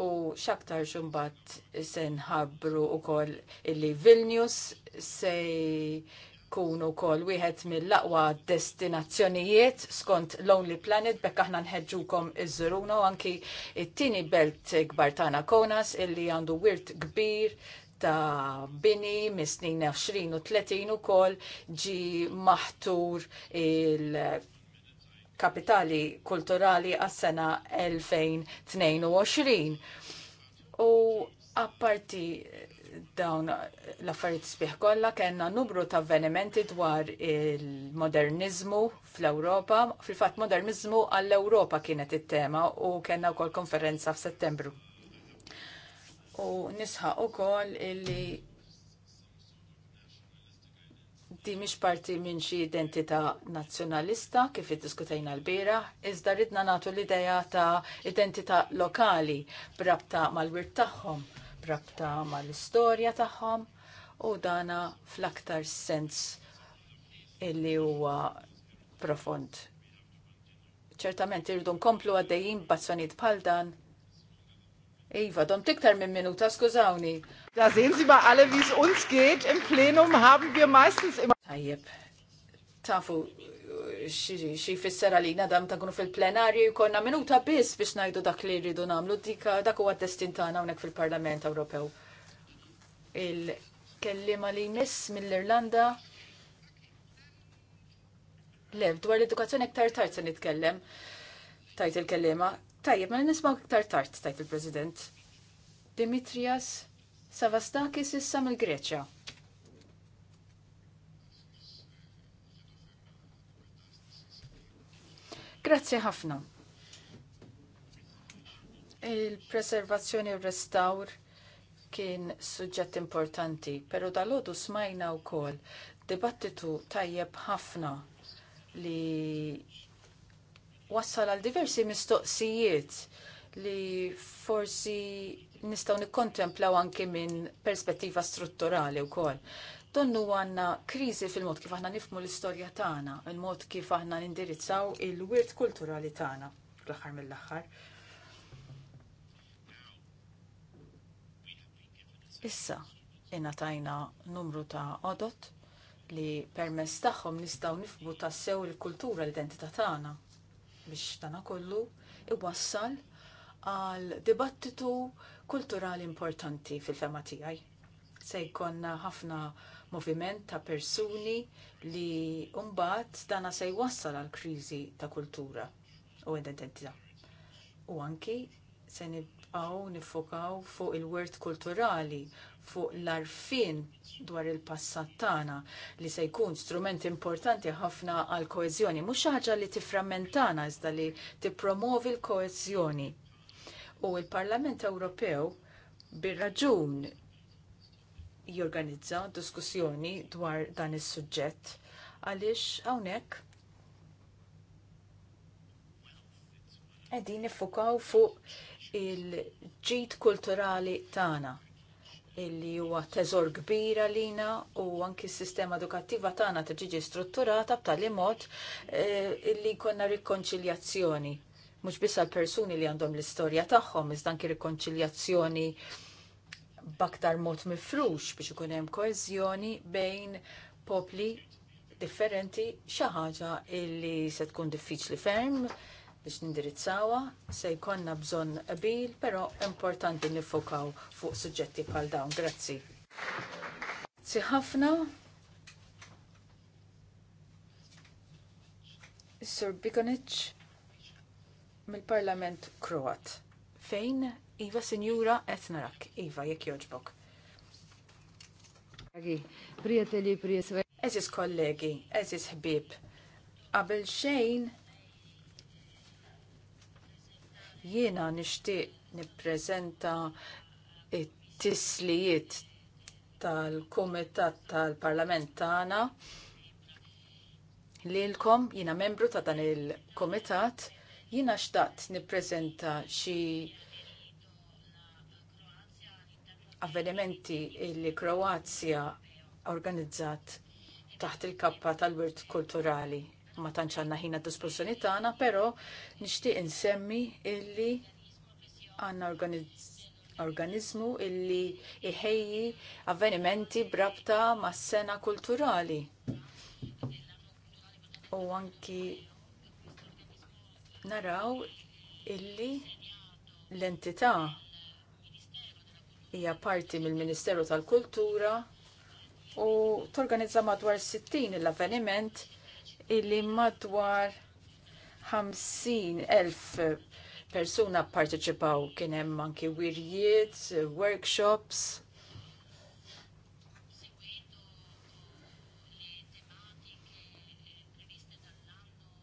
u xaktar xumbat se nħabbru wkoll illi Vilnius se kun kol wieħed mill-aqwa destinazzjonijiet skont Lonely Planet bekk aħna nħedġukom iż-żuruna u anki it-tieni belt kbar tagħna Konas illi għandu wirt kbir ta' bini mis-snin 20 u 30 u kol ġi maħtur kapitali kulturali għas-sena 2022. U apparti dawn l-affarijiet sbieħ kollha kellna numru ta' avvenimenti dwar il-modernizmu fl-Ewropa. Fil-fatt modernizmu għall-Ewropa kienet it-tema u kellna wkoll konferenza f'Settembru. U nisħaq ukoll illi di mhix parti minn xi identità nazzjonalista kif iddiskutejna l-bira, iżda ridna nagħtu l-idea ta' identità lokali brabta mal-wirt tagħhom, brabta mal-istorja tagħhom u dana fl-aktar sens illi huwa profond. Ċertament irridu nkomplu għaddejjin bazzjonijiet bħal dan. Iva, dom tiktar minn minuta, skużawni. Da sehen Sie mal alle, wie es uns geht. Im Plenum haben wir meistens immer. Tajjeb, tafu, xie fissera li nadam ta' kunu fil-plenarju konna minuta biss biex najdu dak li rridu namlu dika dak u destin tagħna hawnhekk fil-Parlament Ewropew. Il-kellima li miss mill-Irlanda Lev, dwar l-edukazzjoni ktar tard se nitkellem. Tajt il-kellima. Tajjeb, ma nisma' ktar tard, tajt il-President. Dimitrias Savastakis issa mill-Greċja. Grazzi ħafna. Il-preservazzjoni u restawr kien suġġett importanti, pero dal-ħodu smajna u kol dibattitu tajjeb ħafna li wassal għal diversi mistoqsijiet li forsi nistgħu nikkontemplaw anki minn perspettiva strutturali wkoll. Tonnu għanna kriżi fil-mod kif aħna nifmu l-istorja tagħna, il-mod kif aħna nindirizzaw il-wirt kulturali tagħna fl-aħħar mill-aħħar. Issa, inatajna numru ta' odot li permess tagħhom nistgħu nifmu tassew il-kultura l-identità tagħna biex tagħna kollu iwassal għal dibattitu kulturali importanti fil-fema tiegħi. Se jkollna ħafna moviment ta' persuni li mbagħad dana se jwassal għal kriżi ta' kultura u identità. U anki se nibqgħu nifokaw fuq il-wert kulturali, fuq l-arfin dwar il-passat tagħna li se jkun strument importanti ħafna għal koezjoni. mhux ħaġa li tifframmentana iżda li tippromovi l koezjoni U il-Parlament Ewropew bir-raġun jorganizza diskussjoni dwar dan is-suġġett għaliex hawnhekk qegħdin nifukaw fuq il-ġid kulturali tagħna illi huwa teżor kbir għalina u anki s-sistema edukattiva tagħna tiġi strutturata b'tali mod eh, illi jkollna rikonċiljazzjoni mhux biss għal persuni li għandhom l-istorja tagħhom, iżda anki rikonċiljazzjoni baktar mod mifrux biex ikun hemm koeżjoni bejn popli differenti xi ħaġa illi se tkun diffiċli ferm biex nindirizzawa, se jkollna bżonn qbil, però importanti nifokaw fuq suġġetti bħal dawn. Grazzi. Grazzi ħafna. Sir Bikonic mill-Parlament Kroat. Fejn Iva Sinjura qed narak. Iva jekk joġbok. Prijateli, prieteli. Eżis kollegi, eżis ħbib. Qabel xejn jiena nixtieq nippreżenta it-tislijiet tal-Kumitat tal-Parlament tagħna lilkom jiena membru ta' dan il-Kumitat Jina xtaqt nippreżenta xi avvenimenti li Kroazja organizzat taħt il-kappa tal-wirt kulturali. Ma tantx għandna ħina d-dispożizzjoni tagħna, però nixtieq insemmi illi għandna organizmu illi iħejji avvenimenti brabta mas sena kulturali. U anki naraw illi l-entità hija parti mill-Ministeru tal-Kultura u torganizza madwar 60 l-avveniment illi madwar 50.000 persuna parteċipaw kien hemm anki wirjiet, workshops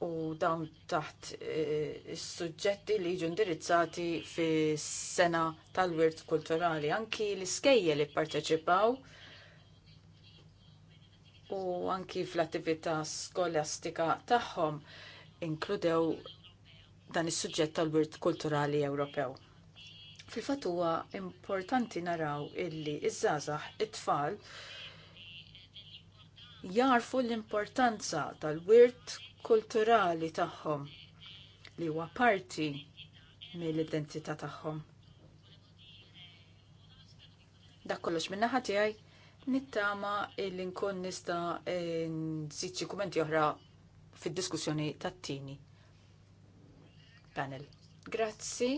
u dawn taħt eh, is-suġġetti li jiġu indirizzati fis-sena tal-wirt kulturali. Anki l-iskejje li pparteċipaw u anki fl-attività skolastika tagħhom inkludew dan is-suġġett tal-wirt kulturali Ewropew. Fil-fatt huwa importanti naraw illi iż-żgħażagħ it-tfal jarfu l-importanza tal-wirt kulturali tagħhom li huwa parti mill-identità tagħhom. Dak kollox minn naħa tiegħi nittama li nkun nista nżid xi kumenti oħra fid-diskussjoni tat-tieni panel. Grazzi.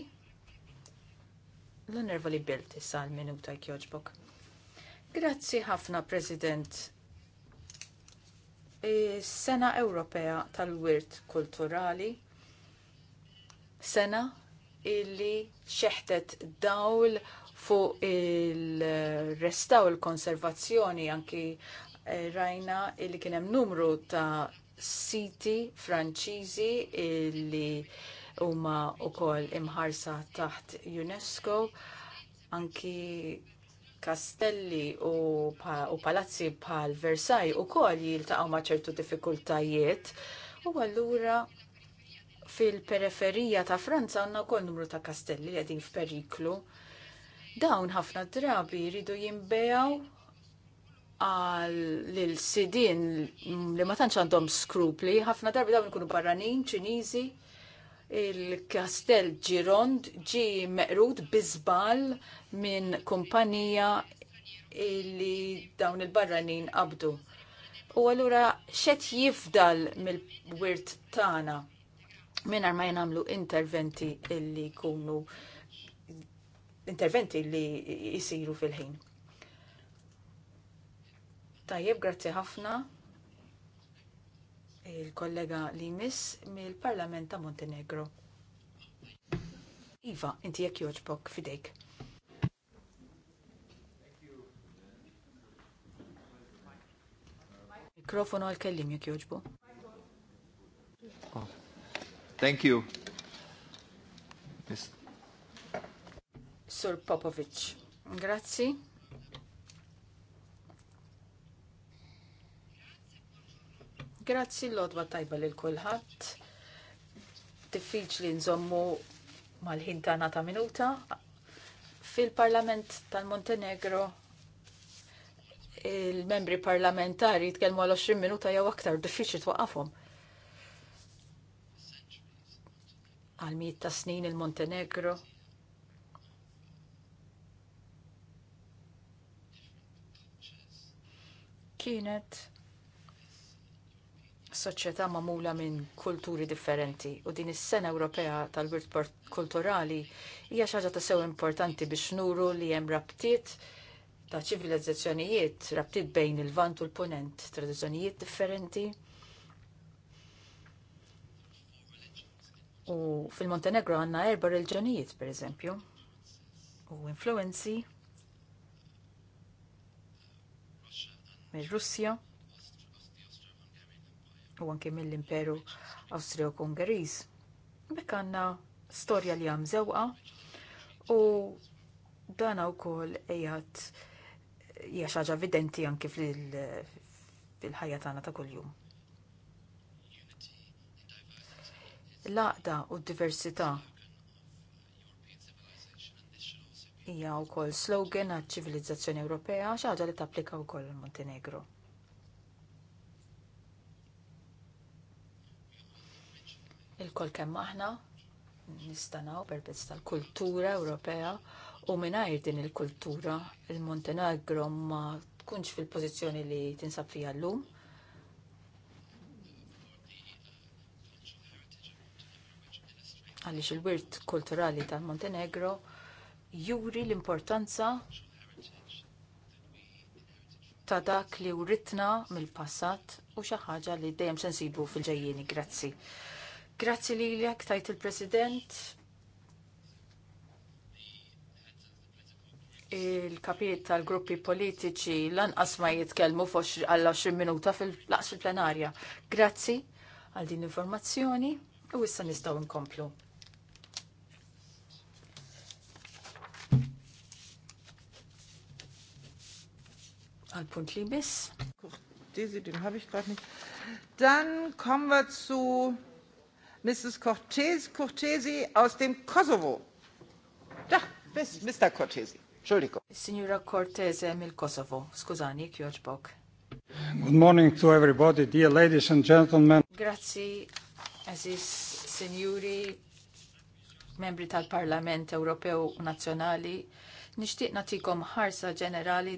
L-onervoli Bilt issa għal minuta jkjoġbok. Grazzi ħafna, President. Sena Ewropea tal-Wirt Kulturali, sena illi xeħtet dawl fuq il-restaw il-konservazzjoni anki eh, rajna illi kienem numru ta' siti franċiżi illi huma wkoll imħarsa taħt UNESCO anki kastelli u, pa, u palazzi pal Versaj u kol jiltaqaw ma' ċertu diffikultajiet. U allura fil-periferija ta' Franza għanna kol numru ta' kastelli li għedin f'periklu. Dawn ħafna drabi jridu jimbejaw għal l-sidin li ma tantx għandhom skrupli, ħafna darbi dawn ikunu barranin, ċiniżi, il-Kastell Girond ġi meqrud bizbal minn kumpanija li dawn il-barranin qabdu. U għallura xet jifdal mill-wirt tana minn ma jnamlu interventi li kunu interventi li jisiru fil-ħin. Tajjeb, grazzi ħafna il-kollega li mill-Parlament ta' Montenegro. Iva, inti jek joġbok fidejk. Mikrofonu għal-kellim jek joġbu. Oh. Thank you. Sur Popovic, grazie. Grazzi l-odwa tajba lil kulħadd. Diffiċli nżommu mal-ħin ta' nata minuta. Fil-Parlament tal-Montenegro il-membri parlamentari jitkellmu għal 20 minuta jew aktar diffiċli twaqafhom. Għal mijiet ta' snin il-Montenegro kienet soċjetà magħmula minn kulturi differenti u din is-Sena Ewropea tal-Wirt Kulturali hija xi ħaġa ta' sew importanti biex nuru li hemm rabtiet ta' ċivilizzazzjonijiet, rabtiet bejn il-vant u l-punent, tradizzjonijiet differenti. U fil-Montenegro għandna erba' reliġjonijiet pereżempju u influenzi mir-Russja u anke mill-Imperu Awstrijok Ungeriż. Bekk għandna storja li hemm zewqa u dan wkoll qiegħed hija xi ħaġa evidenti anke fil-ħajja tagħna ta' kuljum. L-għaqda u d-diversità hija wkoll slogan għaċ-ċivilizzazzjoni Ewropea xi ħaġa li tapplika wkoll il-Montenegro. il-kol kemm aħna nistanaw perpezz tal-kultura Ewropea u mingħajr din il-kultura il-Montenegro ma tkunx fil-pożizzjoni li tinsab fija llum. Għaliex il-wirt kulturali tal-Montenegro juri l-importanza ta' dak li uritna mill-passat u xi ħaġa li dejjem se nsibu fil-ġejjieni. Grazzi. Grazzi Lilia, tajt il-President. Il-kapiet tal-gruppi politiċi lanqas ma jitkellmu fuq għall-20 minuta fil-laqs fil-plenarja. Grazzi għal din informazzjoni u issa nistgħu nkomplu. Għal punt li miss. Dan den Dann kommen wir zu Mrs. Cortez Cortesi aus dem Kosovo. Da, bis, Mr. Cortesi. Entschuldigung. Signora Cortese mill-Kosovo. Skużani, kjoġbok. Good morning to everybody, dear ladies and gentlemen. Grazzi, aziz signori, membri tal-Parlament Ewropew u Nazzjonali. Nixtieq natikom ħarsa ġenerali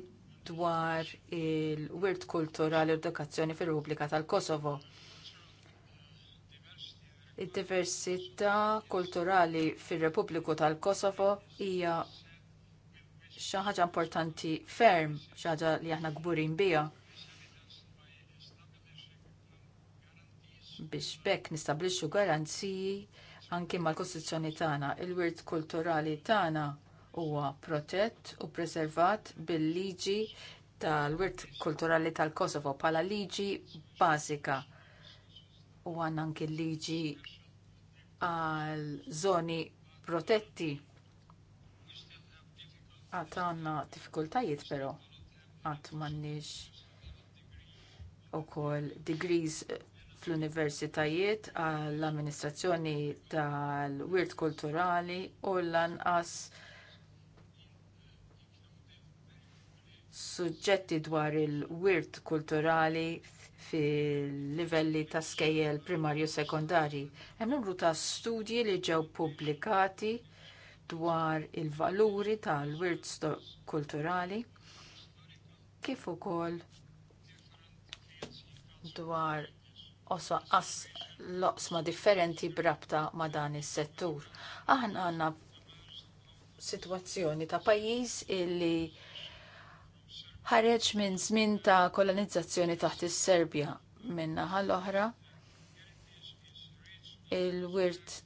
dwar il-wirt kulturali u edukazzjoni fil-Repubblika tal-Kosovo. Id-diversità kulturali fir-Repubbliku tal-Kosovo hija xi ħaġa importanti ferm, xi ħaġa li aħna kburin biha. Biex bekk nistablixxu garanziji anke mal-Kostituzzjoni tagħna, il-wirt kulturali tagħna huwa protett u preservat bil-liġi tal-wirt kulturali tal-Kosovo bħala liġi bażika u għanna anke liġi għal zoni protetti. Għat għanna diffikultajiet pero għat mannix u kol degrees fl-universitajiet għall amministrazzjoni tal-wirt kulturali u l-anqas suġġetti dwar il-wirt kulturali fil-livelli ta' skejjel primarju sekondari. Hemm numru ta' studji li ġew pubblikati dwar il-valuri tal-wirt kulturali kif ukoll dwar osa as loqsma differenti brabta ma dan is-settur. Aħna għandna sitwazzjoni ta' pajjiż illi ħareġ minn żmien ta' kolonizzazzjoni taħt is-Serbja minnaħa l-oħra il-wirt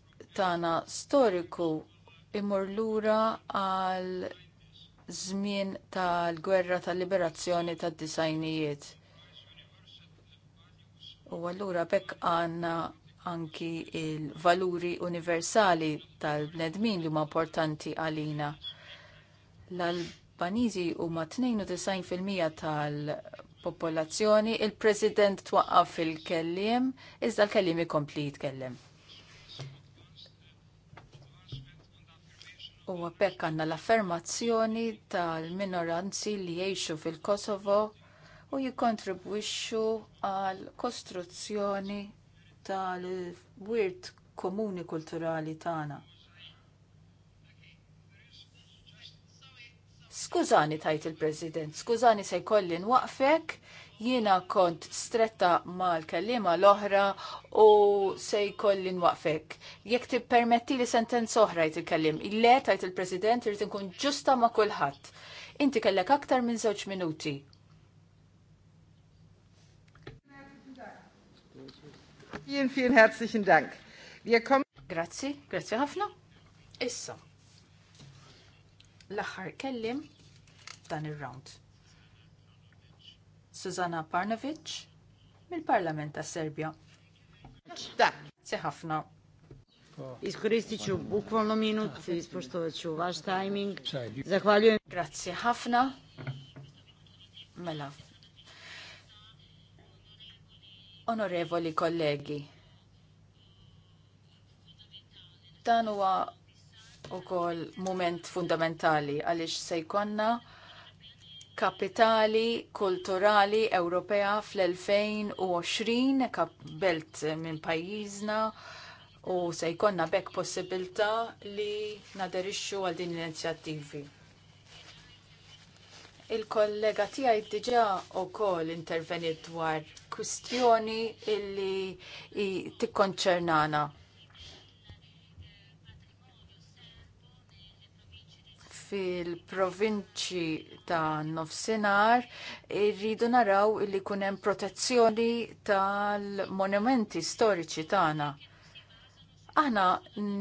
tagħna storiku imur lura għal żmien tal-gwerra tal-liberazzjoni tad-disajnijiet. U allura bekk għandna anki il-valuri universali tal-bnedmin li huma importanti għalina. L-alb Albaniżi huma 92% tal-popolazzjoni, il-President twaqqaf fil-kelliem, iżda l-kelliem ikompli jitkellem. U bekk għandna l-affermazzjoni tal-minoranzi li jgħixu fil-Kosovo u jikkontribwixxu għal kostruzzjoni tal-wirt komuni kulturali tagħna. Skużani tajt il-President, skużani se jkolli nwaqfek, jiena kont stretta mal-kellima l-oħra u se jkolli nwaqfek. Jekk tippermetti li sentenza oħra jt il-kellim, le tajt il-President irrid nkun ġusta ma' kulħadd. Inti kellek aktar minn żewġ minuti. Vielen, vielen herzlichen Dank. Wir kommen. Grazie, grazie ħafna. Issa l-aħħar kellim dan ir-round. Susanna Parnovic mill-Parlament ta' Serbja. Da. ħafna. Grazzi minut, Grazie ħafna. Mela. Onorevoli kollegi, dan huwa u kol moment fundamentali għalix sejkonna kapitali kulturali Ewropea fl-2020 belt minn pajjiżna u se jkollna bekk possibilità li naderixxu għal din l-inizjattivi. Il-kollega tiegħi u wkoll intervenit dwar kwistjoni illi tikkonċernana fil-provinċi ta' Nofsinar irridu naraw li kunem protezzjoni tal-monumenti storiċi tagħna. Aħna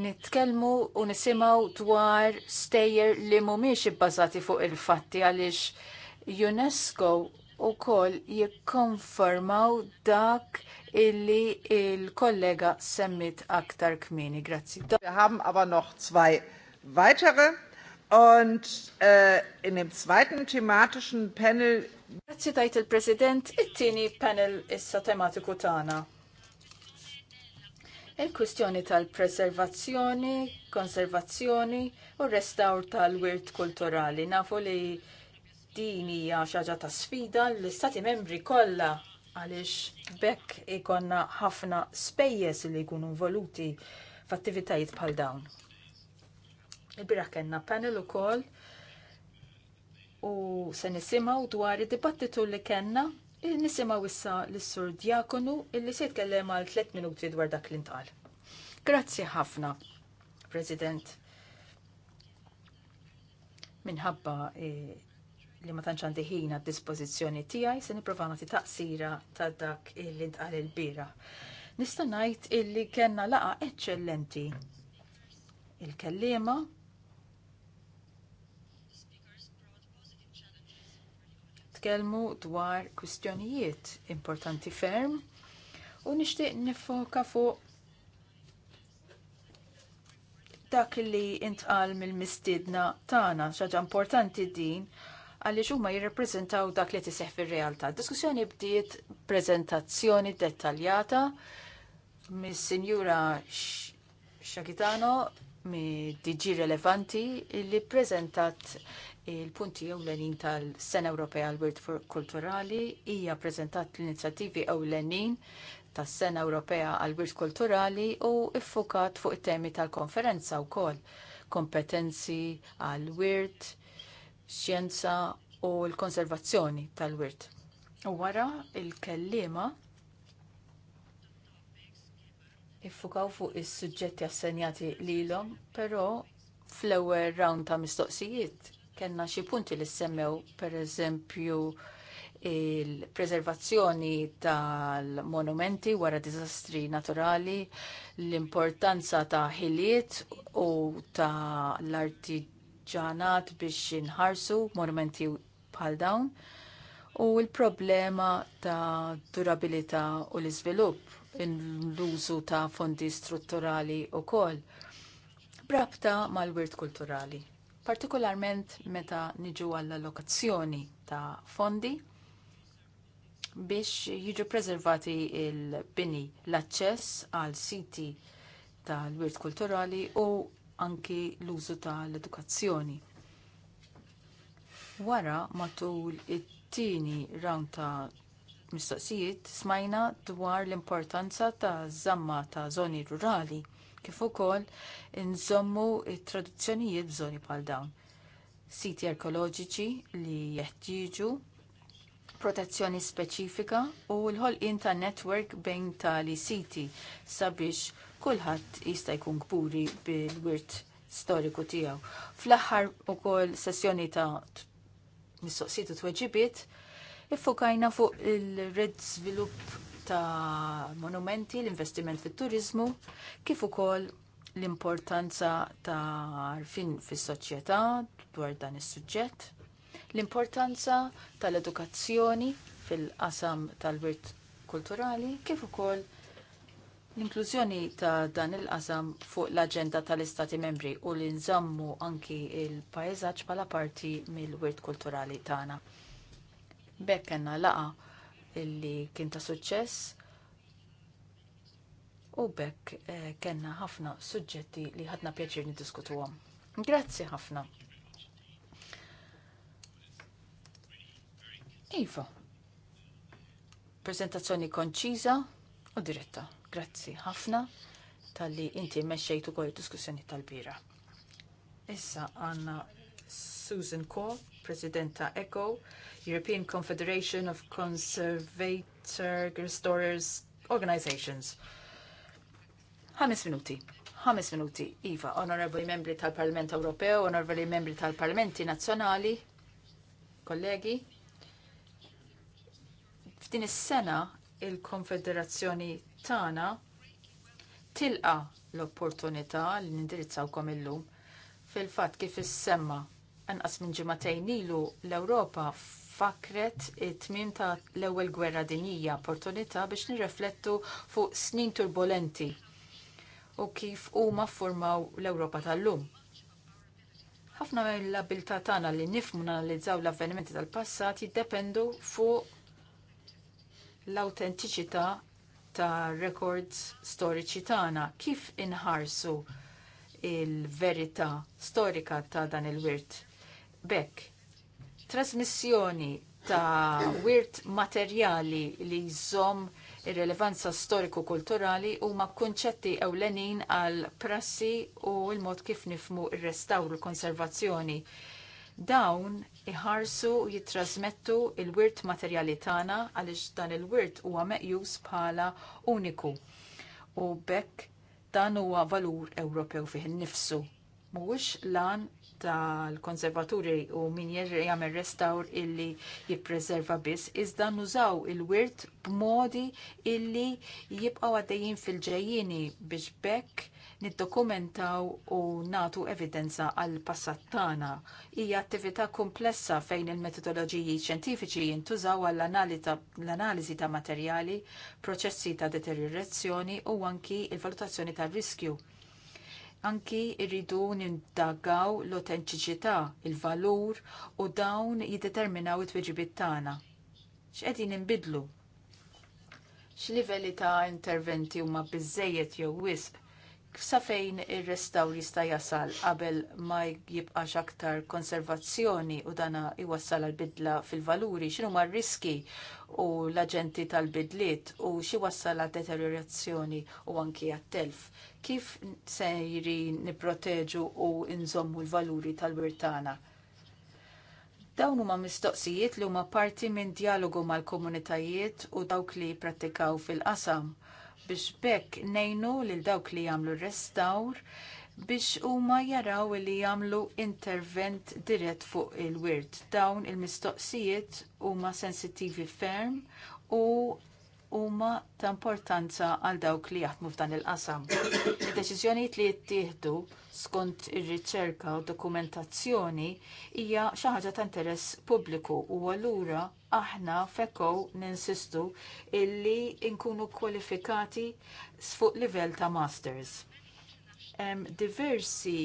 nitkellmu u nisimgħu dwar stejjer li mhumiex ibbażati fuq il-fatti għaliex UNESCO u koll jikkonformaw dak illi il-kollega semmit aktar kmini. Grazzi. Wir haben aber noch zwei weitere Und uh, in dem zweiten thematischen Panel. Grazzi tajt il-President, it-tieni panel issa tematiku tagħna. Il-kwistjoni tal-preservazzjoni, konservazzjoni u restawr tal-wirt kulturali. Nafu li din hija xaġa ta' sfida l-istati membri kollha għaliex bekk ikonna ħafna spejjeż li jkunu involuti f'attivitajiet bħal dawn. Il-biraħ kena panel u kol u se nisimaw dwar id-dibattitu li kena nisimaw issa l-sur Djakonu illi se jitkellem għal 3 minuti dwar dak li ntqal. Grazzi ħafna, President. Minħabba eh, li ma tanċan għandi ħin għad dispożizzjoni tiegħi se nipprova nagħti taqsira ta' dak l ntqal il-bira. Nista' ngħid illi kellna laqa eċċellenti. Il-kellima nitkellmu dwar kwistjonijiet importanti ferm u nixtieq nifoka fuq dak li intqal mill-mistiedna tagħna xaġa importanti din għaliex huma jirrepreżentaw dak li tiseħ fir-realtà. Diskussjoni bdiet preżentazzjoni dettaljata mis-Sinjura Xakitano mi DG Relevanti li prezentat il-punti ewlenin tal-Sena Ewropea għal-Wirt Kulturali hija prezentat l-inizjattivi ewlenin tas-Sena Ewropea għal-Wirt Kulturali u iffukat fuq it-temi tal-konferenza wkoll kompetenzi għal-wirt, xjenza u l-konservazzjoni tal-wirt. U wara il-kellima iffukaw fuq is-suġġetti assenjati lilhom, però fl-ewwel round ta' mistoqsijiet kellna xi punti li semmew pereżempju il-preservazzjoni tal-monumenti wara diżastri naturali, l-importanza ta' ħiliet u ta' l-artiġanat biex inħarsu monumenti bħal dawn u l-problema ta' durabilità u l-iżvilupp l-użu ta' fondi strutturali wkoll brabta mal-wirt kulturali, partikolarment meta niġu għall-allokazzjoni ta' fondi biex jiġu preservati l bini l aċċess għal siti tal-wirt kulturali u anki l-użu tal-edukazzjoni. Wara matul it-tieni rawn ta' mistoqsijiet smajna dwar l-importanza ta' żamma ta' żoni rurali kif ukoll nżommu it-tradizzjonijiet b'żoni bħal dawn. Siti arkeoloġiċi li jeħtieġu protezzjoni speċifika u l-ħolqien ta' netwerk bejn tali siti sabiex kulħadd jista' jkun kburi bil-wirt storiku tiegħu. Fl-aħħar ukoll sessjoni ta' mistoqsijiet u tweġibiet Iffokajna fuq il-red svilupp ta' monumenti, l-investiment fit turizmu kif ukoll l-importanza ta' arfin fis soċjetà dwar dan is-suġġett, l-importanza tal-edukazzjoni fil-qasam tal-wirt kulturali, kif ukoll l-inklużjoni ta' dan il-qasam fuq l-aġenda tal-Istati membri u li nżammu anki il-pajzaġġ bħala parti mill-wirt kulturali tagħna. Bekk għanna laqa illi kien ta' suċċess u bekk eh, kena ħafna suġġetti li ħadna pjaċir niddiskutu għom. Grazzi ħafna. Iva, prezentazzjoni konċiza u diretta. Grazzi ħafna tal-li inti meċċejtu kol diskussjoni tal-bira. Issa għanna Susan Cole Presidenta ECO, European Confederation of Conservator Restorers Organizations. Ħames minuti. Ħames minuti. Iva, onorevoli membri tal-Parlament Ewropew, onorevoli membri tal-Parlamenti Nazzjonali, kollegi. F'din is-sena il-Konfederazzjoni tagħna tilqa l-opportunità li nindirizzawkom illum fil-fatt kif issemma anqas minn ġimatejn ilu l-Ewropa fakret it-tmim ta' l-ewwel gwerra dinjija opportunità biex nirreflettu fuq snin turbolenti u kif huma ffurmaw l-Ewropa tal-lum ħafna mill-abilità tagħna li nifhmu nanalizzaw l-avvenimenti tal-passat jiddependu fuq l-awtentiċità ta' records storiċi tagħna. Kif inħarsu il-verità storika ta' dan il-wirt? Bekk, trasmissjoni ta' wirt materjali li jżomm ir rilevanza storiku-kulturali huma kunċetti ewlenin għal prassi u l-mod kif nifmu ir-restawru l-konservazzjoni. Dawn iħarsu u jitrasmettu l wirt materjali tagħna għaliex dan il-wirt huwa meqjus bħala uniku. U bekk dan huwa valur Ewropew fih innifsu. Mhuwiex lan tal-konservaturi u min jagħmel restaur illi jippreserva biss, iżda nużaw il-wirt b'modi illi jibqgħu għaddejjin fil-ġejjini biex bekk niddokumentaw u natu evidenza għal passat tagħna. Hija attività komplessa fejn il-metodoloġiji ċentifiċi jintużaw għall l-analiżi ta' materjali, proċessi ta' deteriorazzjoni u anki il-valutazzjoni tar riskju Anki irridu nindagaw l-autentiċità, il-valur u dawn jiddeterminaw it-tweġibiet tagħna. X'qegħdin inbidlu? X'livelli ta' interventi huma biżejjed jew wisq? sa fejn ir-restaw jista' jasal qabel ma jibqax aktar konservazzjoni u dana iwassal għal bidla fil-valuri, x'inhu ma riski u l-aġenti tal-bidliet u xi wassal għal deteriorazzjoni u anki għat-telf. Kif se jiri nipproteġu u nżommu l-valuri tal tagħna? Dawn huma mistoqsijiet li huma parti minn dialogu mal-komunitajiet u dawk li jipprattikaw fil-qasam biex bekk nejnu lil dawk li jagħmlu restawr biex huma jaraw li jagħmlu intervent dirett fuq il-wirt. Dawn il-mistoqsijiet huma sensittivi ferm u huma ta' importanza għal dawk li jaħdmu f'dan il-qasam. Id-deċiżjonijiet li jittieħdu skont ir-riċerka u dokumentazzjoni hija xi ħaġa ta' interess pubbliku u allura aħna fekkow ninsistu illi nkunu kwalifikati fuq livell ta' masters. Em, diversi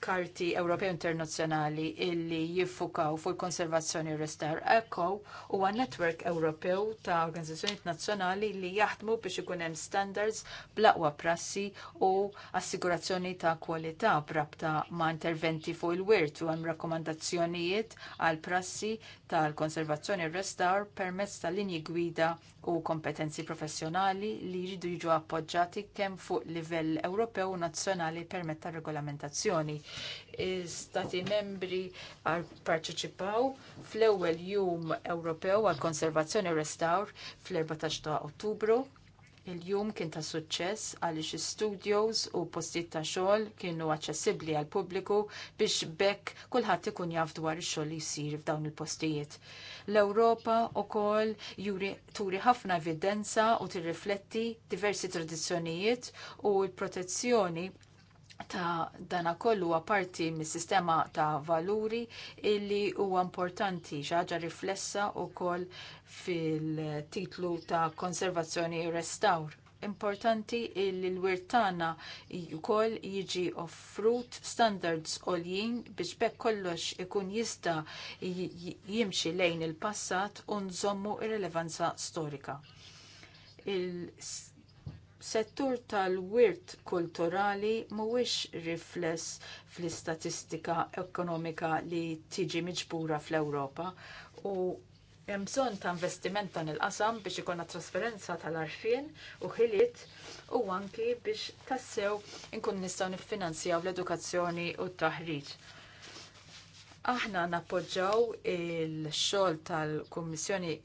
karti Ewropew Internazzjonali illi jiffukaw fuq il-konservazzjoni restar ECO huwa netwerk Ewropew ta' organizzazzjonijiet nazzjonali li jaħdmu biex ikun hemm standards bl-aqwa prassi u assigurazzjoni ta' kwalità brabta ma' interventi fuq il-wirt u hemm rakkomandazzjonijiet għal prassi tal-konservazzjoni restar permezz ta' linji gwida u kompetenzi professjonali li jridu jiġu appoġġati kemm fuq livell Ewropew u nazzjonali permezz ta' regolamentazzjoni stati membri parċeċipaw fl-ewwel jum Ewropew għal konservazzjoni restaur fl-14 ta' Ottubru. Il-jum kien ta' suċċess għaliex studios u postijiet ta' xogħol kienu aċċessibbli għal pubbliku biex bekk kulħadd ikun jaf dwar ix-xogħol li jsir f'dawn il-postijiet. L-Ewropa wkoll juri turi ħafna evidenza u tirrifletti diversi tradizzjonijiet u l-protezzjoni ta' dana kollu parti mis sistema ta' valuri illi huwa importanti ħaġa riflessa u koll fil-titlu ta' konservazzjoni u restaur. Importanti illi l-wirtana wkoll jiġi offrut standards għoljin biex bekk kollox ikun jista jimxi lejn il-passat u nżommu r-rilevanza storika. Il settur tal-wirt kulturali mhuwiex rifless fl-istatistika ekonomika li tiġi miġbura fl-Ewropa u hemm bżonn ta' investiment dan il-qasam biex ikolna trasferenza tal-arfien u ħiliet u anki biex tassew inkun nistgħu niffinanzjaw l-edukazzjoni u t-taħriġ. Aħna nappoġġaw il-xogħol tal-Kummissjoni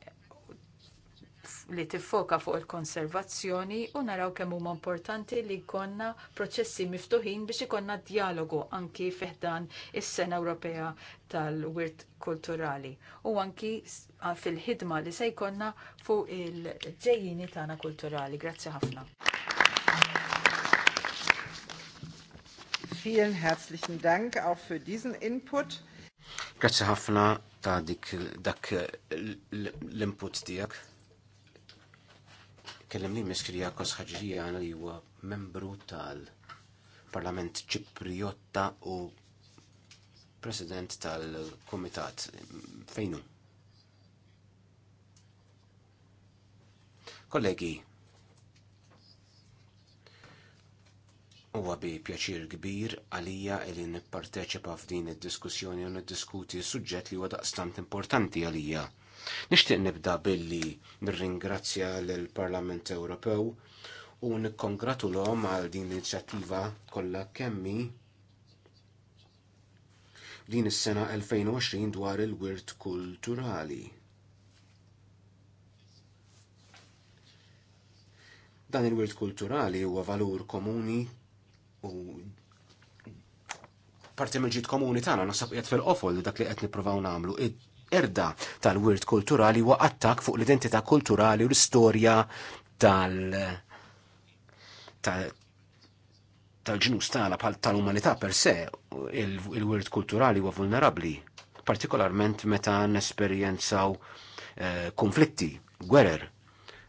li tiffoka fuq il-konservazzjoni u naraw kemm huma importanti li jkollna proċessi miftuħin biex ikonna dialogu anki fiħdan is-Sena Ewropea tal-Wirt Kulturali u anki fil-ħidma li se jkollna fuq il-ġejjini tagħna kulturali. Grazzi ħafna. Vielen herzlichen Dank auch für diesen Input. Grazzi ħafna ta' dik dak l-input tiegħek. Kellem li miskrija kosħġrija għana li huwa membru tal-Parlament Ċipriotta u President tal-Komitat. Fejnu? Kollegi, Huwa bi pjaċir kbir għalija li nipparteċipa f'din id-diskussjoni u niddiskuti suġġett li huwa daqstant importanti għalija. Nixtieq nibda billi nirringrazzja l-Parlament Ewropew u nikkongratulhom għal din l-inizjattiva kollha kemmi din is-sena 2020 dwar il-wirt kulturali. Dan il-wirt kulturali huwa valur komuni u parti mill-ġid komuni tagħna nasab qiegħed fil-qofol dak li qed nippruvaw nagħmlu erda tal-wirt kulturali wa attak fuq l-identità kulturali u l-istorja tal- tal-ġnus tal tal-umanità per se il-wirt kulturali huwa vulnerabbli, partikolarment meta nesperjenzaw eh, konflitti, gwerer.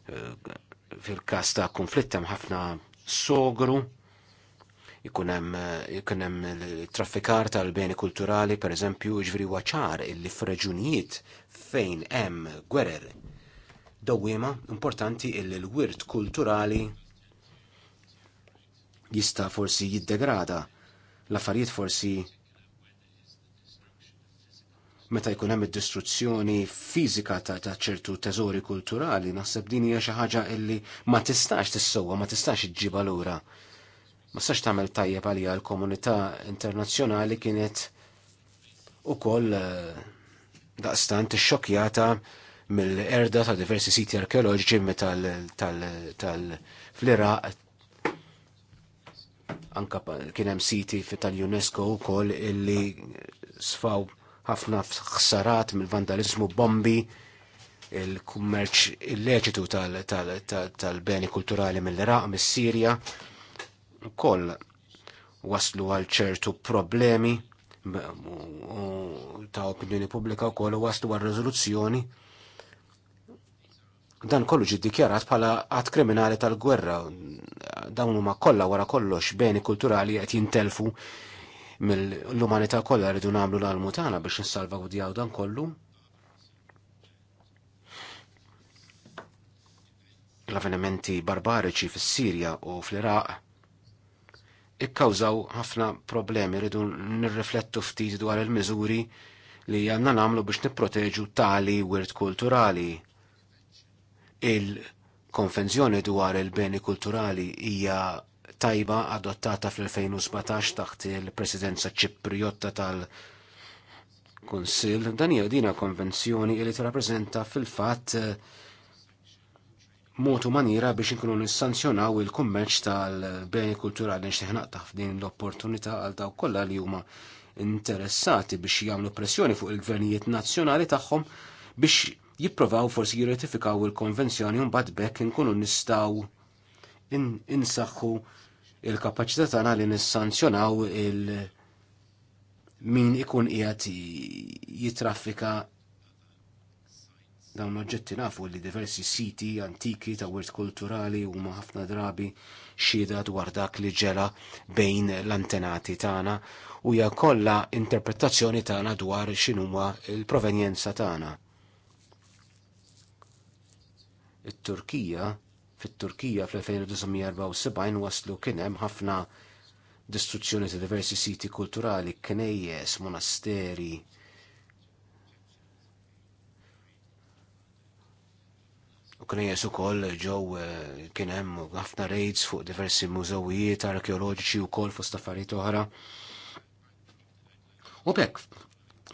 Eh, Fil-każ ta' konflitt hemm ħafna sogru, Eh, ikun hemm traffikar tal-beni kulturali pereżempju ġviri waċar illi f'reġunijiet fejn hemm gwerer dawwiema importanti illi l-wirt kulturali jista' forsi jiddegrada l-affarijiet forsi meta jkun hemm id-distruzzjoni fiżika ta' ċertu teżori kulturali, naħseb din hija xi ħaġa illi ma tistax tissewwa, ma tistax iġġibha lura ma sax tagħmel tajjeb għalija l-komunità internazzjonali kienet ukoll eh, daqstant ixxokkjata mill-erda ta' diversi siti arkeoloġiċi tal-fl-Iraq anka kien hemm siti tal-UNESCO wkoll illi sfaw ħafna ħsarat mill-vandalizmu bombi il-kummerċ illeċitu tal-beni kulturali mill-Iraq, mis-Sirja, koll waslu għal ċertu problemi ta' opinjoni pubblika u koll waslu għal rezoluzzjoni dan kollu ġi dikjarat bħala għat kriminali tal-gwerra dawn huma kollha wara kollox beni kulturali qed jintelfu mill-umanità kollha rridu nagħmlu l-almu tagħna biex nissalvagwdjaw dan kollu. L-avvenimenti barbariċi fis-Sirja u fl-Iraq ikkawżaw ħafna problemi rridu nirriflettu ftit dwar il-miżuri li għanna namlu biex nipproteġu tali wirt kulturali. Il-konvenzjoni dwar il-beni kulturali hija tajba adottata fl-2017 taħt il-presidenza ċipriotta tal konsil Dan hija dina konvenzjoni li tirrappreżenta fil-fatt motu maniera biex inkunu nissanzjonaw il-kummerċ tal-beni kulturali nixtieq naqtaf din l-opportunità għal dawk kollha li huma interessati biex jagħmlu pressjoni fuq il-gvernijiet nazzjonali tagħhom biex jipprovaw forsi jirratifikaw il-konvenzjoni u mbagħad bekk inkunu nistgħu insaħħu il-kapaċità tagħna li nissanzjonaw il- min ikun qiegħed jitraffika Dawn l-oġġetti nafu li diversi siti antiki ta' wirt kulturali huma ħafna drabi xhieda dwar dak li ġela bejn l-antenati tagħna u hija kollha interpretazzjoni tagħna dwar x'inhuma l-provenjenza tagħna. It-Turkija fit-Turkija fl-1974 waslu kien hemm ħafna distruzzjoni ta' diversi siti kulturali, knejjes, monasteri, knejjes u koll ġow eh, kienem ħafna rejds fuq diversi mużewijiet arkeoloġiċi wkoll fost affarijiet oħra. U bekk,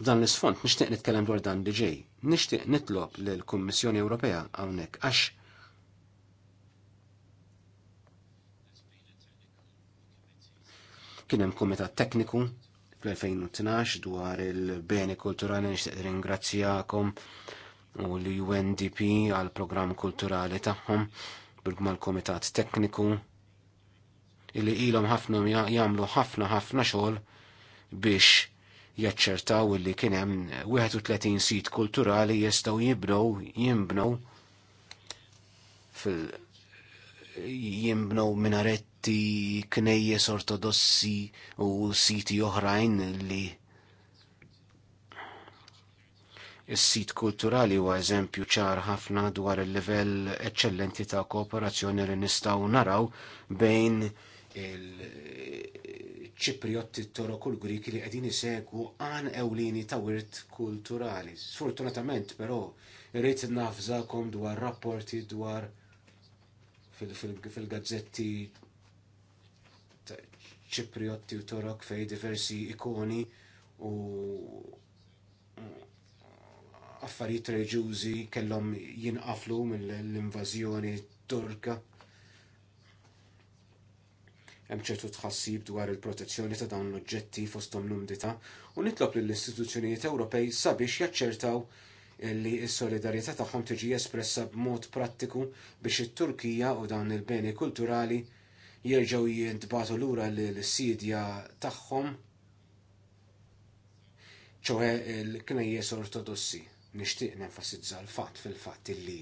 dan l-isfond nixtieq nitkellem dwar dan diġej, nishtiq Nixtieq nitlob lill kummissjoni Ewropea hawnhekk għax kien hemm tekniku fl-2012 dwar il-beni kulturali nixtieq ringrazzjakom u l-UNDP għal programm kulturali tagħhom mal-Komitat Tekniku illi ilhom ħafna jagħmlu ħafna ħafna xogħol biex jaċċertaw illi kien hemm 31 sit kulturali jistgħu jibnew jinbnew fil jimbnew minaretti, knejjes ortodossi u siti oħrajn li Is-sit kulturali huwa eżempju ċar ħafna dwar il-livell eċċellenti ta' kooperazzjoni li nistgħu naraw bejn il-ċipriotti torok u l grik li qegħdin isegwu għan ewlieni ta' wirt kulturali. Sfortunatament però irrid nafżakom dwar rapporti dwar fil-gazzetti ċipriotti u torok fej diversi ikoni u affarijiet reġużi kellhom jinqaflu mill-invażjoni Turka. Hemm ċertu tħassib dwar il-protezzjoni ta' dawn l-oġġetti fosthom l-umdita u nitlob lill-istituzzjonijiet Ewropej sabiex jaċċertaw li s-solidarjetà tagħhom tiġi espressa b'mod prattiku biex it-Turkija u dawn il-beni kulturali jerġgħu jintbagħtu lura l-sidja tagħhom ċoħe l-knejjes ortodossi nixtieq nenfasizza l-fatt fil-fatt illi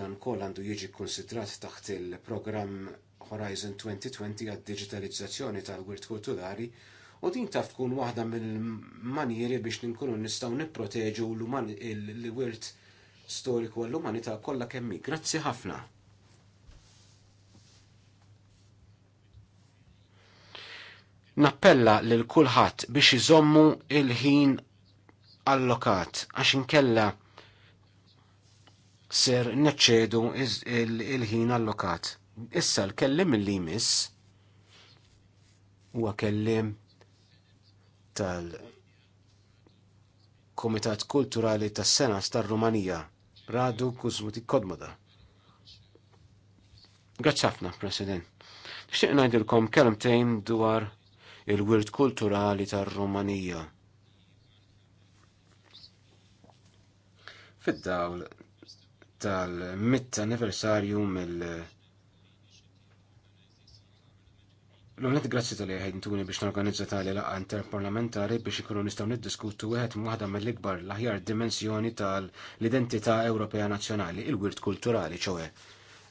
dan kol għandu jiġi konsidrat taħt il-programm Horizon 2020 għad digitalizzazzjoni tal-wirt kulturali u din taf tkun waħda mill-manieri biex ninkunu nistaw nipproteġu l-wirt storiku għall-umanità kollha kemmi. Grazzi ħafna. Nappella lil kulħadd biex iżommu il-ħin allokat għax inkella ser neċċedu il-ħin allokat. Issa l-kellim li jmiss huwa kellim tal Komitat Kulturali tas-Sena tar-Rumanija, Radu Kuzmuti Kodmoda. Għacħafna, ħafna, President. Xtieq ngħidilkom kelmtejn dwar il-wirt kulturali tar-Rumanija. Fid-dawl tal-mitt anniversarju mill- L-unet grazzi tal ħedintuni biex norganizza tali laqqa interparlamentari biex ikunu nistaw niddiskutu wieħed waħda mill-ikbar l-aħjar dimensjoni tal-identità Ewropea nazzjonali, il-wirt kulturali, ċoe.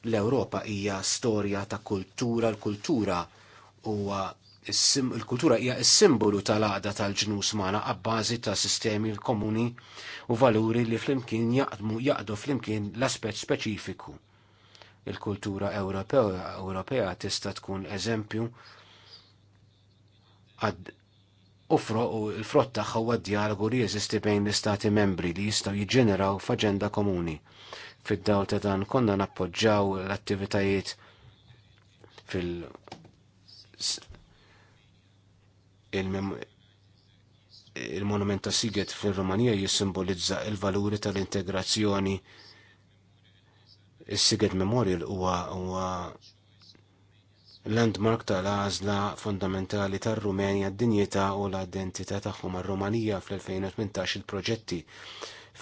L-Ewropa hija storja ta' kultura, l-kultura huwa il-kultura hija s-simbolu tal-għada tal-ġnus magħna għabbażi ta' sistemi komuni u valuri li flimkien jaqdmu jaqdu flimkien l-aspett speċifiku. Il-kultura Ewropea tista' tkun eżempju għad ufro u l-frott tagħha d dialogu li jeżisti bejn l-istati membri li jistgħu jiġġeneraw f'aġenda komuni. Fid-dawl ta' dan konna nappoġġaw l-attivitajiet fil il-monument ta' Siget fil-Romanija jissimbolizza il-valuri tal-integrazzjoni. Is-Siget Memorial huwa landmark tal-għażla fondamentali tar-Rumenja d-dinjità u l-identità tagħhom ar-Rumanija fl-2018 il-proġetti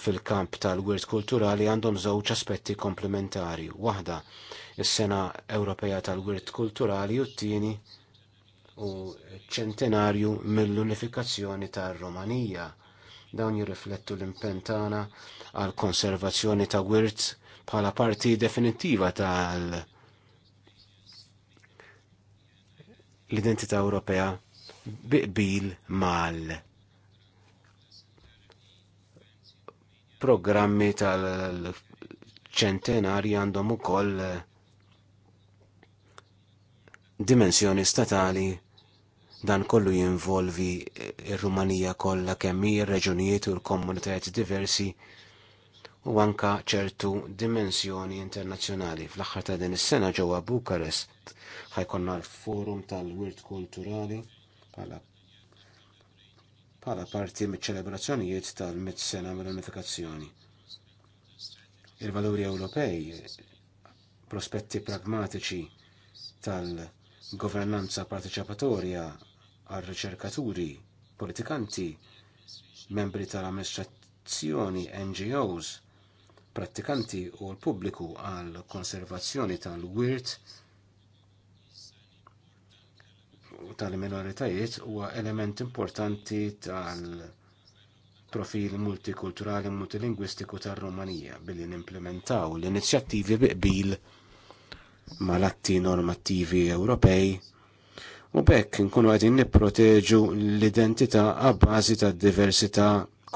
fil-kamp tal-wirt kulturali għandhom żewġ aspetti komplementari. Waħda, is-Sena Ewropea tal-Wirt Kulturali u t-tieni u ċentenarju mill-unifikazzjoni tar-Romanija. Dawn jirriflettu l-impentana għal konservazzjoni ta' wirt bħala parti definittiva tal l-identità Ewropea biqbil mal programmi tal-ċentenari għandhom ukoll dimensjoni statali Dan kollu jinvolvi il rumanija kollha kemm hija reġunijiet u l-komunitajiet diversi u anka ċertu dimensjoni internazzjonali. Fl-aħħar ta' din is-sena ġewwa Bukarest ħajkonna l-forum tal-wirt kulturali bħala parti miċ-ċelebrazzjonijiet tal-mit sena mill-unifikazzjoni. Il-valuri Ewropej, prospetti pragmatiċi tal-governanza parteċipatorja għal riċerkaturi, politikanti, membri tal-amministrazzjoni, NGOs, prattikanti u l-pubbliku għal konservazzjoni tal-wirt tal-minoritajiet huwa element importanti tal-profil multikulturali multilingwistiku tar-Rumanija billi nimplementaw l-inizjattivi biqbil mal-atti normattivi Ewropej U bekk nkunu għadin nipproteġu l-identità għabbażi ta' diversità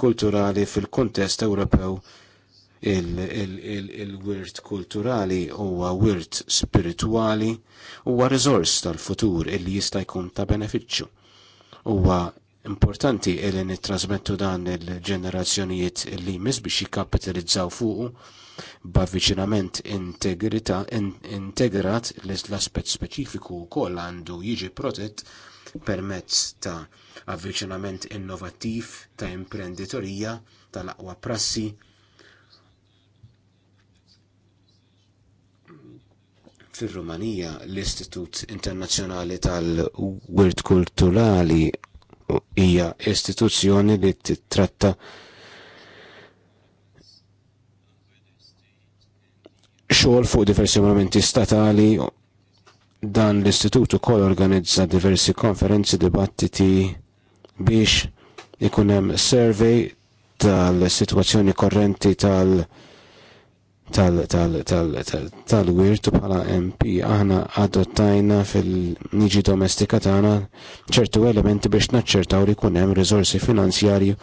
kulturali fil-kontest Ewropew il-wirt kulturali huwa wirt spirituali huwa riżors tal-futur illi jista' jkun ta' benefiċċju. Huwa importanti li nittrasmettu dan il-ġenerazzjonijiet li jmiss biex jikkapitalizzaw fuqu b'avviċinament integrat l-aspett speċifiku wkoll għandu jiġi protett permezz ta' avviċinament innovattiv ta' imprenditorija tal-aqwa prassi fir-Rumanija l-Istitut Internazzjonali tal-Wirt Kulturali hija istituzzjoni li titratta xogħol fuq diversi momenti statali dan l-istitutu kol organizza diversi konferenzi, dibattiti biex ikun hemm survey tal-sitwazzjoni korrenti tal-, -situazzjoni tal-wirtu bħala MP aħna adottajna fil-niġi domestika tagħna ċertu elementi biex naċċertaw li jkun hemm riżorsi finanzjarji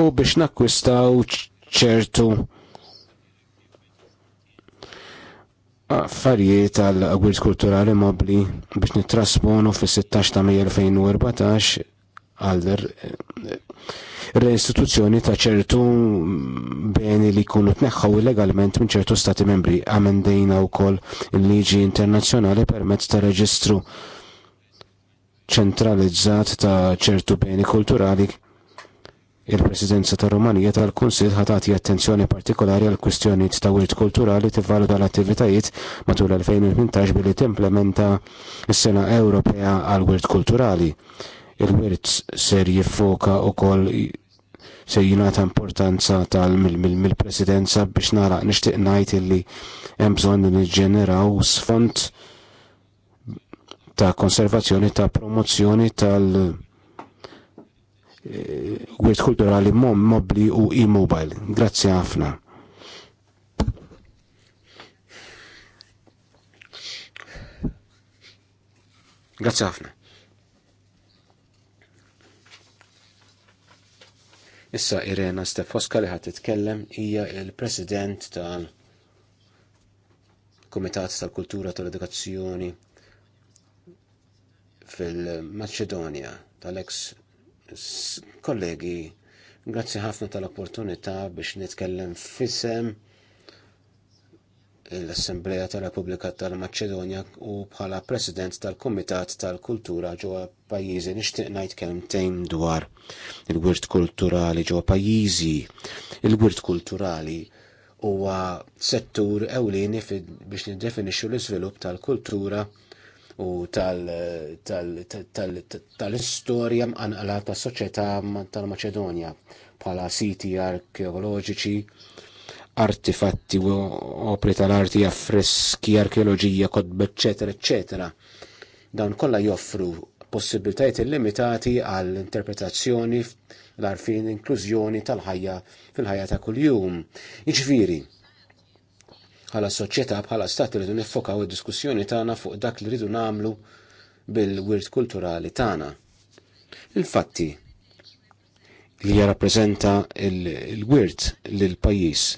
u biex nakkwistaw ċertu affarijiet tal gwirt kulturali mobli biex nittrasponu fis 16 ta' 2014 għal Re-istituzzjoni ta' ċertu beni li jkunu tneħħaw illegalment minn ċertu stati membri għamendejna wkoll il-liġi internazzjonali permezz ta' reġistru ċentralizzat ta' ċertu beni kulturali il-Presidenza ta' Romanija tal-Kunsil ħatati attenzjoni partikolari għal kwistjonijiet ta' wirt kulturali tivvalu l-attivitajiet matul 2018 billi timplementa s-sena Ewropea għal wirt kulturali. Il-wirt ser jiffoka u kol se ta' importanza tal-mill-presidenza biex naraq nixtieq ngħid illi hemm bżonn niġġeneraw sfond ta' konservazzjoni ta' promozzjoni tal- gwiet eh, kulturali mobli u e-mobile. Grazzi ħafna. Grazzi ħafna. Issa Irena Stefoska li ħat titkellem hija il-President tal Kumitat tal-Kultura tal-Edukazzjoni fil-Maċedonja tal-ex kollegi. Grazzi ħafna tal-opportunità biex nitkellem fisem l-Assembleja tal-Repubblika tal-Maċedonja u bħala President tal-Kumitat tal-Kultura ġewwa pajjiżi nixtieq ngħid kelmtejn dwar il-wirt kulturali ġewwa pajjiżi. Il-wirt kulturali huwa settur ewlieni biex niddefinixxu l-iżvilupp tal-kultura u tal-istorja mqanqala tas-soċjetà tal-Maċedonja bħala siti arkeoloġiċi, artifatti u opri tal-arti affreski, arkeoloġija, kodb, eccetera, eccetera. Dawn kollha joffru possibilitajiet illimitati għall interpretazzjoni l-arfin inklużjoni tal-ħajja fil-ħajja ta' kuljum. Iġviri, bħala soċjetà bħala stat irridu niffokaw id-diskussjoni tagħna fuq dak li rridu nagħmlu bil-wirt kulturali tagħna. Il-fatti li jirrappreżenta l-wirt l pajjiż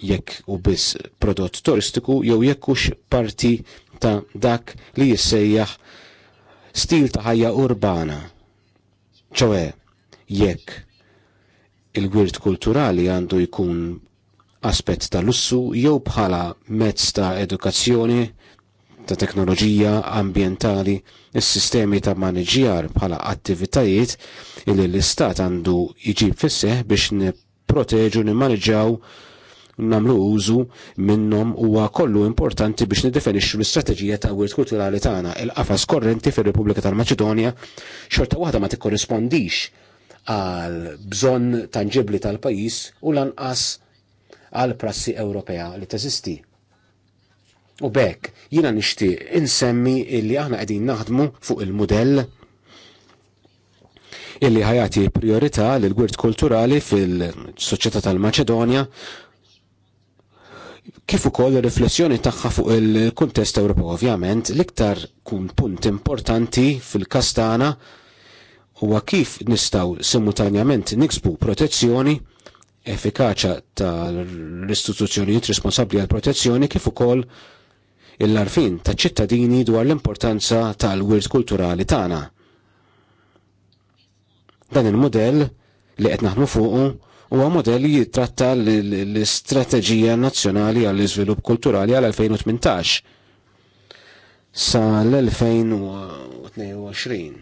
jekk u biss prodott turistiku jew jekk hux parti ta' dak li jissejjaħ stil ta' ħajja urbana. ċoe, jekk il-gwirt kulturali għandu jkun aspett ta' lussu jew bħala mezz ta' edukazzjoni, ta' teknoloġija ambientali, is-sistemi ta' maniġjar bħala attivitajiet li l-istat għandu jġib fisseħ biex niproteġu, nimaniġaw namlu użu minnhom huwa kollu importanti biex niddefinixxu l-istrateġija ta' wirt kulturali tagħna. Il-qafas korrenti fir-Repubblika tal-Maċedonja xorta waħda ma tikkorrispondix għal bżonn tanġibli tal-pajjiż u lanqas għal prassi Ewropea li teżisti. U bekk, jina nixtieq insemmi illi aħna qegħdin naħdmu fuq il mudell illi ħajati priorità l gwirt kulturali fil-soċjetà tal-Maċedonja kif ukoll riflessjoni tagħha fuq il-kuntest Ewropew ovvjament l-iktar kun punt importanti fil-kastana huwa kif nistgħu simultanjament niksbu protezzjoni effikaċa tal-istituzzjonijiet responsabbli għal protezzjoni kif ukoll il-larfin ta' ċittadini dwar l-importanza tal-wirt kulturali tagħna. Dan il-modell li qed naħdmu fuqu huwa modell jitratta l-Istrateġija Nazzjonali għall-Iżvilupp Kulturali għal 2018 sa l-2022.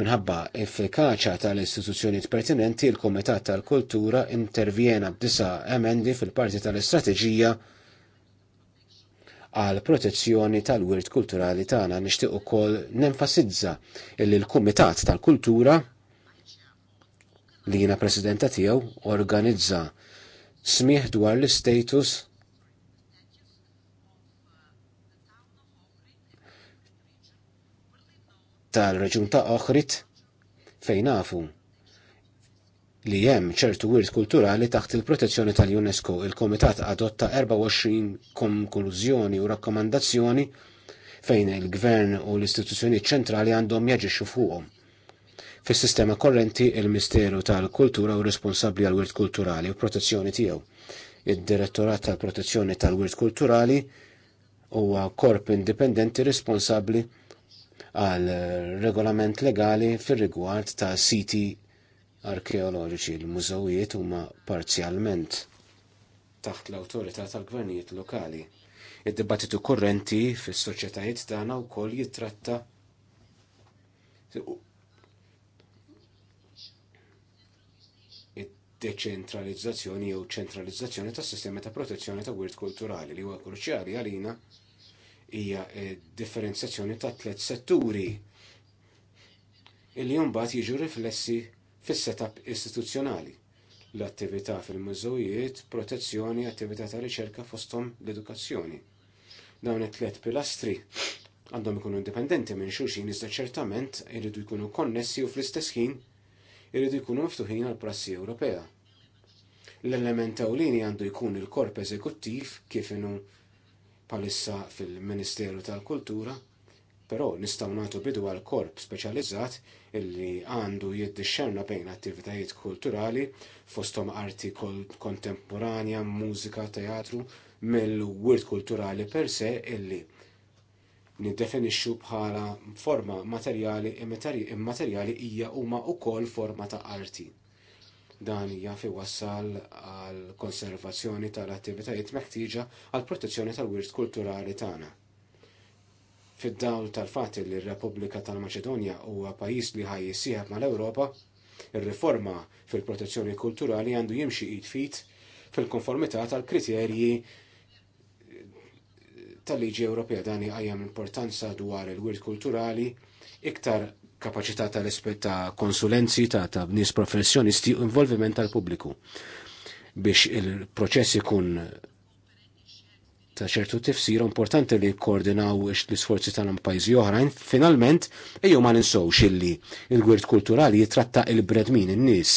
Minħabba effikaċa tal istituzzjoni pertinenti, il-Komitat tal-Kultura intervjena b'disa emendi fil-parti tal-istrateġija għal protezzjoni tal-wirt kulturali tagħna nixtieq ukoll nenfasizza li l-Kumitat tal-Kultura li jiena presidenta tiegħu organizza smieħ dwar l-istatus tal-reġun ta' oħrit fejn nafu li hemm ċertu wirt kulturali taħt il-protezzjoni tal-UNESCO. Il-Komitat adotta 24 konklużjoni u rakkomandazzjoni fejn il-Gvern u l-istituzzjoni ċentrali għandhom jaġixxu fuqhom fis-sistema korrenti il-Misteru tal-Kultura u responsabbli għal wirt kulturali u protezzjoni tiegħu. Id-Direttorat tal-Protezzjoni tal-Wirt Kulturali huwa korp indipendenti responsabbli għal regolament legali fir-rigward ta' siti arkeoloġiċi l-mużewijiet huma parzjalment taħt l-awtorità tal-gvernijiet lokali. Id-dibattitu korrenti fis-soċjetajiet tagħna wkoll jittratta deċentralizzazzjoni jew ċentralizzazzjoni tas sistema ta' protezzjoni ta' wirt kulturali li huwa kruċjali għalina hija e, differenzjazzjoni ta' tliet setturi illi mbagħad jiġu riflessi fis-setup istituzzjonali l-attività fil-mużewijiet, protezzjoni, attività ta' riċerka fosthom l-edukazzjoni. Dawn it-tliet pilastri għandhom ikunu indipendenti minn xulxin iżda ċertament jridu jkunu konnessi u fl-istess ħin jridu jkunu miftuħin għal prassi Ewropea l-element ewlieni għandu jkun il-korp eżekuttiv kif inhu palissa fil-Ministeru tal-Kultura, però nistgħu nagħtu bidu għal korp speċjalizzat illi għandu jiddixxerna bejn attivitajiet kulturali fosthom arti kontemporanja, mużika, teatru mill-wirt kulturali per se illi niddefinixxu bħala forma materjali immaterjali hija huma wkoll forma ta' arti. Dan hija fi wassal għal konservazzjoni tal-attivitajiet meħtieġa għal protezzjoni tal-wirt kulturali tagħna fid-dawl tal fatt li r-Repubblika tal-Maċedonja huwa pajjiż li ħaj jissieħab mal-Ewropa, ir-riforma fil-protezzjoni kulturali għandu jimxi id fit fil-konformità tal-kriterji tal-liġi Ewropea Dani għajem importanza dwar il-wirt kulturali iktar kapacità tal-rispett ta' konsulenzi ta' ta' nies professjonisti u involviment tal-pubbliku biex il-proċess ikun ta' ċertu tifsira importanti li koordinaw l-isforzi tal-pajzi oħrajn, finalment eju ma ninsowx illi il-gwirt kulturali jitratta il-bredmin in-nies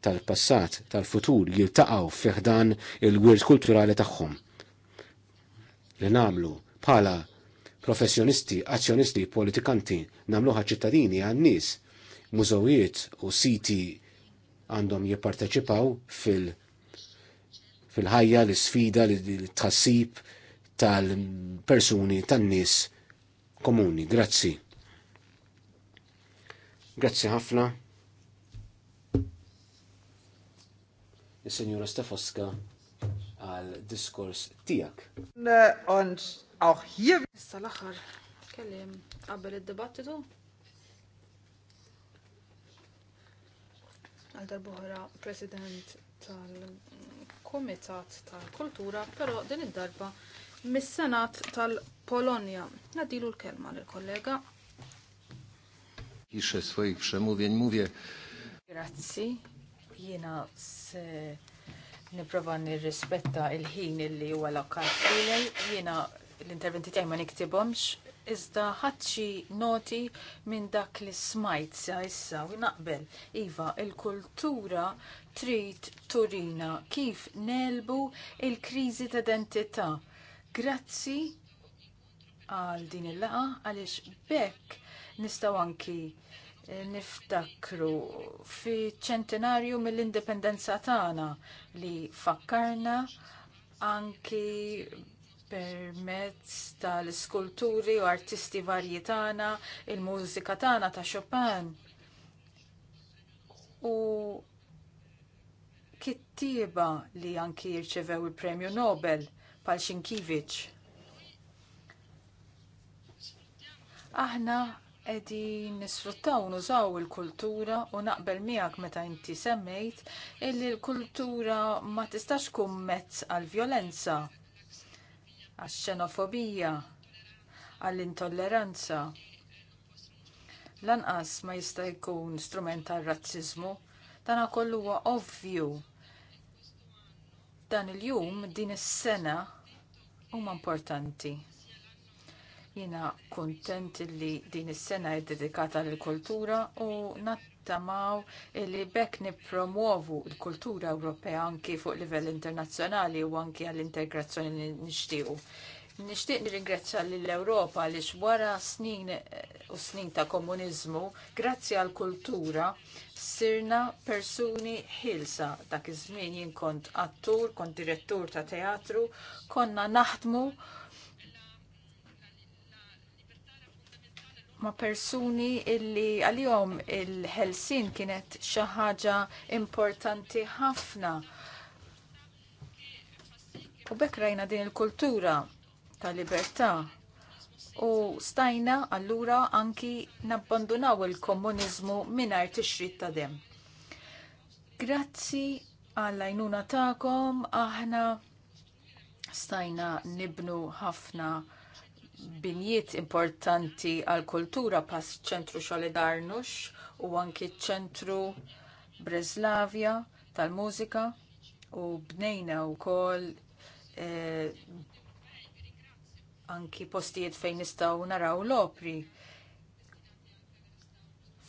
tal-passat, tal-futur jiltaqgħu fiħdan il-gwirt kulturali tagħhom. Li namlu bħala professjonisti, azzjonisti, politikanti, namluħa ċittadini għan-nies, mużowiet u siti għandhom jipparteċipaw fil- fil-ħajja, l-sfida, l-tħassib tal-persuni, tan-nies komuni. Grazzi. Grazzi ħafna. Is-Senjura Stefoska għal diskors tijak. Und Auch hier. ist der Lacher. Kellem, aber qabel Debatte dibattitu Alter Bohra, Präsident tal-Komitat tal-Kultura, però din id-darba mis-Senat tal-Polonja. Nadilu l-kelma l-kollega. Pisze swoich przemówień, mówię. Grazie, jena se niprofa nirrispetta il-ħin il-li u lokat ilej, jena l-interventi tiegħi ma niktibhomx, iżda ħadxi noti minn dak li smajt sa issa u naqbel. Iva, il-kultura trid turina kif nelbu il-kriżi ta' identità. Grazzi għal din il-laqa għaliex bekk nistaw anki eh, niftakru fi ċentenarju mill-indipendenza tagħna li fakkarna anki permezz tal iskulturi u artisti varji tagħna, il-mużika tagħna ta' Chopin. U kittieba li anki jirċevew il-Premju Nobel pal Xinkiewicz. Aħna Edi nisfruttaw nużaw il-kultura u naqbel miegħek meta inti semmejt illi l-kultura ma tistax tkun mezz għal vjolenza għax-xenofobija, għall-intolleranza. Lanqas ma jista' jkun strument tar-razziżmu, dan kollu huwa ovvju. Dan il-jum din is-sena huma importanti. Jiena kuntent li din is-sena dedikata lill kultura u nat nittamaw li bekk nippromovu l-kultura Ewropea anki fuq livell internazzjonali u anki għall-integrazzjoni li nixtiequ. Nixtieq nirringrazzja lill-Ewropa li xwara snin u snin ta' komuniżmu, grazzi għall kultura sirna persuni ħilsa dak iż-żmien jien kont attur, kont direttur ta' teatru, konna naħdmu ma' persuni illi għalihom il-ħelsin kienet xi ħaġa importanti ħafna. U bekk rajna din il-kultura ta' libertà u stajna allura anki nabbandunaw il-komuniżmu mingħajr tixrid ta' dem. Grazzi għall-għajnuna tagħkom aħna stajna nibnu ħafna biljiet importanti għal kultura pass ċentru Xolidarnux u anki ċentru Breslavja tal-mużika u bnejna u kol eh, anki postijiet fejn nistaw naraw l-opri.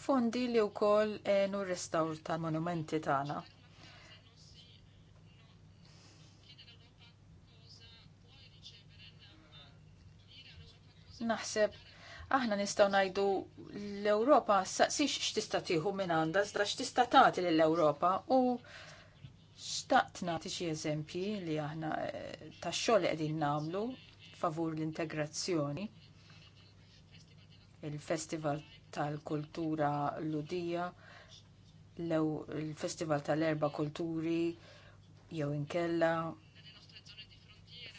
Fondi li u kol eh, restawr tal-monumenti tagħna. naħseb aħna nistgħu ngħidu l-Ewropa saqsix x'tista' tieħu minn għandha iżda x'tista' tagħti lill-Ewropa u xtaqt nagħti xi eżempji li aħna eh, tax-xogħol li qegħdin nagħmlu favur l-integrazzjoni il-Festival tal-Kultura Ludija, l festival tal-Erba Kulturi, jew inkella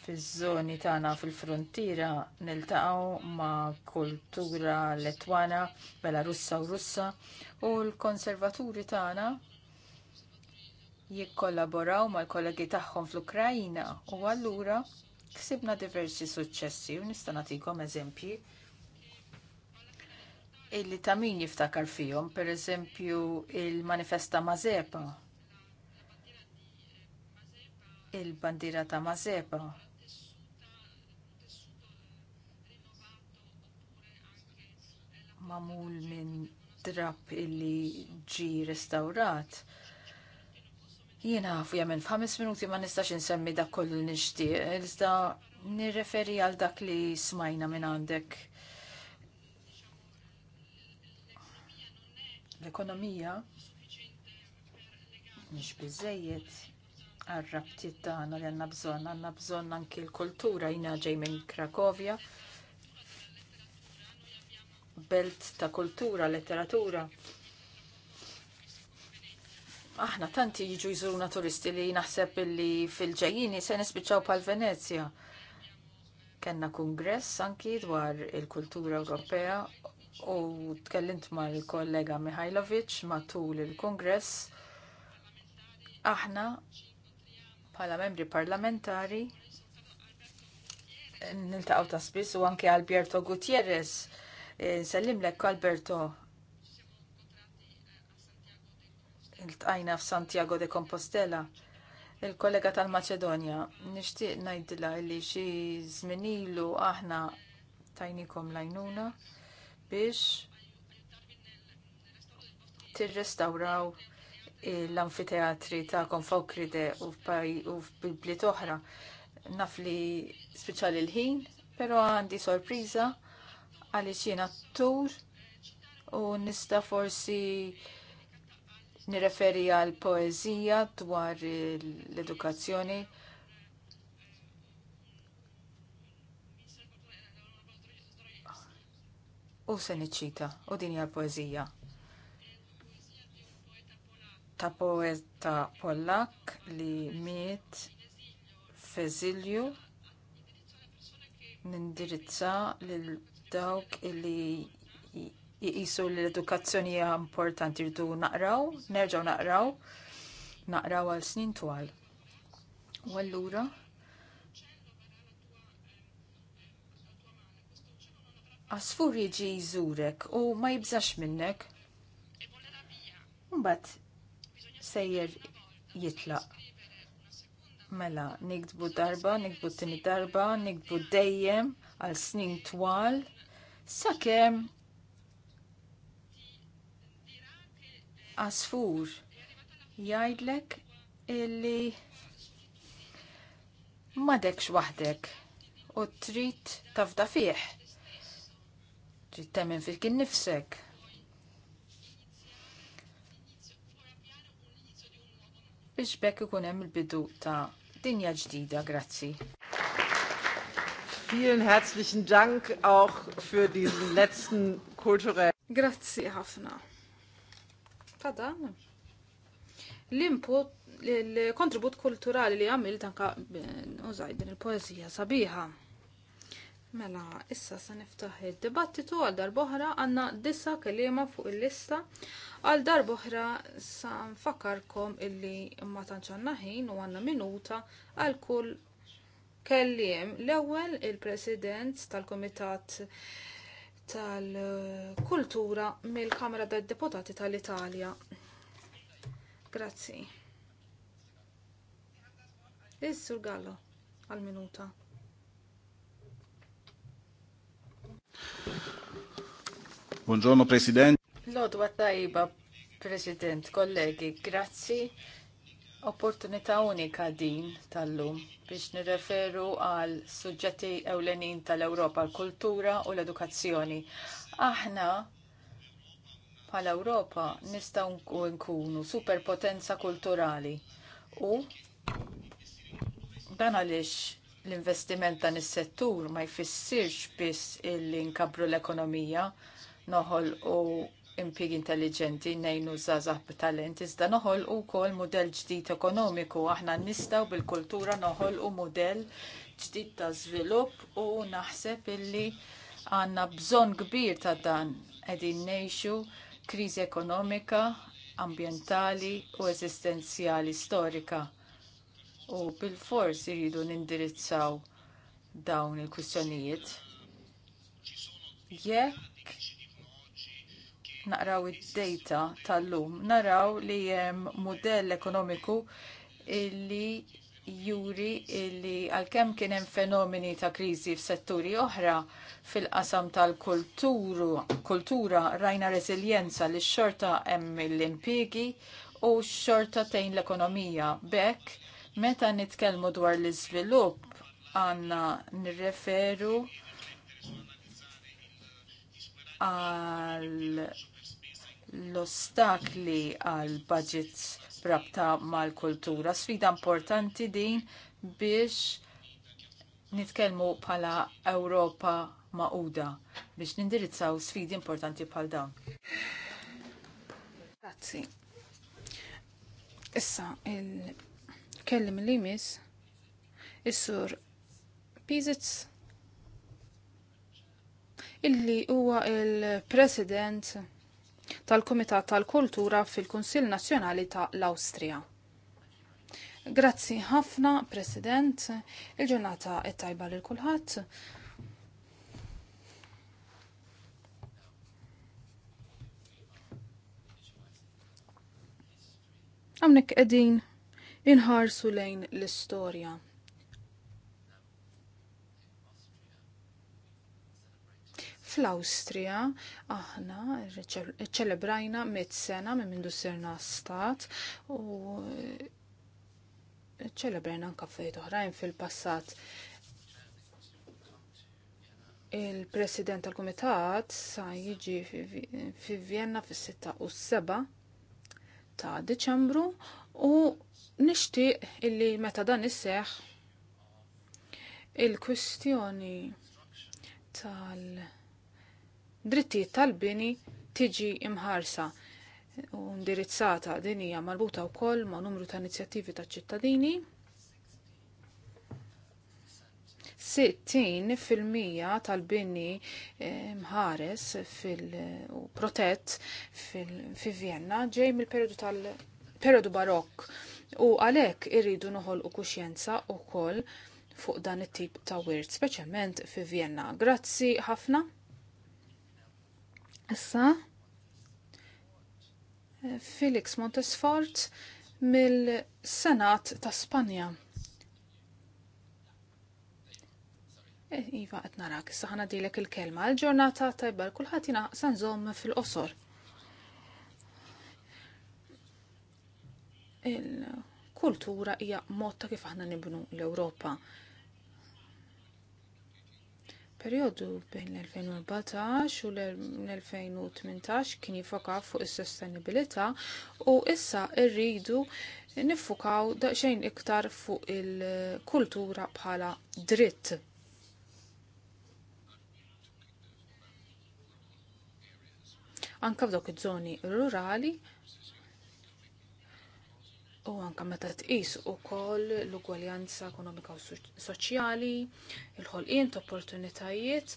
fiż-żoni tagħna fil-frontiera niltaqgħu ma' kultura Letwana, Belarussa u Russa u l-konservaturi tagħna jikkollaboraw mal-kollegi tagħhom fl-Ukrajna u allura ksibna diversi suċċessi u nista' nagħtikom eżempji illi ta' min jiftakar fihom, pereżempju il-manifesta Mazepa, il-bandira ta' Mazepa mamul minn drab illi ġi restaurat. Jiena jamen f'ħames minuti ma nistax insemmi dak kollu nixtieq, iżda nirreferi għal dak li smajna minn għandek. L-ekonomija mhix biżejjed għar-rabtiet tagħna li għandna bżonn, għandna bżonn anki l-kultura jiena ġej minn Krakovja belt ta' kultura, letteratura. Aħna tanti jiġu jżuruna turisti li naħseb li fil-ġejjini se nispiċċaw pal venezja Kenna kongress anki dwar il-kultura Ewropea u tkellimt il kollega Mihajlovic matul il-kongress. Aħna bħala membri parlamentari niltaqgħu ta' spiss u anke Alberto Gutierrez lek Alberto il-tqajna f'Santiago de Compostela il-kollega tal macedonia nixtieq ngħidilha li xi zminilu aħna tajnikom lajnuna biex tirrestawraw l-anfiteatri ta' konfokride u f'bliet oħra. nafli li speċjali l-ħin, però għandi sorpriża għaliex jiena attur u nista forsi nireferi għal poezija dwar l-edukazzjoni. U se niċċita, u din hija poezija. Ta' poeta Pollak li miet f'eżilju nindirizza lil dawk illi jisu l-edukazzjoni hija importanti rridu naqraw, nerġgħu naqraw, naqraw għal snin twal. U allura għasfur jiġi jżurek u ma jibżax minnek. Mbatt, sejjer jitlaq. Mela, nikdbu darba, nikdbu tini darba, nikdbu dejjem għal snin twal sakemm għasfur jgħidlek illi madekx waħdek u trid tafda fih. Trid temmen fik nifsek. Biex bekk ikun hemm il-bidu ta' dinja ġdida, grazzi. Vielen herzlichen Dank auch für diesen letzten kulturellen. Grazzi ħafna. Padan. L-input, l-kontribut kulturali li għamil tanka użaj din il-poezija sabiħa. Mela, issa se niftaħ id-dibattitu għal darboħra għanna dissa kelima fuq il-lista għal darboħra sa nfakarkom illi ma tanċanna ħin u għanna minuta għal kull kelliem. L-ewwel il-President tal-Kumitat tal-Kultura mill-Kamra tad-Deputati tal-Italja. Grazzi. Is-Sur Gallo għal-minuta. Buongiorno President. Lodwa tajba President, kollegi, grazzi Opportunità unika din tal-lum biex nirreferu għal suġġetti ewlenin tal-Ewropa, l-kultura u l-edukazzjoni. Aħna bħal Ewropa nistgħu nkunu superpotenza kulturali u dan għaliex l-investiment dan is-settur ma jfissirx biss illi nkabru l-ekonomija noħol u impieg intelligenti nejnu żgħażagħ b'talent iżda u wkoll mudell ġdid ekonomiku aħna nistaw bil-kultura noħolqu mudell ġdid ta' żvilupp u naħseb illi għandna bżonn kbir ta' dan qegħdin nejxu kriżi ekonomika, ambjentali u eżistenzjali storika u bil-fors iridu nindirizzaw dawn il-kwistjonijiet. Jekk naqraw id-data tal-lum, naraw li hemm mudell ekonomiku illi juri illi għalkemm kien hemm fenomeni ta' kriżi f'setturi oħra fil-qasam tal-kultura rajna reżiljenza li x-xorta hemm l-impjiegi u x-xorta tejn l-ekonomija. Bekk, meta nitkellmu dwar l-iżvilupp għandna nirreferu għal l-ostakli għal budget rabta mal-kultura. Sfida importanti din biex nitkellmu bħala Ewropa maquda biex nindirizzaw sfidi importanti bħal dawn. Grazzi. Issa, il-kellim li mis, is-sur Pizitz illi huwa il-President tal-Kumitat tal-Kultura fil-Kunsill Nazzjonali ta' l-Awstrija. Grazzi ħafna, President, il-ġurnata it-tajba lil kulħadd. Għamnek edin inħarsu lejn l-istorja Fl-Awstrija aħna ċelebrajna mit sena minn mindu sirna stat u eh, ċelebrajna anka fejt oħrajn fil-passat. Il-President tal-Kumitat sa jiġi fi Vienna fis-6 u 7 ta' Deċembru u nixtieq illi meta dan isseħ il-kwistjoni tal- drittijiet tal-bini tiġi imħarsa u indirizzata din hija marbuta wkoll ma' numru ta' inizjattivi ta' ċittadini. 60 fil-mija tal-bini eh, mħares fil-protett fi Vienna ġej mill-periodu tal-periodu barokk u għalhekk irridu noħol u kuxjenza u kol fuq dan it-tip ta' wirt, speċjalment fi Vienna. Grazzi ħafna. Issa, Felix Montesfort mill-Senat ta' Spanja. Eh, iva, qed narak, issa ħana dilek il-kelma. L-ġurnata tajba kulħadd san sanżom fil-qosor. Il-kultura hija mod ta' kif aħna nibnu l-Ewropa. Periodu bejn l-2014 u l-2018 kien jifoka fuq is-sostenibilità u issa rridu niffukaw daqsxejn iktar fuq il-kultura bħala dritt. Anka f'dawk iż-żoni rurali u anka meta tqis ukoll l-ugwaljanza ekonomika u soċjali, il-ħolqien ta' opportunitajiet,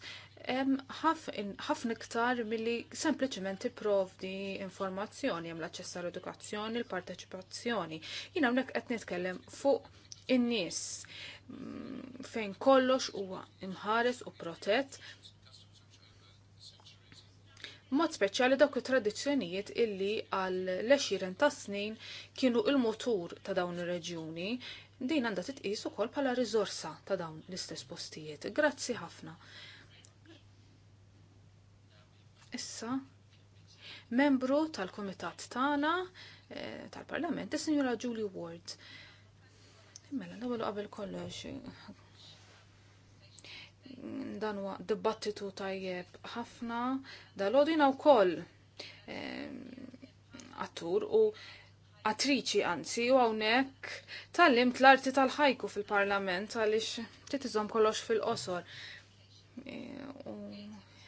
ħafna iktar milli sempliċement tipprovdi informazzjoni hemm l-aċċess għall edukazzjoni l-parteċipazzjoni. Jien hawnhekk qed nitkellem fuq in-nies mm, fejn kollox huwa imħares u protett mod speċjali dawk it-tradizzjonijiet illi għal lexiren ta' snin kienu il-motur ta' dawn ir-reġjuni, din għandha titqis ukoll bħala riżorsa ta' dawn l-istess postijiet. Grazzi ħafna. Issa, membru tal-Kumitat tagħna eh, tal-Parlament, is-Sinjura Julie Ward. Mela, l-ewwel qabel kollox, dan huwa dibattitu tajjeb ħafna dal-għodina wkoll eh, attur u attriċi anzi u hawnhekk tal-lim tal arti tal-ħajku fil-parlament għaliex titizom kollox fil-qosor. E, u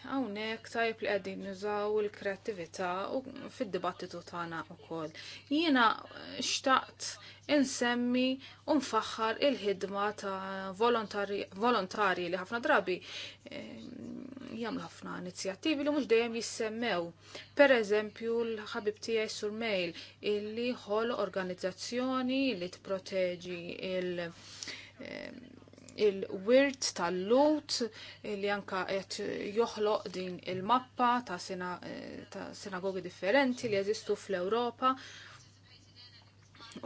hawnhekk tajb li qegħdin nużaw il-kreattività u fid-dibattitu tagħna wkoll. Jiena xtaqt insemmi u nfaħħar il-ħidma ta' volontari li ħafna drabi eh, jagħmlu ħafna inizjattivi li mhux dejjem jissemmew. Pereżempju l-ħabib tiegħi sur mail illi ħol organizzazzjoni li tproteġi il- eh, il-wirt tal-lut li anka qed joħloq din il-mappa ta', sina, ta sinagogi differenti li jeżistu fl-Ewropa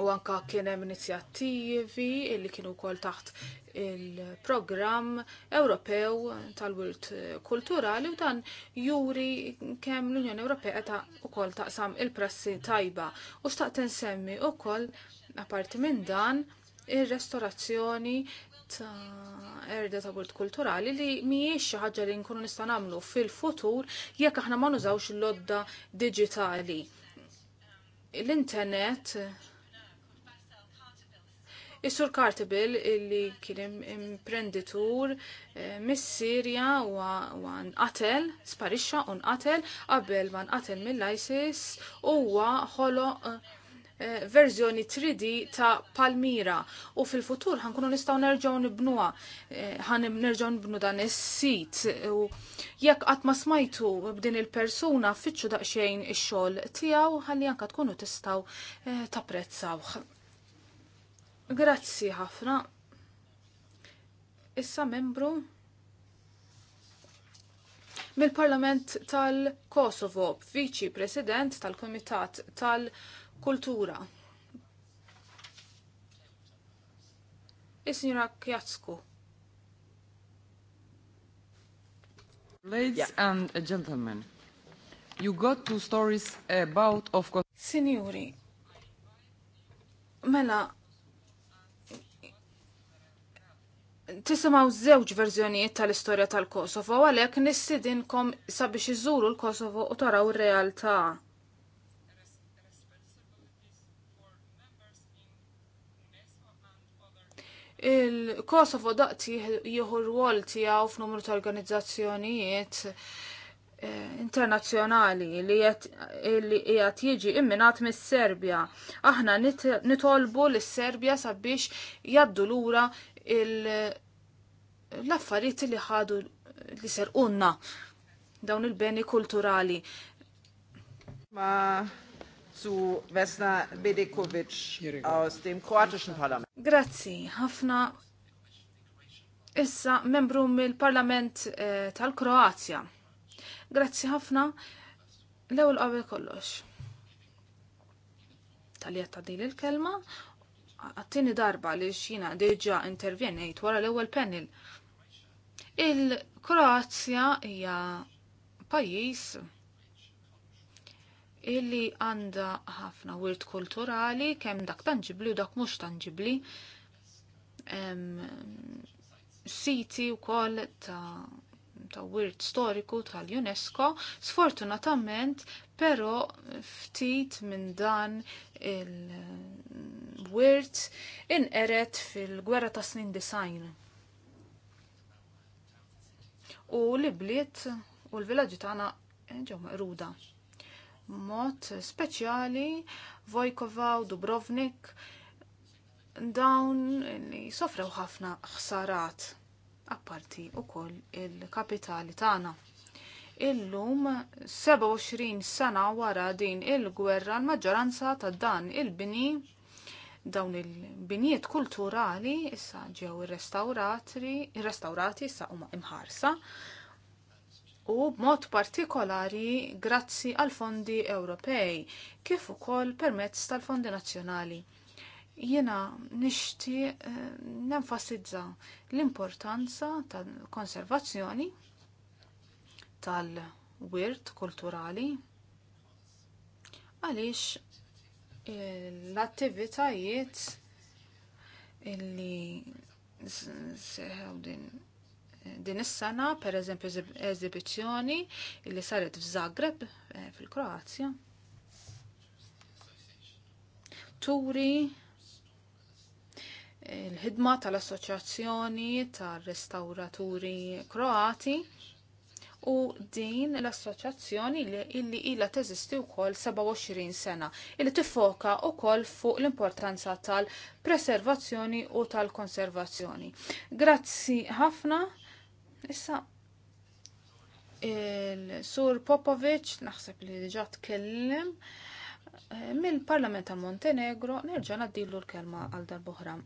u anka kien hemm inizjattivi li kienu wkoll taħt il-programm Ewropew tal-Wirt Kulturali u dan juri kemm l-Unjoni Ewropea ta' ukoll taqsam il-prassi tajba u xtaqt insemmi ukoll apparti minn dan ir-restorazzjoni ta' erda ta' bult kulturali li mhijiex xi ħaġa li nkunu nista' nagħmlu fil-futur jekk aħna ma nużawx l-lodda digitali. L-internet Is-sur Cartabil illi kien imprenditur eh, mis-Sirja u qatel, sparixxa u nqatel qabel ma nqatel mill-ISIS huwa ħoloq uh, eh, Eh, verżjoni 3D ta' Palmira u fil-futur ħankunu nistgħu nerġgħu nibnuha eh, ħan nerġgħu nibnu dan is-sit u jekk qatt ma smajtu b'din il-persuna fitxu daqsxejn ix-xogħol tiegħu ħalli anke tkunu tistgħu eh, tapprezzawh. Grazzi ħafna. Issa membru mill-Parlament tal-Kosovo, viċi President tal-Komitat tal-Kosovo kultura. Is-sinjura Kjazku. Ladies yeah. and gentlemen, you got two stories about of course. Signori, mela, tisimaw żewġ verżjonijiet tal-istorja tal-Kosovo, għalhekk nissidinkom sabiex iżuru l-Kosovo u taraw ir-realtà. Il-Kosovo daqt jieħu rwol tiegħu f'numru ta' organizzazzjonijiet eh, internazzjonali li qiegħed jiġi imminat mis-Serbja. Aħna nitolbu lis serbja sabiex jaddu lura l-affarijiet li ħadu li serqunna dawn il-beni kulturali. Ma zu Vesna Bedekovic aus dem kroatischen Parlament. Grazzi, ħafna issa membru mill-Parlament eh, tal-Kroazja. Grazzi ħafna l-ewwel qabel kollox. ta' din il-kelma għattini darba li xina deġa intervjenejt wara l-ewwel panel. Il-Kroazja hija pajjiż illi għanda ħafna wirt kulturali kemm dak tanġibli u dak mhux tangibli siti wkoll ta' ta' wirt storiku tal-UNESCO, sfortunatament, pero ftit minn dan il-wirt mm, inqeret fil-gwerra ta' snin design. U li bliet u l-villaġi tagħna ġew meqruda mod speċjali Vojkova u Dubrovnik dawn li sofrew ħafna ħsarat apparti u koll il-kapitali tagħna. Illum 27 sena wara din il-gwerra l-maġġoranza ta' dan il-bini dawn il-binijiet kulturali issa ġew ir-restawrati issa huma imħarsa u b'mod partikolari grazzi għal fondi Ewropej, kif ukoll permezz tal-fondi nazzjonali. Jiena nixti eh, nenfasizza l-importanza tal-konservazzjoni tal-wirt kulturali għaliex eh, l-attivitajiet illi din din is-sena, per eżempju, eżibizzjoni li saret f'Zagreb eh, fil-Kroazja. Turi il-ħidma tal-Assoċjazzjoni tar-Restawraturi Kroati u din l-assoċjazzjoni li ilha teżisti wkoll 27 sena li tiffoka wkoll fuq l-importanza tal-preservazzjoni u tal-konservazzjoni. Grazzi ħafna Issa, il-sur Popovic, naħseb li diġa tkellim, eh, mill-Parlament tal Montenegro, nerġa' naddilu l-kelma għal darbohra.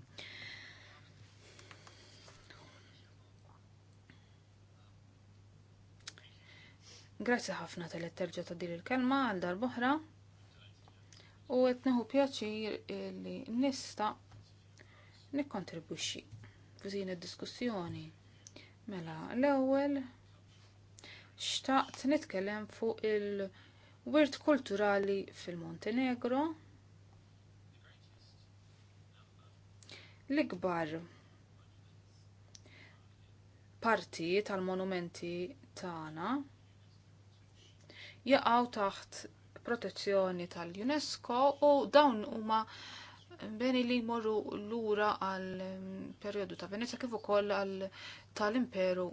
Grazzi ħafna tal terġa ta' dil il-kelma għal darbohra u qed neħu pjaċir li nista' nikkontribwixxi f'din id-diskussjoni. Mela, l-ewwel xtaqt nitkellem fuq il-wirt kulturali fil-Montenegro. L-ikbar parti tal-monumenti tagħna jaqgħu taħt protezzjoni tal-UNESCO u dawn huma beni li jmorru lura għal mm, periodu ta' Venezia kif ukoll għal tal-imperu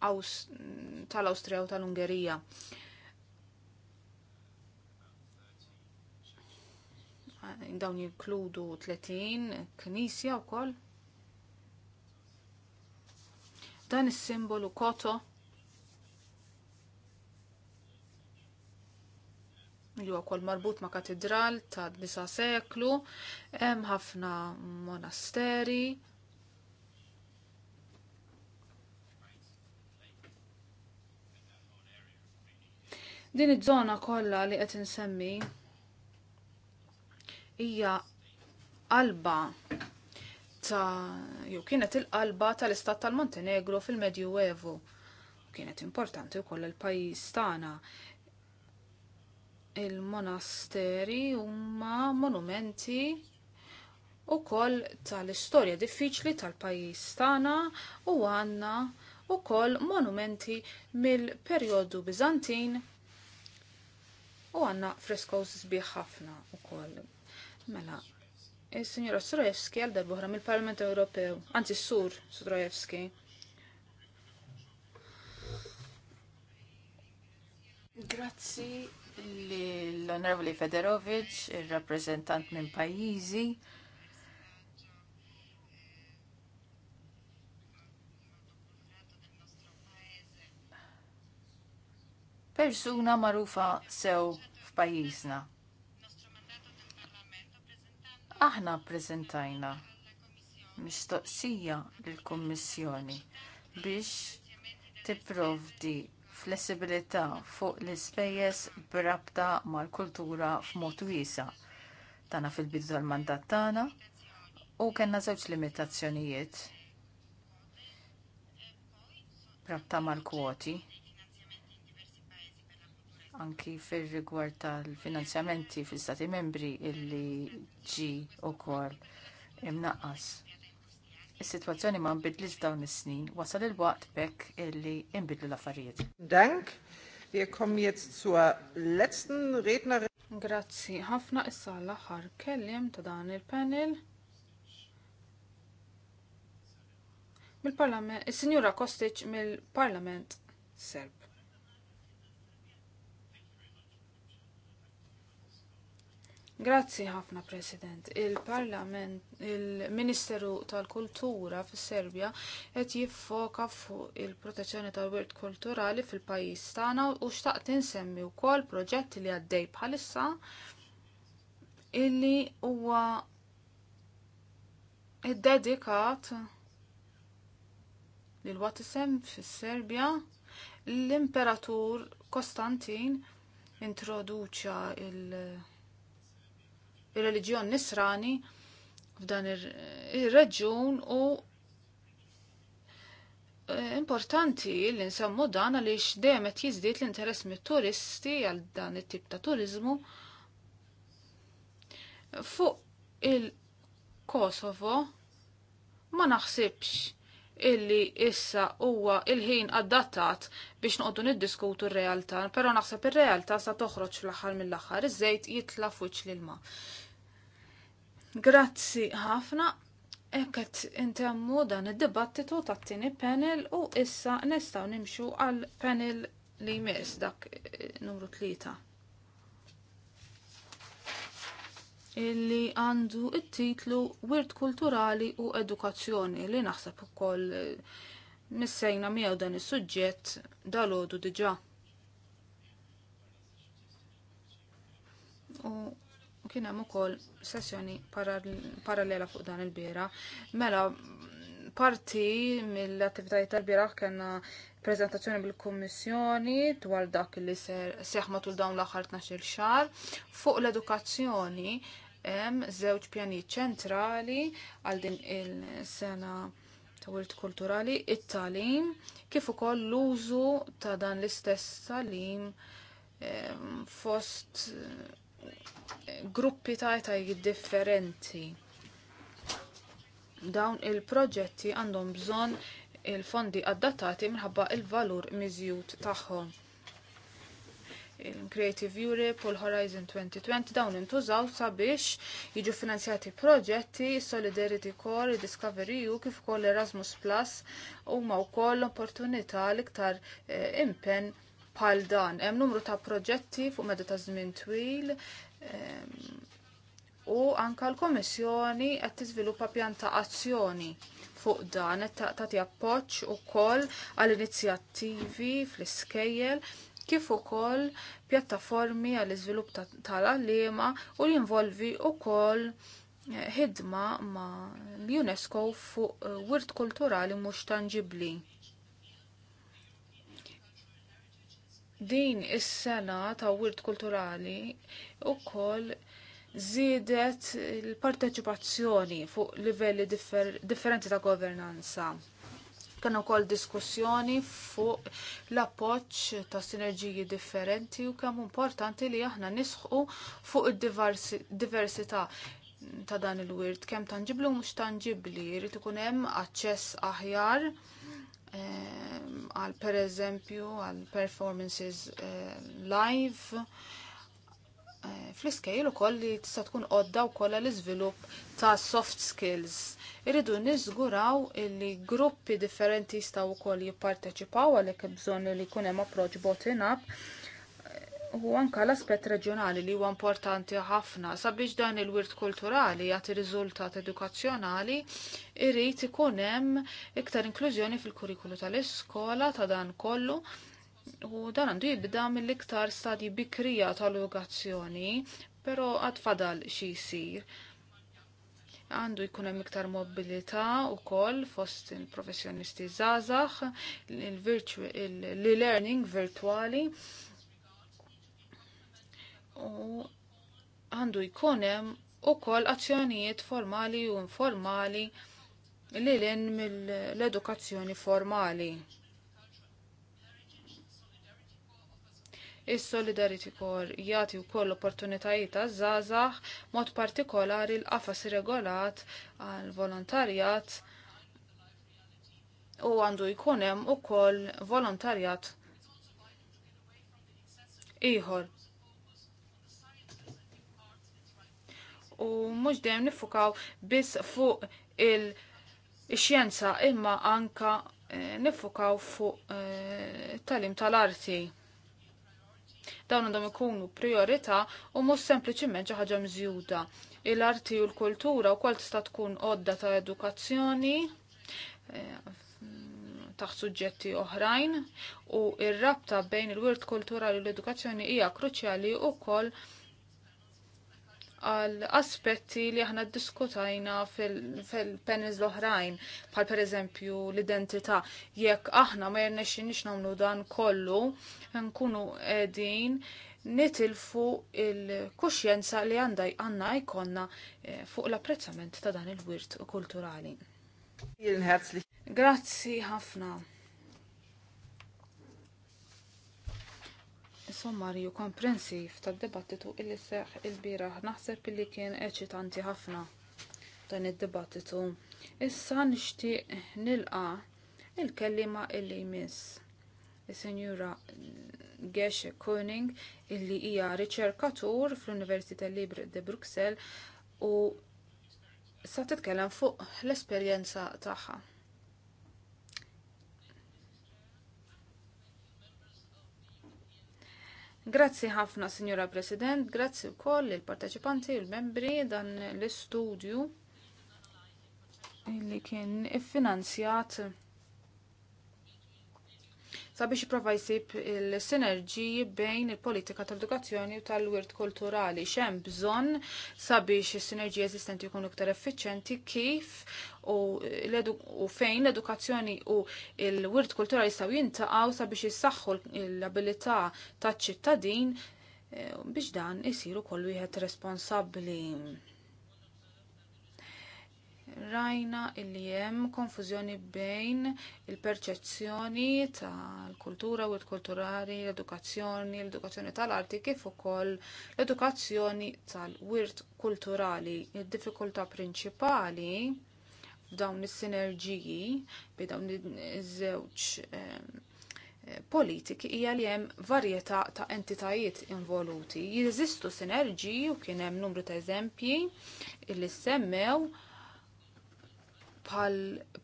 tal-Awstrija u tal-Ungerija. Dawn jinkludu 30 knisja wkoll. Dan is-simbolu koto li huwa kol marbut ma' katedral ta' disa seklu, hemm ħafna monasteri. Din iż-żona kollha li qed insemmi hija qalba ta' jew kienet il-qalba tal-istat tal-Montenegro fil-Medju Kienet importanti wkoll il-pajjiż tagħna il-monasteri huma monumenti wkoll tal-istorja diffiċli tal-pajjiż tagħna u għandna wkoll monumenti mill-perjodu Biżantin u għandna freskos sbieħ ħafna wkoll. Mela, il-Sinjora Strojewski għal darbuħra mill-Parlament Ewropew, anzi s-Sur Sorojewski. Grazzi l-Onorevoli Federovic, il-rappresentant minn pajjiżi, persuna marufa sew f'pajjiżna. Aħna prezentajna mistoqsija lill kummissjoni biex tipprovdi flessibilità fuq l-ispejjeż brabta mal-kultura f'mod wiesa. Tana fil-bidu tal-mandat tagħna u kellna żewġ limitazzjonijiet rabta mal-kwoti anki fir rigward tal-finanzjamenti fil-stati membri illi ġi u kol imnaqqas Is-sitwazzjoni ma nbidlix dawn is-snin, wasal il-waqt bekk illi nbidlu l-affarijiet. Dank, wir kommen jetzt zur letzten Rednerin. Grazzi, ħafna issa l-aħħar kellim ta' dan il-panel. mil parlament is-Sinjura Kostic mill-Parlament Serb. Grazzi ħafna President. Il-Parlament, il-Ministeru tal-Kultura fis serbja qed jiffoka fuq il-protezzjoni tal-wirt kulturali fil-pajjiż tagħna u xtaqt insemmi wkoll proġett li għaddej bħalissa illi huwa iddedikat lil Watisem fis-Serbja l-Imperatur Kostantin introduċa il- ir reġjon nisrani f'dan ir-reġjun u e, importanti li nsemmu dan għaliex dejjem qed jiżdied l-interess mit-turisti għal dan it-tip ta' turiżmu fuq il-Kosovo ma naħsibx illi issa huwa il-ħin adattat biex noqdu niddiskutu r-realtà, però naħseb ir-realtà sa toħroġ fl-aħħar mill-aħħar, iż-żejt jitla fuq l-ilma. Grazzi ħafna, ekket intemmu dan id-dibattitu tat-tieni panel u issa nistgħu nimxu għal panel li jmiss dak eh, numru tlieta. illi għandu it-titlu Wirt Kulturali u Edukazzjoni li naħseb ukoll nissejna eh, miegħu dan is-suġġett dalodu diġà. U kien hemm ukoll sessjoni parallela fuq dan il-bira. Mela parti mill-attivitajiet tal-biraħ kena prezentazzjoni bil-Kommissjoni dwar dak li seħ matul dawn l-aħħar 12 xar fuq l-edukazzjoni hemm żewġ pjani ċentrali għal din il-sena ta' wirt kulturali, it-talim, kif ukoll l-użu ta' dan l-istess talim ehm, fost eh, gruppi ta' etajiet differenti Dawn il-proġetti għandhom bżonn il-fondi adattati minħabba il-valur miżjud tagħhom. Il-Creative Europe u l-Horizon 2020 dawn intużaw sabiex jiġu finanzjati proġetti Solidarity Core, Discovery U kif ukoll Erasmus Plus huma wkoll opportunità l-iktar eh, impenn bħal dan. Hemm numru ta' proġetti fuq meta ta' żmien twil. Eh, u anka l-Komissjoni qed tiżviluppa pjan ta' azzjoni fuq dan qed tagħti appoġġ ukoll għall inizjattivi fl-iskejjel kif ukoll pjattaformi għall iżvilupp tal-għalliema u jinvolvi ukoll eh, ħidma ma' l-UNESCO fuq eh, wirt kulturali mhux tangibbli. Din is-sena ta' wirt kulturali ukoll żiedet il-parteċipazzjoni fuq livelli differ differenti ta' governanza. Kien ukoll diskussjoni fuq l-appoġġ ta' sinerġiji differenti u kemm importanti li aħna nisħu fuq id-diversità ta' dan il-wirt, kemm tanġiblu u mhux tangibbli, jrid ikun hemm aċċess aħjar ehm, għal pereżempju għal performances eh, live Eh, fl-iskejl u koll li tista' tkun qodda wkoll l-iżvilupp ta' soft skills. Irridu niżguraw li gruppi differenti u koll jipparteċipaw għalhekk bżonn li jkun hemm approċċ bottom up eh, u anka l-aspett reġjonali li huwa importanti ħafna sabiex dan il-wirt kulturali jagħti riżultat edukazzjonali irrid ikun hemm iktar inklużjoni fil-kurrikulu tal-iskola ta' dan kollu U dan għandu jibda mill-iktar stadji bikrija tal-edukazzjoni, pero għad fadal xi jsir. Għandu jkun hemm iktar mobilità wkoll fost il-professjonisti żgħażagħ, l-learning virtwali virtuali. U għandu jkun hemm ukoll azzjonijiet formali u informali li l-edukazzjoni formali. Is-Solidarity Corps jagħti wkoll opportunitajiet għaż-żgħażagħ mod partikolari l-qafas regolat għal volontarjat u għandu jkun hemm ukoll volontarjat ieħor. U mhux dejjem nifukaw biss fuq il-xjenza imma anka eh, nifukaw fuq it-tagħlim eh, tal-arti. Dawn għandhom ikunu priorità u mhux sempliċiment xi ħaġa mżjuda. Il-arti u l-kultura wkoll tista' tkun għodda ta' edukazzjoni eh, taħt suġġetti oħrajn u r rabta bejn il-wirt kulturali u l-edukazzjoni hija kruċjali wkoll għal aspetti li aħna diskutajna fil-penis fil l-oħrajn, bħal per eżempju l-identità. Jekk aħna ma nix nagħmlu dan kollu, nkunu qegħdin nitilfu il-kuxjenza li għandha għandna jkollna eh, fuq l-apprezzament ta' dan il-wirt kulturali. Grazzi ħafna. sommarju komprensiv tad-dibattitu illi seħħ il naħseb illi kien eċitanti ħafna dan id-dibattitu. Issa nixtieq nilqa il-kellima illi miss. is-Sinjura Geshe Koning illi hija riċerkatur fl-Università Libre de Bruxelles u sa titkellem fuq l-esperjenza tagħha. Grazzi ħafna, Signora President, grazzi u koll il-parteċipanti, il-membri dan l-istudju li kien iffinanzjat sabiex jipprova jsib il-sinerġiji bejn il-politika tal-edukazzjoni u tal-wirt kulturali xem bżonn sabiex is-sinerġiji eżistenti jkunu iktar effiċenti kif u, u fejn l-edukazzjoni u l-wirt kulturali jistgħu jintaqgħu sabiex jissaxħu l-abilità taċ-ċittadin eh, biex dan jisiru kollu wieħed responsabbli rajna illi hemm konfużjoni bejn il-perċezzjoni tal-kultura u l-kulturali, l-edukazzjoni, l-edukazzjoni tal-arti kif ukoll l-edukazzjoni tal-wirt kulturali. il diffikultà prinċipali f'dawn is-sinerġiji bi dawn iż-żewġ ehm, eh, politiki hija li hemm varjetà ta' entitajiet involuti. Jeżistu sinerġiji u kien hemm numru ta' eżempji li semmew bħal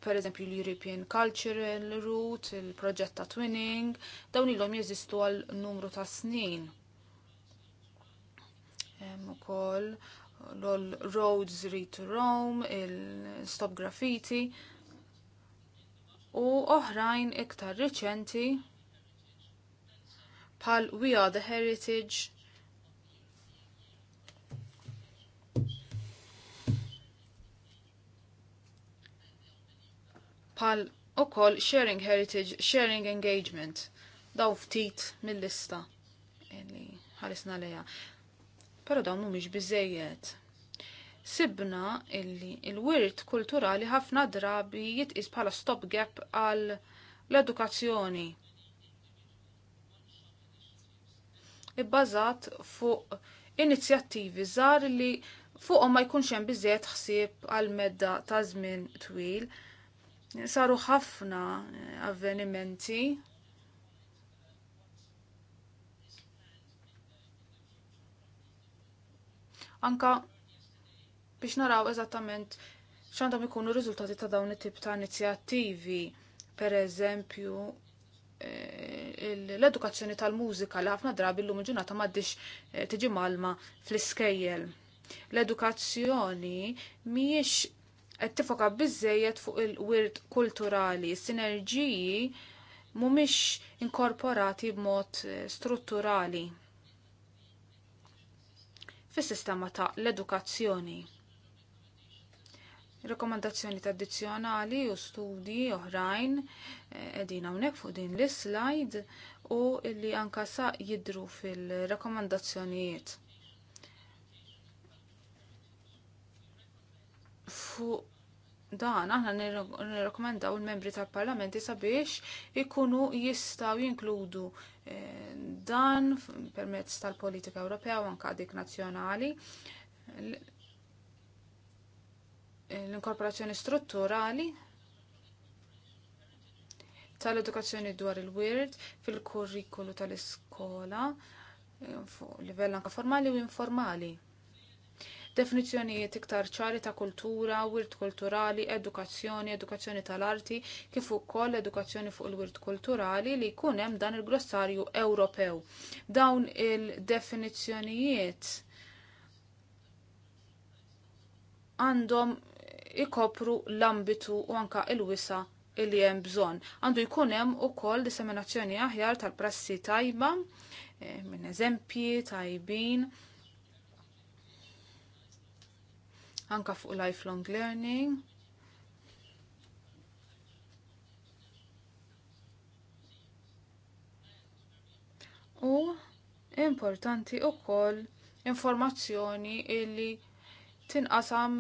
per eżempju l-European Cultural Route, il-proġett ta' Twinning, dawn ilhom jeżistu għal numru ta' snin. Hemm ukoll Roads Read to Rome, il-Stop Graffiti u oħrajn iktar riċenti bħal We Are the Heritage pal ukoll sharing heritage, sharing engagement. Daw ftit mill-lista li ħalisna leja. Pero dawn mhumiex biżejjed. Sibna illi il-wirt kulturali ħafna drabi jitqis bħala stopgap għal l-edukazzjoni. Ibbażat fuq inizjattivi żgħar li fuqhom ma jkunx hemm biżejjed ħsieb għal medda ta' żmien twil Saru ħafna eh, avvenimenti anka biex naraw eżattament x'għandhom ikunu riżultati ta' dawn it-tip ta' inizjattivi, per eżempju eh, l-edukazzjoni tal-mużika li ħafna drabi l-lum ġunata m'għaddix eh, tiġi malma fl-iskejjel. L-edukazzjoni mhijiex qed tifoka biżżejjed fuq il-wirt kulturali, sinerġiji mhumiex inkorporati b'mod eh, strutturali fis-sistema ta' l-edukazzjoni. Rekomandazzjoni tradizzjonali u studji oħrajn qegħdin eh, hawnhekk fuq din l-slide u li anka sa jidru fil-rekomandazzjonijiet. fuq dan aħna nirrekomendaw il-membri tal-parlamenti sabiex ikunu jistaw jinkludu eh, dan permezz tal-politika Ewropea u anka dik nazzjonali l-inkorporazzjoni strutturali tal-edukazzjoni dwar il-wirt fil-kurrikulu tal-iskola eh, fuq livell anka formali u informali definizzjonijiet iktar ċari ta' kultura, wirt kulturali, edukazzjoni, edukazzjoni tal-arti, kif ukoll edukazzjoni fuq il-wirt kulturali li jkun hemm dan il-glossarju Ewropew. Dawn il-definizzjonijiet għandhom ikopru l-ambitu u anka il-wisa illi hemm bżonn. Għandu jkun hemm ukoll disseminazzjoni aħjar tal-prassi tajba, eh, minn eżempji tajbin anka fuq lifelong learning. U importanti wkoll informazzjoni illi tinqasam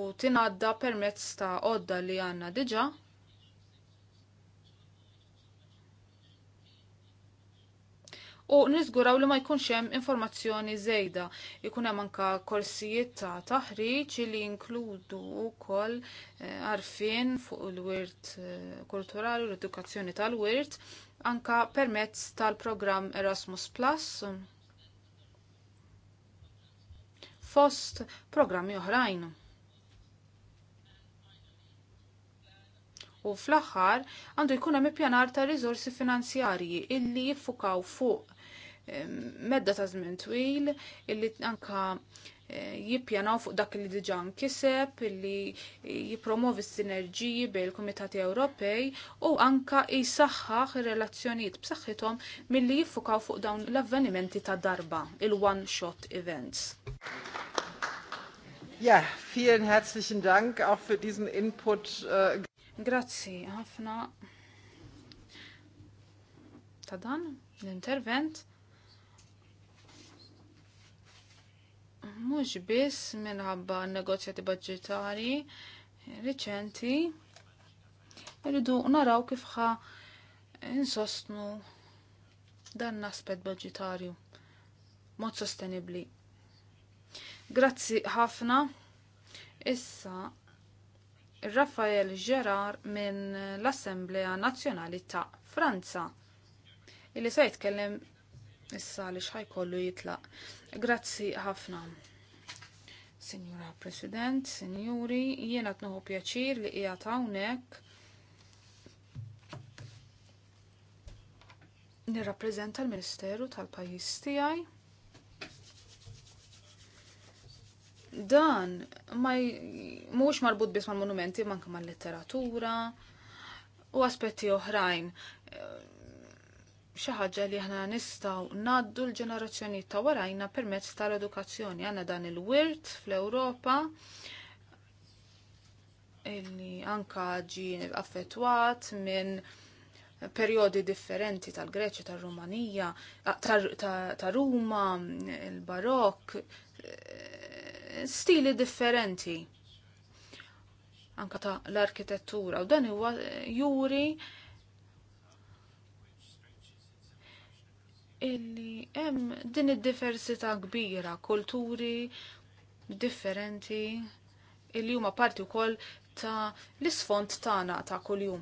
u tinadda permezz ta' odda li għandna diġà u niżguraw li ma jkunx hemm informazzjoni żejda. Ikun hemm anke korsijiet ta' taħriġ li jinkludu wkoll eh, għarfien fuq il-wirt eh, kulturali u l-edukazzjoni tal-wirt anka permezz tal-programm Erasmus Plus fost programmi oħrajn. u fl-aħħar għandu jkun hemm ippjanar ta' riżorsi finanzjarji illi jiffukaw fuq medda ta' żmien twil illi anka eh, jippjanaw fuq dak li diġa nkiseb, illi jipromovi s-sinerġiji bejn il-Kumitati Ewropej u anka jisaxħaħ ir-relazzjonijiet b'saħħithom milli jiffukaw fuq dawn l-avvenimenti ta' darba, il-one shot events. Ja, vielen herzlichen Dank auch für diesen Input. Äh, Grazzi, ħafna ta' dan l-intervent. mhux biss minħabba negozjati budgetari riċenti irridu naraw kif ħa insostnu dan l-aspett budġetarju mod sostenibbli. Grazzi ħafna. Issa Rafael Gerard minn l-Assemblea Nazzjonali ta' Franza illi se jitkellem issa li xħajkollu jitlaq. Grazzi ħafna. Signora President, Signori, jiena tnuħu pjaċir li qiegħed hawnhekk nirrappreżenta l-Ministeru tal-pajjiż tiegħi. Dan ma mhux marbut biss mal-monumenti manka mal-letteratura u aspetti oħrajn xi ħaġa li aħna nistgħu ngħaddu l-ġenerazzjoni ta' warajna permezz tal-edukazzjoni. Għandna dan il-wirt fl-Ewropa illi anka ġi affettwat minn periodi differenti tal-Greċja, tal-Rumanija, ta' Ruma, il-Barok, stili differenti anka ta' l-arkitettura u dan huwa juri illi hemm din id-diversità kbira, kulturi differenti illi huma parti wkoll ta' l-isfond tagħna ta' kuljum.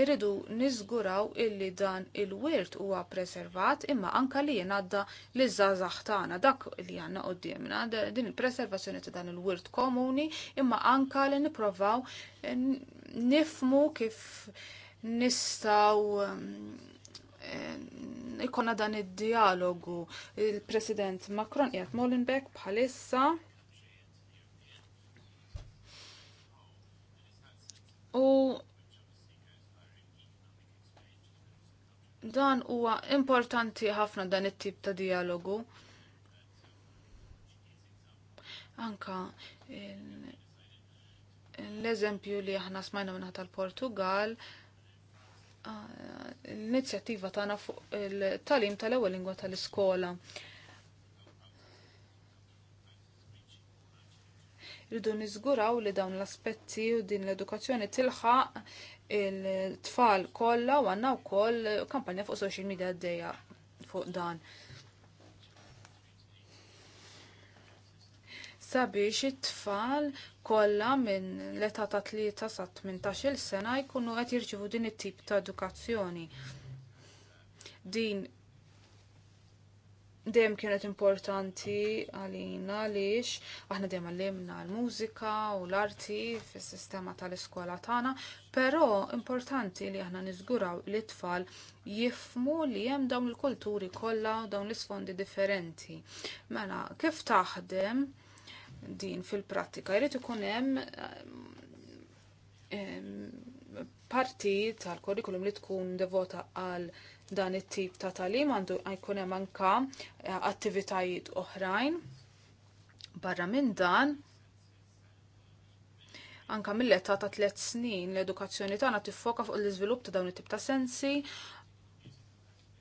Irridu niżguraw illi dan il-wirt huwa preservat imma anka li jingħadda liż żgħażagħ tagħna dak li għandna qudiemna din il-preservazzjoni ta' dan il-wirt komuni imma anka li nipprovaw nifmu kif nistaw um, Eh, ikonna dan id-dialogu. Il-President Macron jgħat Molenbeek bħalissa. U dan huwa importanti ħafna dan it-tip ta' dialogu. Anka l-eżempju li aħna smajna minna tal-Portugal, l-inizjattiva tagħna fuq il-talim tal-ewwel lingwa tal-iskola. Rridu niżguraw li dawn l-aspetti u din l-edukazzjoni tilħaq il-tfal kollha u għandna wkoll kampanja fuq social media għaddejja fuq dan. sabiex it-tfal kollha minn l-età ta' tlieta sa 18-il sena jkunu qed jirċievu din it-tip ta' edukazzjoni. Din dejjem kienet importanti għalina għaliex aħna dejjem għallimna l-mużika u l-arti fis-sistema tal-iskola tagħna, però importanti li aħna niżguraw li t-tfal jifmu li hemm dawn il-kulturi kollha u dawn l-isfondi differenti. Mela, kif taħdem din fil-prattika. Jrid ikun hemm parti tal-kurrikulum li tkun devota għal dan it-tip ta' talim għandu jkun hemm anke eh, attivitajiet oħrajn. Barra minn dan, anka mill-età ta' tliet snin l-edukazzjoni tagħna tiffoka fuq l-iżvilupp ta' dawn it-tip ta' sensi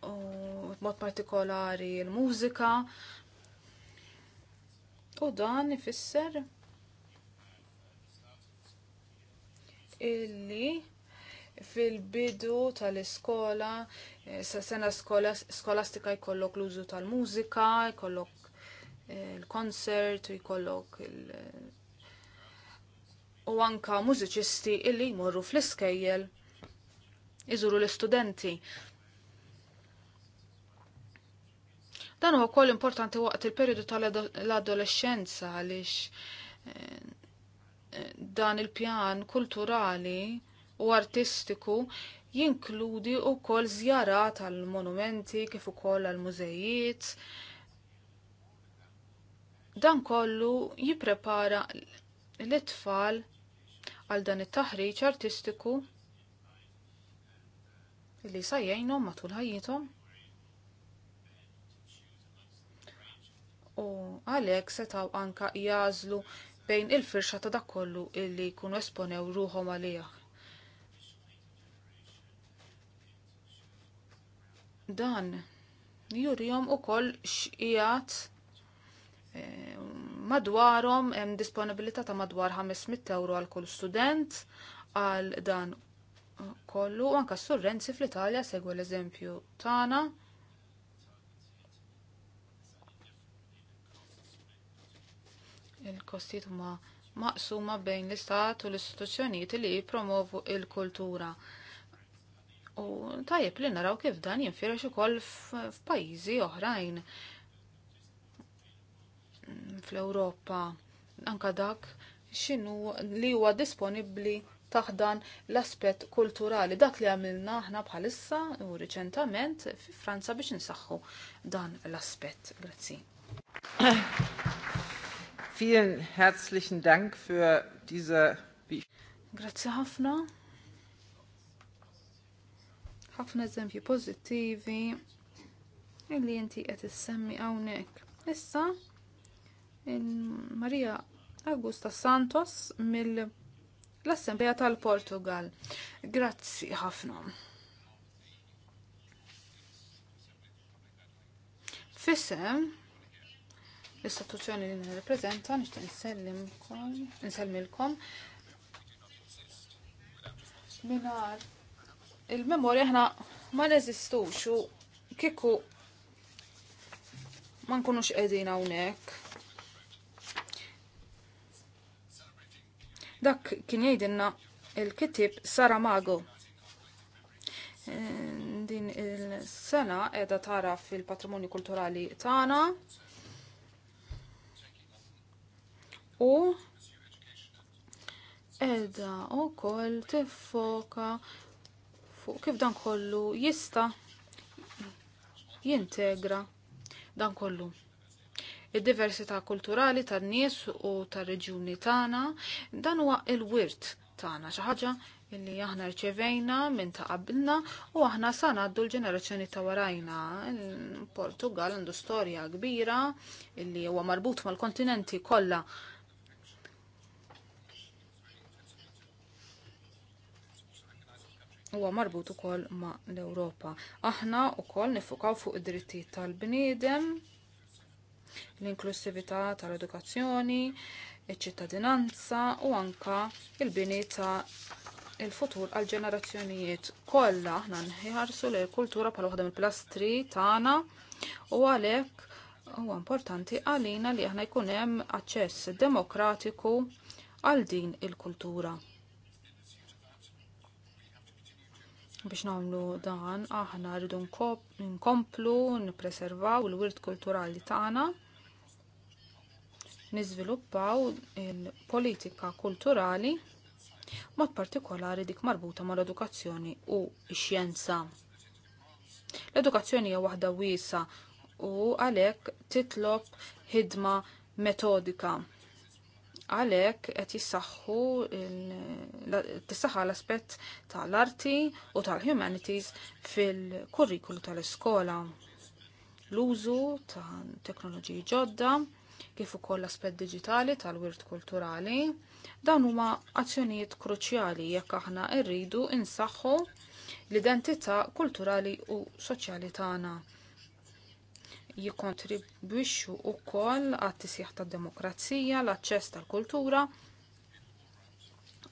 u mod partikolari l-mużika U dan ifisser illi fil-bidu tal-iskola, eh, sa sena skolastika jkollok l-użu tal-mużika, jkollok il-konsert, eh, jkollok il- u anka mużiċisti illi jmorru fl-iskejjel iżuru l-istudenti. Dan huwa wkoll importanti waqt il-perjodu tal-adolescenza għaliex eh, dan il-pjan kulturali u artistiku jinkludi wkoll żjarat għal monumenti kif ukoll għal mużejiet. Dan kollu jipprepara l-itfal għal dan it-taħriġ artistiku li sajjajnhom matul ħajjithom. u għalhekk setgħu anka jażlu bejn il-firxa ta' dak kollu illi jkunu esponew ruħhom għalih. Dan jurjom ukoll x'qiegħed eh, madwarhom hemm disponibilità ta' madwar 500 euro għal kull student għal dan kollu anka s-surrenzi fl-Italja segwa l-eżempju tagħna. il-kostijiet huma maqsuma bejn l-istat u l-istituzzjonijiet li jipromovu il-kultura. U tajjeb li naraw kif dan jinfirax ukoll f'pajjiżi oħrajn fl-Ewropa anka dak x'inhu li huwa disponibbli taħdan l-aspett kulturali dak li għamilna aħna bħalissa u riċentament fi Franza biex insaħħu dan l-aspett. Grazzi. Vielen herzlichen Dank für diese. Grazie ħafna. Hafna eżempji pozittivi illi inti qed issemmi hawnhekk. Issa Maria Augusta Santos mill l-Assembleja tal-Portugal. Grazzi ħafna. Fisem l-istituzzjoni li nirrepreżenta nixtieq nsellimkom nsellmilkom mingħajr il-memorja aħna ma neżistux u kieku ma nkunux qegħdin hawnhekk. Dak kien jgħidilna il-kitib Saramago. E, din il-sena qiegħda tara fil-patrimonju kulturali tagħna u edha u koll tiffoka fuq kif dan kollu jista jintegra dan kollu id-diversità kulturali tan-nies u tar-reġjuni tagħna dan huwa l-wirt tagħna xi ħaġa illi aħna rċevejna minn ta' qabilna u aħna sana għaddu l-ġenerazzjoni ta' warajna. Portugal għandu storja kbira illi huwa marbut mal-kontinenti kollha huwa marbut ukoll ma' l-Ewropa. Aħna ukoll nifukaw fuq id dritti tal-bniedem, l-inklusività tal-edukazzjoni, iċ-ċittadinanza u anka il-bini ta' il-futur għal ġenerazzjonijiet kollha aħna nħiħarsu l kultura bħal waħda mill-plastri tagħna u għalhekk huwa importanti għalina li aħna jkun hemm aċċess demokratiku għal din il-kultura. Biex nagħmlu dan aħna rridu nkomplu, nippreservaw il-wirt kulturali tagħna, niżviluppaw il-politika kulturali mod partikolari dik marbuta mal-edukazzjoni u x-xjenza. L-edukazzjoni hija waħda wiesa u għalhekk titlob ħidma metodika għalhekk qed jissaħħu tissaħħa l-aspett tal-arti u tal-humanities fil-kurrikulu tal-iskola. L-użu ta' teknoloġiji ġodda kif ukoll l-aspett diġitali tal-wirt kulturali, dan huma azzjonijiet kruċjali jekk aħna rridu insaħħu l-identità kulturali u soċjali tagħna jikontribwixxu wkoll għat-tisjeħ tad-demokrazija, l-aċċess tal-kultura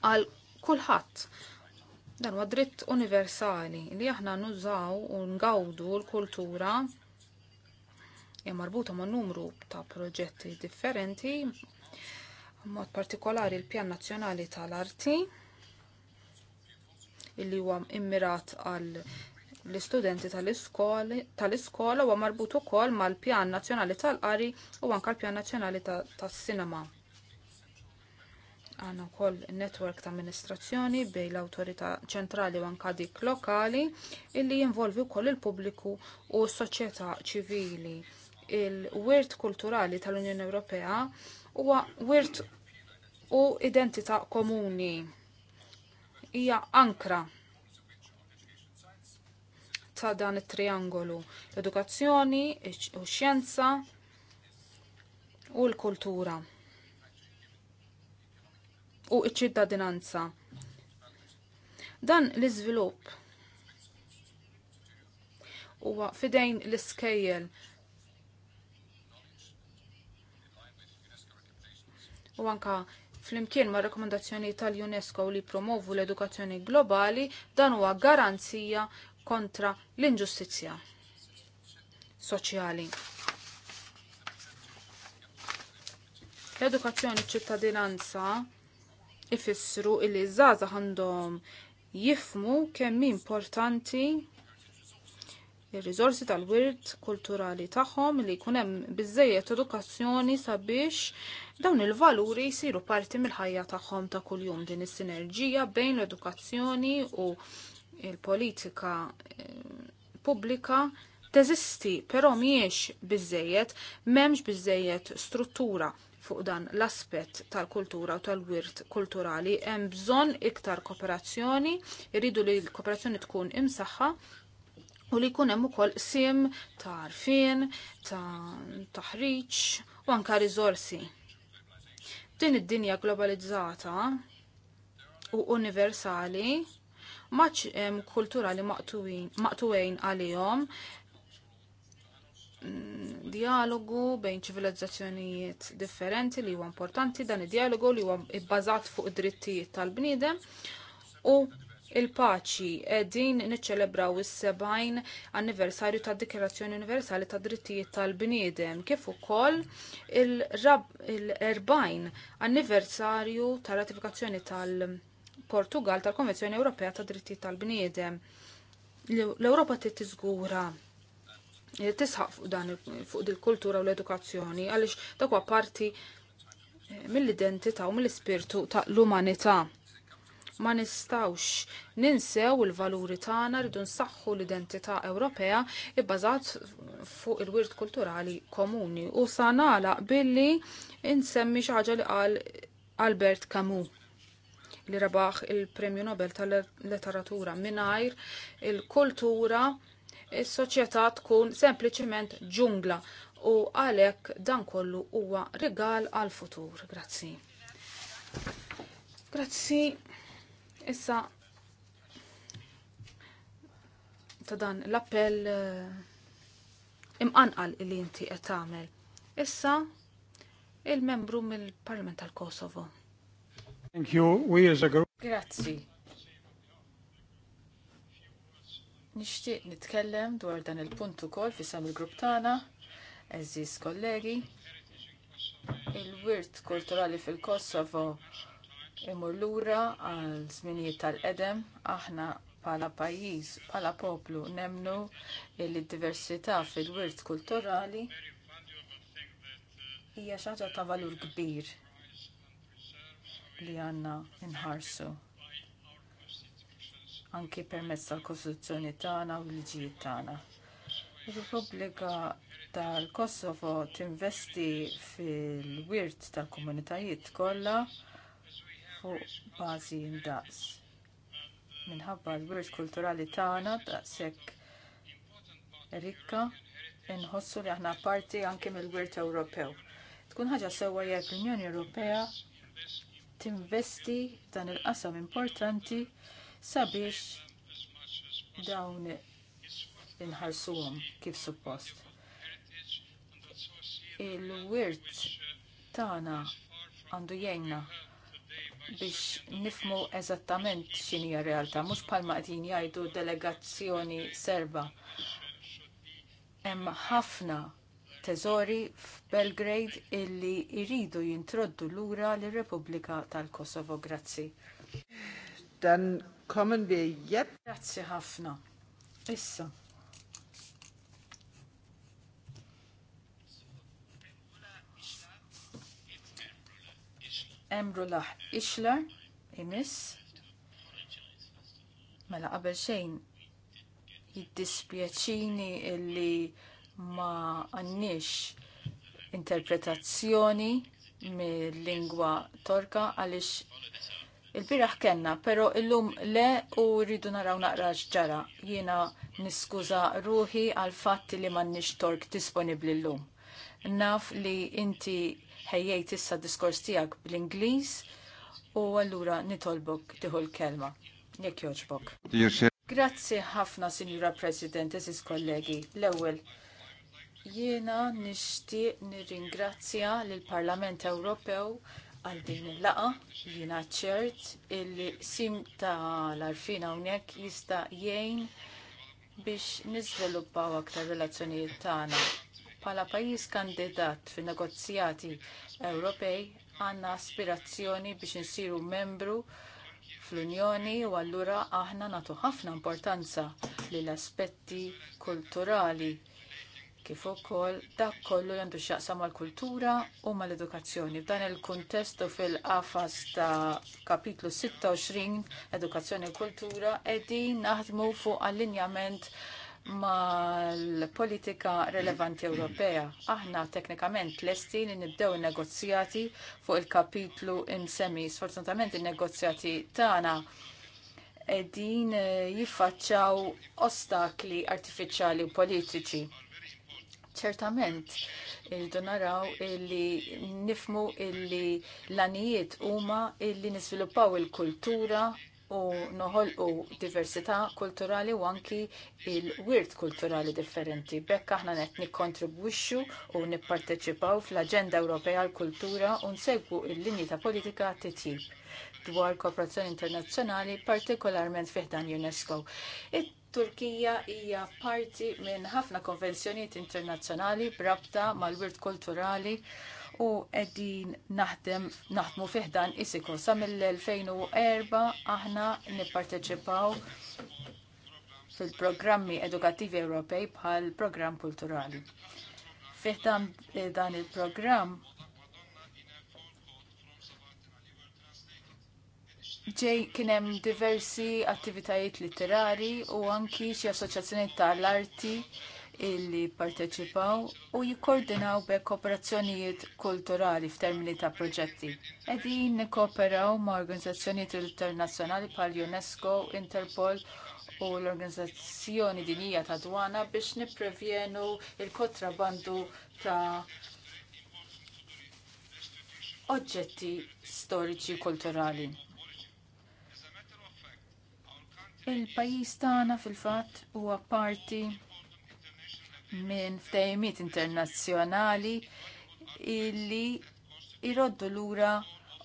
għal kulħadd. Dan huwa dritt universali li aħna nużaw u ngawdu l-kultura hija marbuta ma' numru ta' proġetti differenti, mod partikolari l-Pjan Nazzjonali tal-Arti, illi huwa immirat għal l-istudenti tal-iskola huwa marbut ukoll mal-Pjan Nazzjonali tal-Qari u anke l-Pjan Nazzjonali tas-Sinema. Għandna wkoll netwerk ta' amministrazzjoni bejn l-awtorità ċentrali u anke dik lokali illi jinvolvi wkoll il-pubbliku u s-soċjetà ċivili. Il-wirt kulturali tal-Unjoni Ewropea huwa wirt u identità komuni hija ankra ta' dan it-triangolu. L-edukazzjoni, u xjenza u l-kultura. U iċ-ċittadinanza. Dan l-iżvilupp huwa fidejn l-iskejjel u anka flimkien ma' rekomendazzjoni tal-UNESCO li promovu l-edukazzjoni globali dan huwa garanzija kontra l-inġustizzja soċjali. L-edukazzjoni ċittadinanza ifissru illi żgħażagħ għandhom jifmu kemm importanti r riżorsi tal-wirt kulturali tagħhom li jkun hemm biżejjed edukazzjoni sabiex dawn il-valuri jsiru parti mill-ħajja tagħhom ta' kuljum din is-sinerġija bejn l-edukazzjoni u il-politika eh, pubblika teżisti, però miex biżejjed, m'hemmx biżejjed struttura fuq dan l-aspett tal-kultura u tal-wirt kulturali. Hemm bżonn iktar kooperazzjoni, irridu li l-kooperazzjoni tkun imsaħħa u li jkun hemm ukoll sim ta' arfien, ta' taħriġ u anka riżorsi. Din id-dinja globalizzata u universali maċ kulturali maqtuwejn għalihom mm, dialogu bejn ċivilizzazzjonijiet differenti li huwa importanti dan id-dialogu li huwa bbażat fuq id-drittijiet tal-bniedem u il-paċi din niċċelebraw is sebajn anniversarju tad Dikerazzjoni Universali tad Drittijiet tal-Bniedem kif ukoll il erbajn anniversarju tar ratifikazzjoni tal-, -rab, Portugal tal-Konvenzjoni Ewropea ta' Dritti tal-Bniedem. L-Ewropa trid tiżgura tisħaq fuq dan fuq il-kultura u l-edukazzjoni għaliex dak huwa parti eh, mill-identità u mill-ispirtu ta' l-umanità. Ma nistawx ninsew il-valuri tagħna rridu nsaħħu l-identità Ewropea ibbażat fuq il-wirt kulturali komuni u sa'nala billi insemmi xi ħaġa li qal Albert Camus li rebaħ il-Premju Nobel tal-Letteratura mingħajr il-kultura is-soċjetà tkun sempliċiment ġungla u għalhekk dan kollu huwa rigal għal futur. Grazzi. Grazzi. Issa ta' dan l-appell eh, imqanqal li inti qed tagħmel. Issa il-membru mill-Parlament tal-Kosovo. Thank you. We as a group. Grazzi. Nixtieq nitkellem dwar dan il-punt ukoll fi sam il-grupp tagħna, eżis kollegi. Il-wirt kulturali fil-Kosovo imur lura għal żminijiet tal-qedem, aħna bħala pajjiż, bħala poplu nemnu il diversità fil-wirt kulturali hija xi ħaġa ta' valur kbir li għanna nħarsu anki permezz tal-Kostituzzjoni tagħna u l-liġijiet tagħna. Ir-Repubblika tal-Kosovo tinvesti fil-wirt tal-komunitajiet kollha fuq bażi ndaqs. Minħabba l-wirt kulturali tagħna daqshekk rikka inħossu li aħna parti anke mill-wirt Ewropew. Tkun ħaġa sewwa jekk l-Unjoni Ewropea tinvesti dan il-qasam importanti sabiex dawn inħarsuhom kif suppost. Il-wirt tagħna għandu jgħinna biex nifmu eżattament x'inhi r-realtà, mhux bħalma qegħdin jgħidu delegazzjoni serba. Hemm ħafna teżori f'Belgrade illi jridu jintroddu lura lir repubblika tal-Kosovo. Grazzi. Dan Grazzi ħafna. Issa. Emrullah Ishler, imis. Mela qabel xejn jiddispjaċini illi ma għannix interpretazzjoni mill-lingwa torka għalix il-biraħ kenna, pero illum le u rridu naraw naqra ġara. Jiena niskuża ruħi għal fatti li m'għandniex tork disponibli llum. Naf li inti ħejjejt issa diskors tiegħek bl-Ingliż u allura nitolbok tieħu l-kelma. Jekk jogħġbok. Grazzi ħafna, Signora President, eżis kollegi. L-ewwel Jiena nixtieq nirringrazzja lill parlament Ewropew għal din il laqgħa jiena ċert illi sim tal-arfin hawnhekk jista' jgħin biex niżviluppaw aktar relazzjonijiet tagħna bħala pajjiż kandidat fin negozjati Ewropej għandna aspirazzjoni biex insiru membru fl-Unjoni u allura aħna nagħtu ħafna importanza lill aspetti kulturali kif ukoll dak kollu li għandu x'jaqsam mal-kultura u mal-edukazzjoni. F'dan il-kuntest u fil-qafas ta' kapitlu 26 Edukazzjoni u Kultura qegħdin naħdmu fuq allinjament mal-politika relevanti Ewropea. Aħna teknikament lesti li nibdew negozjati fuq il-kapitlu imsemmi. Sfortunatament in-negozjati tagħna qegħdin jiffaċċaw ostakli artifiċjali u politiċi ċertament irdu naraw illi nifmu illi l-anijiet huma illi nisviluppaw il-kultura u noħolqu diversità kulturali u anki il-wirt kulturali differenti. Bekk aħna net nikontribwixxu u nipparteċipaw fl-Aġenda Ewropea għall-Kultura u nsegwu l-linji ta' politika titjib dwar kooperazzjoni internazzjonali, partikolarment fiħdan UNESCO. it Turkija hija parti minn ħafna konvenzjonijiet internazzjonali brabta mal-wirt kulturali u qegħdin naħdem naħdmu fiħdan isiku. Sa mill-2004 aħna nipparteċipaw fil-programmi edukattivi Ewropej bħal programm kulturali. Fiħdan eh, dan il-programm ġej kienem diversi attivitajiet literari u anki xi assoċjazzjonijiet tal-arti illi parteċipaw u jikkoordinaw be kooperazzjonijiet kulturali f'termini ta' proġetti. Edin nikkooperaw ma' organizzazzjonijiet internazzjonali bħal UNESCO, Interpol u l-Organizzazzjoni Dinija ta' Dwana biex nipprevjenu il-kontrabandu ta' oġġetti storiċi kulturali. Il-pajis tagħna fil-fatt huwa parti minn ftejmiet internazzjonali illi iroddu lura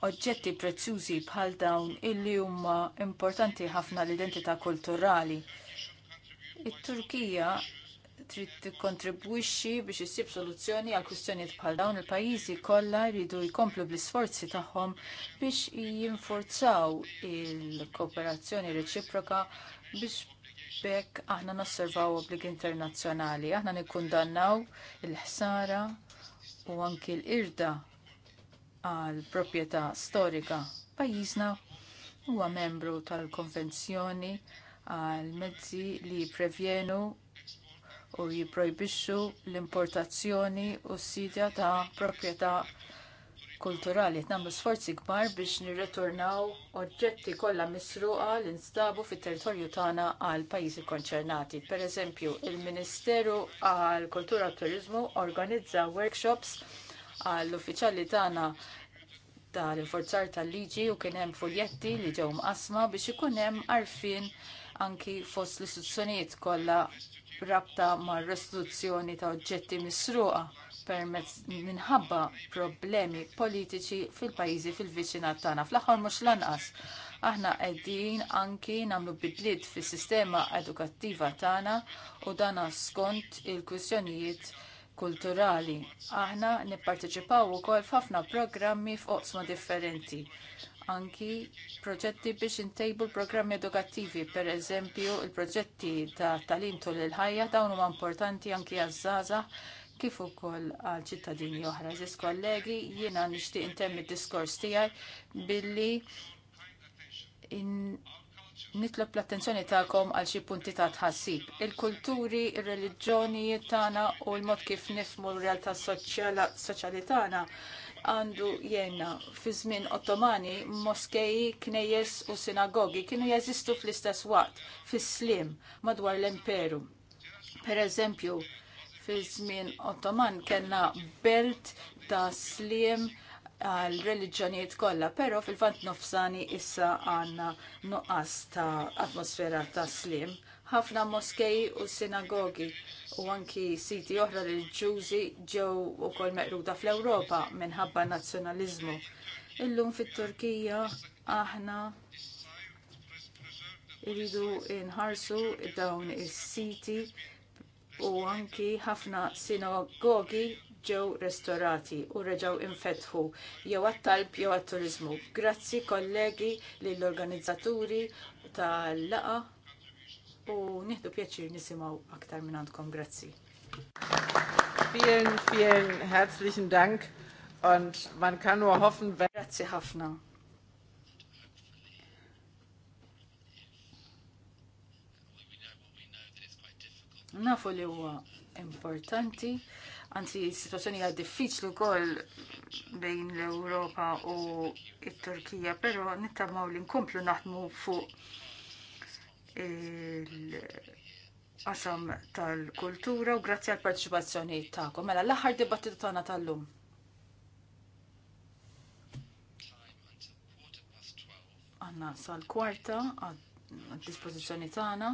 oġġetti prezzjużi bħal dawn illi huma importanti ħafna l-identità kulturali. It-Turkija trid tikkontribwixxi biex issib soluzzjoni għal kwistjonijiet bħal dawn il-pajjiżi kollha jridu jkomplu bl-isforzi tagħhom biex jinforzaw il-kooperazzjoni reċiproka biex bekk aħna nosservaw obbligi internazzjonali, aħna nikkundannaw il-ħsara u anki l-irda għal proprjetà storika pajjiżna huwa membru tal-konvenzjoni għal mezzi li prevjenu u jipprojbixxu l-importazzjoni u s-sidja ta' proprjetà kulturali. nagħmlu sforzi kbar biex nirreturnaw oġġetti kollha misruqa li nstabu fit-territorju tagħna għal pajjiżi konċernati. Pereżempju, il-Ministeru għall Kultura u Turiżmu organizza workshops għall uffiċjali tagħna tal-inforzar tal-liġi u kien hemm fuljetti li ġew mqasma biex ikun hemm għarfien anki fost l-istituzzjonijiet kollha rabta mar restituzzjoni ta' oġġetti misruqa permezz minħabba problemi politiċi fil-pajjiżi fil-viċinat tagħna. Fl-aħħar mhux lanqas, aħna qegħdin anki nagħmlu bidliet fis-sistema edukattiva tagħna u dan skont il-kwistjonijiet kulturali. Aħna nipparteċipaw ukoll f'ħafna programmi f'oqsma differenti. Anki proġetti biex intejbu programmi edukattivi, per eżempju il-proġetti ta' talintu l-ħajja dawn huma importanti anki għaż-żgħażagħ kif ukoll għal ċittadini oħra. Eżis kollegi, jiena nixtieq intemmi id diskors tiegħi billi nitlob l-attenzjoni tagħkom għal xi punti ta' tħassib. Il-kulturi, ir-reliġjonijiet tagħna u l-mod kif nifmu r-realtà soċjali tagħna għandu jenna fi żmien Ottomani moskeji, knejjes u sinagogi kienu jeżistu fl-istess waqt fis-slim madwar l-imperu. Per eżempju, fi żmien Ottoman kellna belt ta' slim għal reliġjonijiet kollha, però fil-fant nofsani issa għandna nuqqas ta' atmosfera ta' slim. Ħafna moskej u sinagogi u anki siti oħra reliġjużi ġew ukoll meqruda fl-Ewropa minħabba nazzjonaliżmu. Illum fit-Turkija aħna iridu nħarsu dawn is-siti u anki ħafna sinagogi ġew restorati u reġgħu infetħu jew għat-talb jew għat-turiżmu. Grazzi kollegi lill organizzaturi tal laqgħa u nieħdu pjaċir nisimgħu aktar minn għandkom. Grazzi. Vielen, vielen herzlichen Dank und man kann nur hoffen, wenn... Grazie ħafna. Nafu li huwa importanti anzi situazzjoni hija diffiċli wkoll bejn l-Ewropa u t-Turkija, però nittamaw li nkomplu naħdmu fuq il-qasam tal-kultura u grazzi għal parteċipazzjoni tagħkom. Mela l-aħħar dibattitu tagħna tal-lum. Għanna sal-kwarta għad dispożizzjoni tagħna.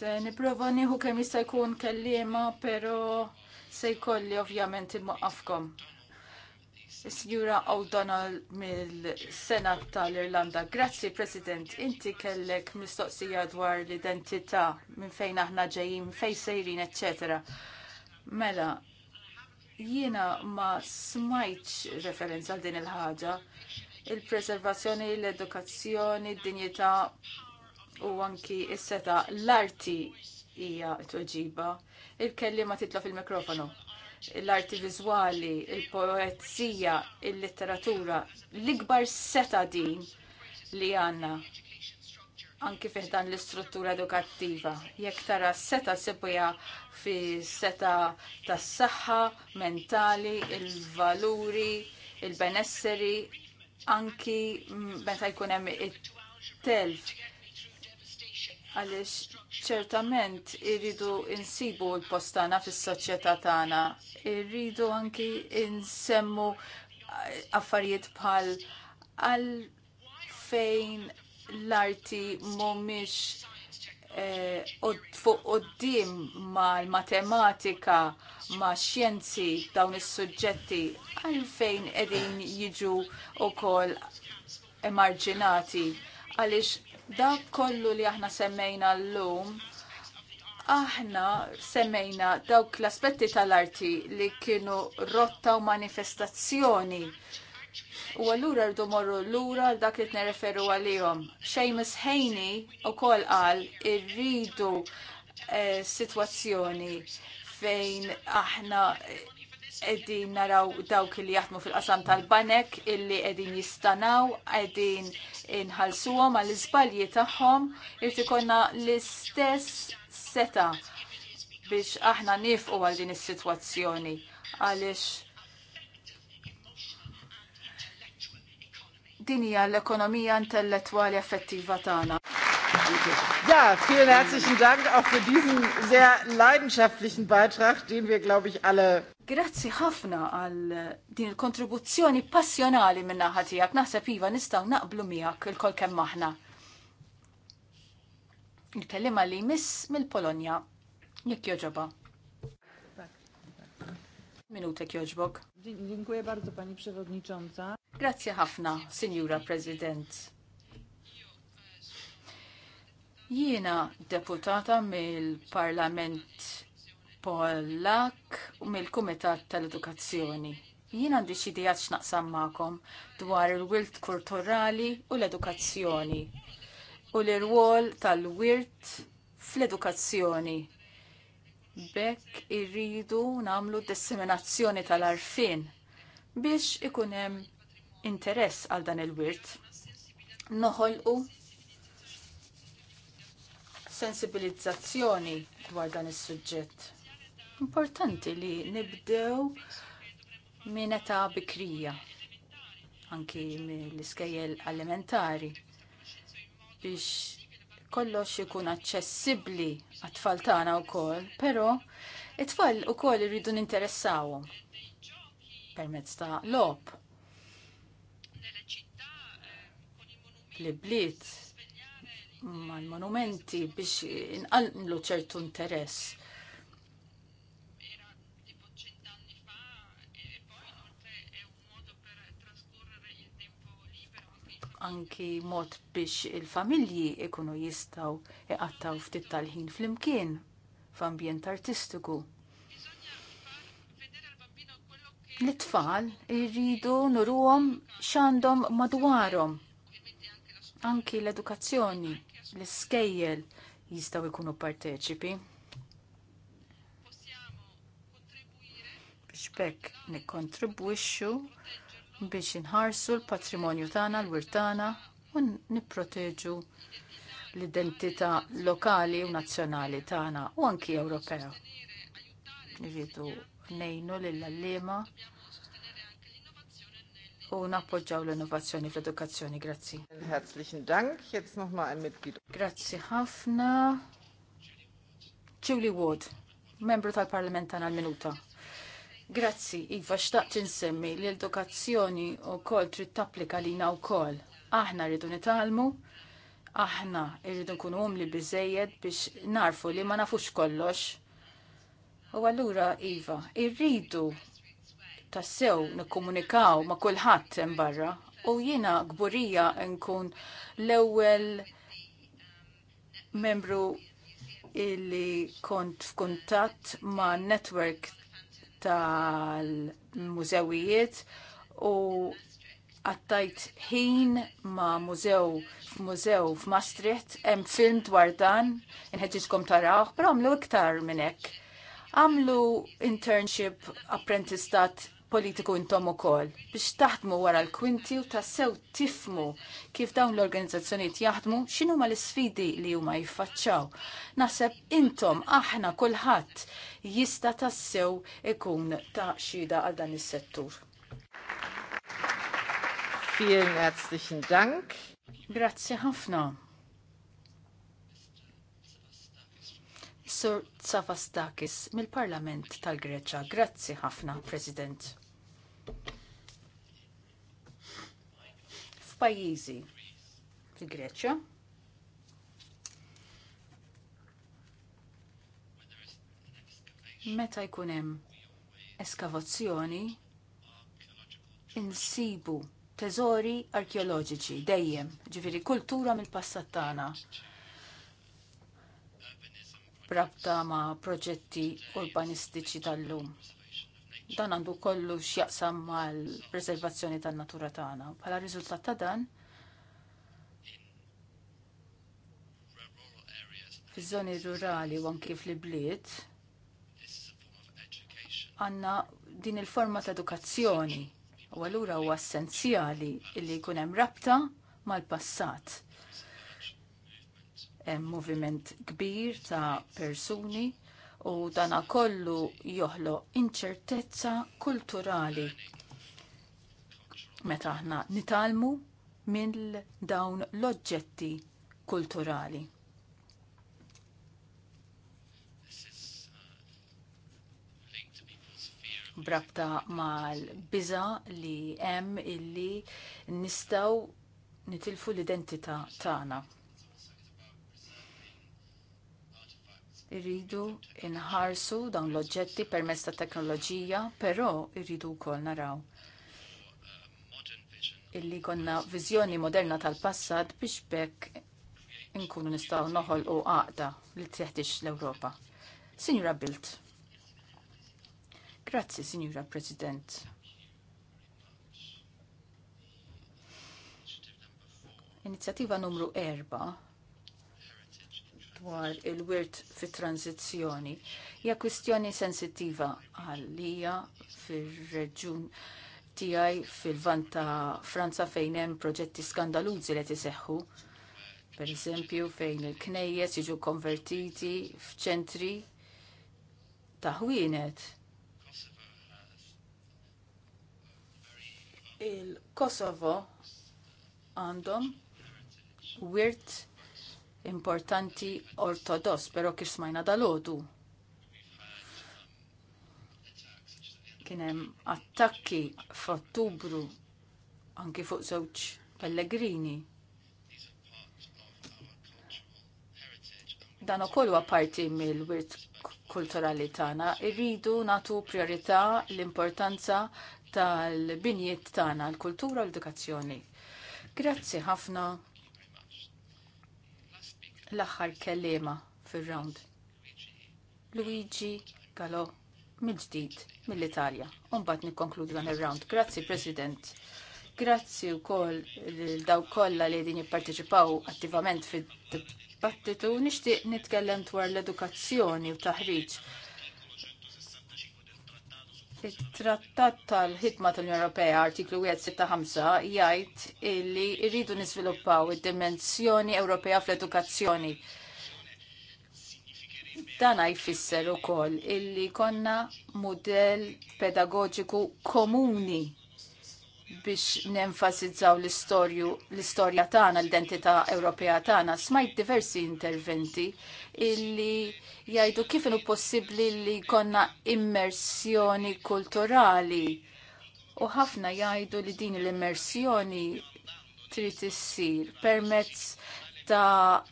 Se eh, niprofa nieħu kemm jista' jkun kelliema, però se jkolli ovvjament imwaqqafkom. Signora O'Donnell mill-Senat tal-Irlanda. Grazzi, President. Inti kellek mistoqsija dwar l-identità, minn fejn aħna ġejjin, fejn sejrin, etc. Mela, jiena ma smajtx referenza għal din il-ħaġa. Il-preservazzjoni, l-edukazzjoni, d-dinjità u anki is-seta l-arti hija t-tweġiba. Il-kellima titla fil-mikrofonu. L-arti viżwali, il-poezija, il-litteratura, l-ikbar seta din li għanna anki fiħdan l-istruttura edukattiva. Jekk tara seta sebuja fi seta tas saħħa mentali, il-valuri, il-benesseri, anki meta jkun hemm it-telf għaliex ċertament irridu insibu l-postana fis-soċjetà tagħna. Irridu anki insemmu eh, affarijiet bħal għal fejn l-arti mhumiex eh, fuq qoddim mal-matematika, ma' xjenzi dawn is-suġġetti għal fejn qegħdin jiġu wkoll emarġinati għaliex Dak kollu li aħna semmejna l-lum, aħna semmejna dawk l-aspetti tal-arti li kienu rotta u manifestazzjoni. U għallura rridu morru l-ura dak li t-nereferu għalijom. Seamus Haney u kol għal irridu eh, situazzjoni fejn aħna Edin naraw dawk li jaħdmu fil-qasam tal-banek illi edin jistanaw, edin inħalsuhom għal iżbalji tagħhom irti konna l-istess seta biex aħna nifqu għal din is-sitwazzjoni għaliex din hija l-ekonomija intellettwali effettiva tagħna. Ja, vielen herzlichen Dank auch für diesen sehr leidenschaftlichen Beitrag, den wir, glaube ich, alle. Grazzi ħafna għal eh, din il-kontribuzzjoni passjonali minna ħatijak, tiegħek. Naħseb iva nistgħu naqblu miħak il-kol kem maħna. Il-kellima li miss mill-Polonja. jek joġoba. Minutek joġbok. Dziękuję bardzo pani przewodnicząca. Grazzi ħafna, Signora President. Jiena deputata mill-Parlament Pollak u mill-Kumitat tal-Edukazzjoni. Jiena għandi xi idejat naqsam magħkom dwar il-wirt kulturali u l-edukazzjoni u l-irwol tal-wirt fl-edukazzjoni. Bekk irridu namlu disseminazzjoni tal-arfin biex ikunem interess għal dan il-wirt. Noħolqu sensibilizzazzjoni dwar dan is-suġġett. Importanti li nibdew minn età bikrija, anki mill-iskejjel elementari, biex kollox ikun aċċessibbli għat-tfal tagħna wkoll, però it-tfal ukoll irridu ninteressawhom permezz ta' lob. Li bliet mal-monumenti biex inqallu ċertu interess. Anki mod biex il-familji ikunu jistaw iqattaw ftit tal-ħin fl-imkien f'ambjent artistiku. L-tfal irridu nuruhom x'għandhom madwarhom anki l-edukazzjoni l-iskejjel jistaw ikunu parteċipi. Biex bekk nikkontribwixxu biex inħarsu l-patrimonju tagħna, l-wirt tagħna u nipproteġu l-identità lokali u nazzjonali tagħna u anki Ewropea. Irridu nejnu lill-allima u nappoġġaw l-innovazzjoni fl-edukazzjoni. Grazzi. Herzlichen Dank. Jetzt nochmal ein Mitglied. Grazzi ħafna. Julie Wood, membru tal-Parlament tagħna minuta Grazzi, Iva, xtaqt insemmi li l-edukazzjoni u kol trid tapplika lina u kol. Aħna rridu nitalmu, aħna rridu nkunu umli bizzejed biex narfu li ma nafux kollox. U allura, Iva, irridu tassew nikkomunikaw ma' kulħadd hemm barra u jiena gburija nkun l-ewwel membru illi kont f'kuntatt ma' network tal-mużewijiet u għattajt ħin ma' mużew f'mużew f'Maastricht, hemm film dwar dan, inħeġġiskom taraw, però għamlu iktar minn hekk. Għamlu internship apprentistat politiku intom ukoll biex taħdmu wara l-kwinti u tassew tifmu kif dawn l-organizzazzjonijiet jaħdmu xinu ma l-isfidi li huma jiffaċċaw. Naħseb intom aħna kulħadd jista' tassew ikun ta' xhieda għal dan is-settur. Vielen herzlichen Dank. Grazzi ħafna. Sur Tsavastakis mill-Parlament tal-Greċa. Grazzi ħafna, President. Pajjiżi fil-Greċja. Meta jkun hemm eskavazzjoni insibu teżori arkeoloġiċi dejjem, ġifieri kultura mill-passat tagħna. Rabta ma' proġetti urbanistiċi tal-lum Dan għandu kollu x'jaqsam mal-preservazzjoni tan-natura tagħna. Bħala riżultat ta' dan, fiż-żoni rurali u anki fl-bliet għandna din il-forma ta' edukazzjoni u allura huwa essenzjali li jkun hemm rabta mal-passat. Hemm moviment kbir ta' persuni u dana kollu joħlo inċertezza kulturali. Meta aħna nitalmu mill dawn l-oġġetti kulturali. Brabta mal-biża li hemm illi nistgħu nitilfu l-identità tagħna. Ta Irridu inħarsu dawn l-oġġetti permezz ta' teknoloġija, però irridu wkoll naraw illi konna viżjoni moderna tal-passat biex bekk inkunu nistgħu noħol u għaqda li teħtix l ewropa Signora Bilt. Grazzi, Signora President. Inizjattiva numru 4 dwar il-wirt fit transizzjoni hija kwistjoni sensittiva għalija fir-reġjun tiegħi fil vanta ta' Franza fejn hemm proġetti skandalużi li tiseħħu. Per eżempju fejn il-knejjes jiġu konvertiti f'ċentri ta' ħwienet. Il-Kosovo għandhom wirt importanti ortodoss, pero kif smajna dal-ħodu. Kienem attakki f'Ottubru anki fuq żewġ Pellegrini. Dan ukoll huwa parti mill-wirt kulturali tagħna, iridu natu priorità l-importanza tal-binjiet tagħna, l-kultura u l-edukazzjoni. Grazzi ħafna l-aħħar kellima fir-round. Luigi Gallo mill-ġdid mill-Italja. Umbat nikkonkludu dan ir-round. Grazzi President. Grazzi wkoll daw kollha li din jipparteċipaw attivament fid-dibattitu nixtieq nitkellem dwar l-edukazzjoni u taħriġ Il-Trattat tal-ħidma tal-Unjoni Ewropea artiklu 165 jgħid illi rridu niżviluppaw id-dimensjoni Ewropea fl-edukazzjoni. Dan jfisser ukoll illi konna model pedagoġiku komuni biex nenfasizzaw l-istorja tagħna, l-identità Ewropea tagħna, smajt diversi interventi illi jgħidu kif inhu possibbli li konna immersjoni kulturali. U ħafna jgħidu li din l-immersjoni trid issir permezz ta'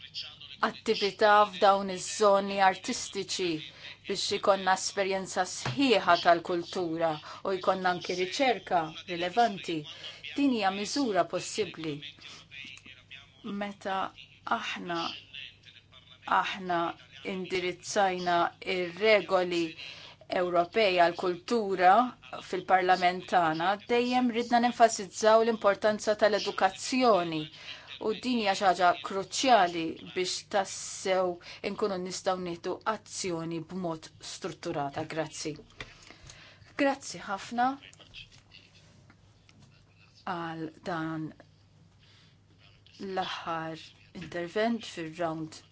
attività f'dawn iż-żoni artistiċi biex ikonna esperjenza sħiħa tal-kultura u jkonna anki riċerka rilevanti. Din hija miżura possibbli. Meta aħna aħna indirizzajna ir-regoli Ewropej għal kultura fil-parlamentana dejjem ridna nenfasizzaw l-importanza tal-edukazzjoni u din hija xi ħaġa kruċjali biex tassew inkunu nistgħu nieħdu azzjoni b'mod strutturata. Grazzi. Grazzi ħafna għal dan l-aħħar intervent fir-round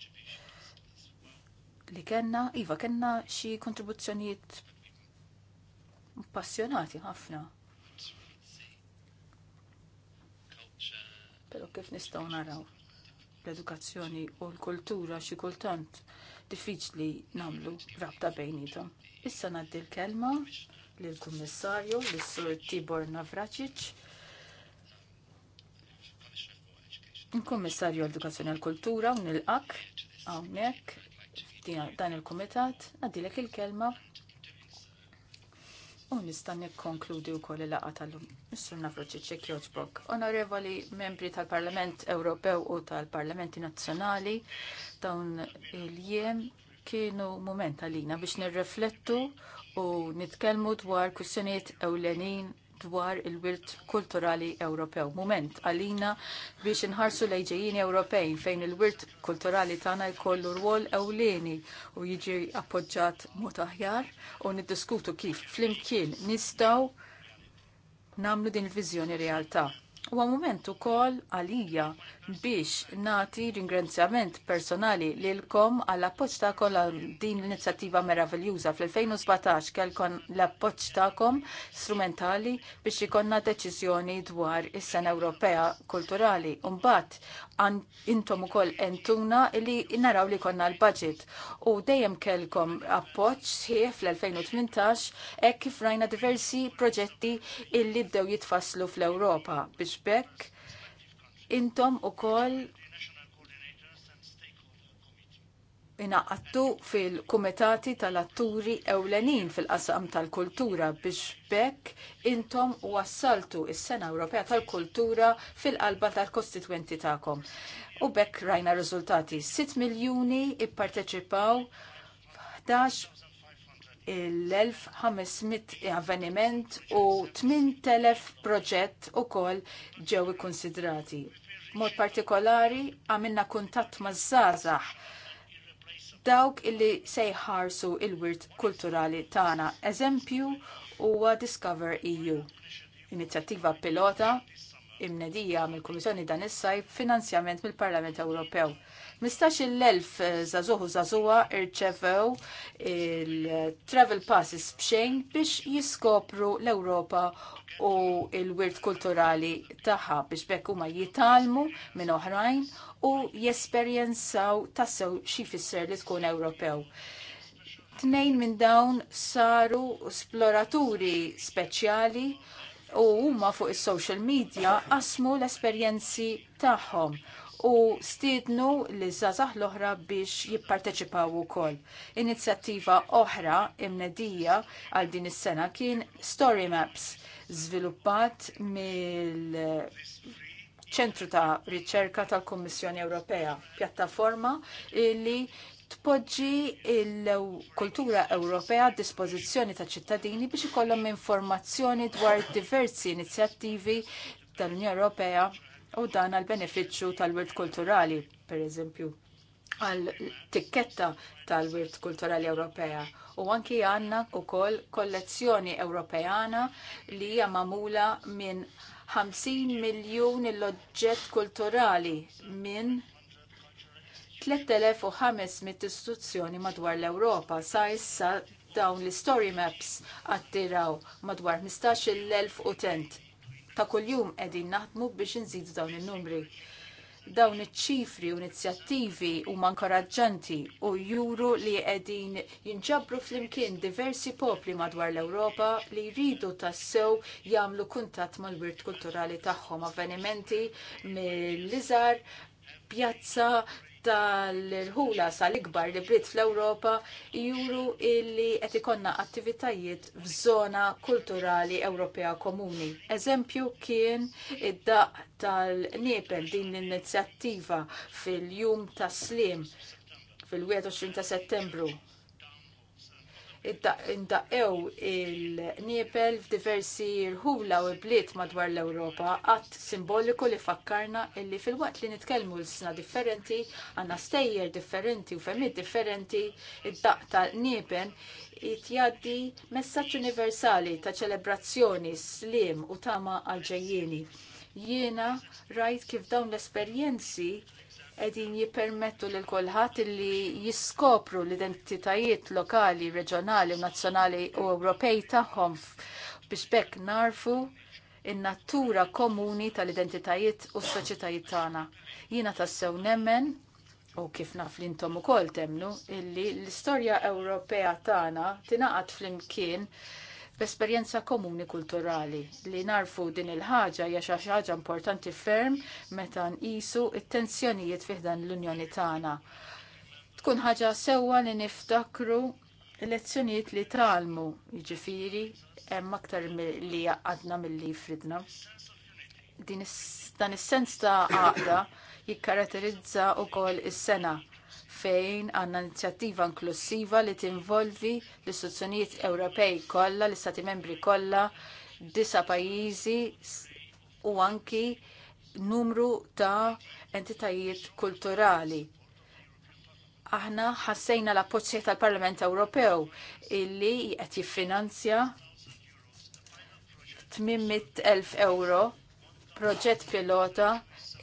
li kellna, iva kellna xi kontribuzzjonijiet passjonati ħafna. Pero kif nistgħu naraw l-edukazzjoni u l-kultura xi kultant diffiċli nagħmlu rabta bejnietom. Issa ngħaddi l-kelma lill kummissarju lis sur Tibor Navracic. Il-Kummissarju l edukazzjoni għall-Kultura u nilqak hawnhekk dan il-Kumitat għaddilek il-kelma U nista' nikkonkludi wkoll il-laqgħa tal-lum. Mr. Navroċiċi jogħġbok. onorevoli membri tal-Parlament Ewropew u tal-Parlamenti Nazzjonali, dawn il-jiem kienu mument għalina biex nirreflettu u nitkellmu dwar kwistjonijiet ewlenin dwar il-wirt kulturali Ewropew. Moment għalina biex inħarsu lejġejjini Ewropej fejn il-wirt kulturali tagħna jkollu rwol ewleni u jiġi appoġġjat mod aħjar u niddiskutu kif flimkien nistgħu nagħmlu din il-viżjoni realtà. Huwa moment ukoll għalija biex nagħti ringrazzjament personali lilkom għall appoġġ ta'kom għal din l-inizjattiva meraviljuża fl-2017 kelkon l appoġġ tagħkom strumentali biex ikonna deċiżjoni dwar is-Sena Ewropea Kulturali. mbagħad intom u koll entuna li naraw li konna l-budget. U dejjem kelkom appoċ sħiħ fl-2018 ek kif rajna diversi proġetti illi bdew jitfasslu fl-Europa biex bekk intom u koll inaqattu fil-kumitati tal-atturi ewlenin fil-qasam tal-kultura biex bekk intom wassaltu is-Sena Ewropea tal-Kultura fil-qalba tal-kostitwenti tagħkom. U bekk rajna riżultati 6 miljuni ipparteċipaw 11,500 avveniment u 8,000 proġett ukoll ġew konsidrati. Mod partikolari għamilna kuntatt maż-żgħażagħ dawk illi se jħarsu il-wirt kulturali tagħna. Eżempju huwa Discover EU, inizjattiva pilota imnedija mill-Kummissjoni dan is-sajf finanzjament mill-Parlament Ewropew Mistax il-elf eh, zazuhu zazuwa irċevew il-travel passes bxejn biex jiskopru l-Europa u il-wirt kulturali taħħa biex bekku ma jitalmu minn oħrajn u jesperjenzaw tassew xifisser li tkun Ewropew tnejn minn dawn saru esploraturi speċjali u huma fuq is-social media qasmu l-esperjenzi tagħhom u stiednu li żgħażagħ l-oħra biex jipparteċipaw ukoll. Inizjattiva oħra imnedija għal din is-sena kien Story Maps żviluppat mill ċentru ta' riċerka tal-Kommissjoni Ewropea, pjattaforma li tpoġġi il-kultura Ewropea a dispożizzjoni ta' ċittadini biex ikollhom informazzjoni dwar diversi inizjattivi tal-Unjoni Ewropea u dan għal beneficju tal-wirt kulturali, per eżempju, għal tikketta tal-wirt kulturali Ewropea. U anki għanna u koll kollezzjoni Ewropeana li hija mamula minn 50 miljun l-oġġett kulturali minn 3500 istituzzjoni madwar l-Ewropa sa issa dawn l-story maps attiraw madwar 15,000 utent ta' kuljum qegħdin naħdmu biex nżidu dawn in-numri. Dawn iċ-ċifri u inizjattivi huma mankoraġġanti u juru li qegħdin jinġabru flimkien diversi popli madwar l-Ewropa li jridu tassew jagħmlu kuntatt mal-wirt kulturali tagħhom avvenimenti mill iżar pjazza tal-ħula sal-ikbar li brit fl-Ewropa juru illi qed ikonna attivitajiet f'żona kulturali Ewropea komuni. Eżempju kien id-daq tal-Nepel din l-inizjattiva fil-jum tas-slim fil-21 ta' settembru indaqqew il-niepel f'diversi rħula u bliet madwar l-Ewropa għat simboliku li fakkarna illi fil-waqt li nitkellmu l-sna differenti, għanna stejjer differenti u femmit differenti, id-daq tal-niepen jitjaddi messaċ universali ta' ċelebrazzjoni, slim u tama għalġejjeni. Jiena rajt kif dawn l-esperjenzi qegħdin jippermettu lil kulħadd li jiskopru l-identitajiet lokali, reġjonali, nazzjonali u Ewropej tagħhom biex bekk narfu in-natura komuni tal-identitajiet u s-soċjetajiet tagħna. Jiena tassew nemmen u kif naf li intom ukoll temnu illi l-istorja Ewropea tagħna tingħaqad flimkien b'esperjenza komuni kulturali li narfu din il-ħaġa hija xi ħaġa importanti ferm meta nqisu it-tensjonijiet fih dan l-Unjoni tagħna. Tkun ħaġa sewwa li niftakru lezzjonijiet li talmu, jiġifieri hemm aktar li għadna mill-li fridna. Din dan is-sens ta' għaqda jikkaratterizza wkoll is-sena fejn għanna inizjattiva inklusiva li tinvolvi l-istituzzjonijiet Ewropej kollha, l-Istati membri kollha, disa pajjiżi u anki numru ta' entitajiet kulturali. Aħna ħassejna l pozzja tal-Parlament Ewropew illi qed jiffinanzja 800.000 euro proġett pilota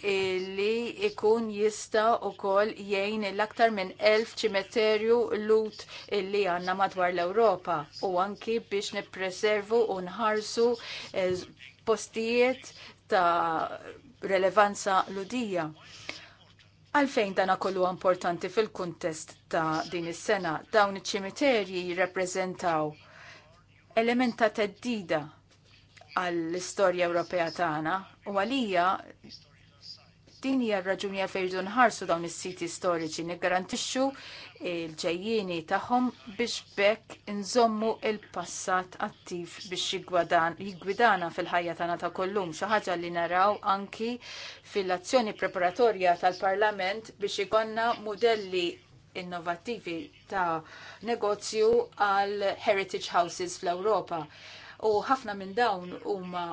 li ikun jista u kol jgħin l-aktar minn elf ċimeterju lut li għanna madwar l-Europa u anki biex nipreservu u nħarsu eh, postijiet ta' relevanza ludija. Għalfejn dana kollu importanti fil kuntest ta' din is-sena, dawn iċ-ċimiterji jirrepreżentaw elementa ta' teddida għall-istorja Ewropea tagħna u għalija Din hija r-raġuni għalfejn irdu nħarsu dawn is-siti storiċi niggarantixxu l-ġejjieni tagħhom biex bekk inżommu il-passat attiv biex jiggwidana fil-ħajja tagħna ta' kollum xi ħaġa li naraw anki fil-azzjoni preparatorja tal-Parlament biex ikonna modelli innovattivi ta' negozju għal heritage houses fl-Ewropa. U ħafna minn dawn huma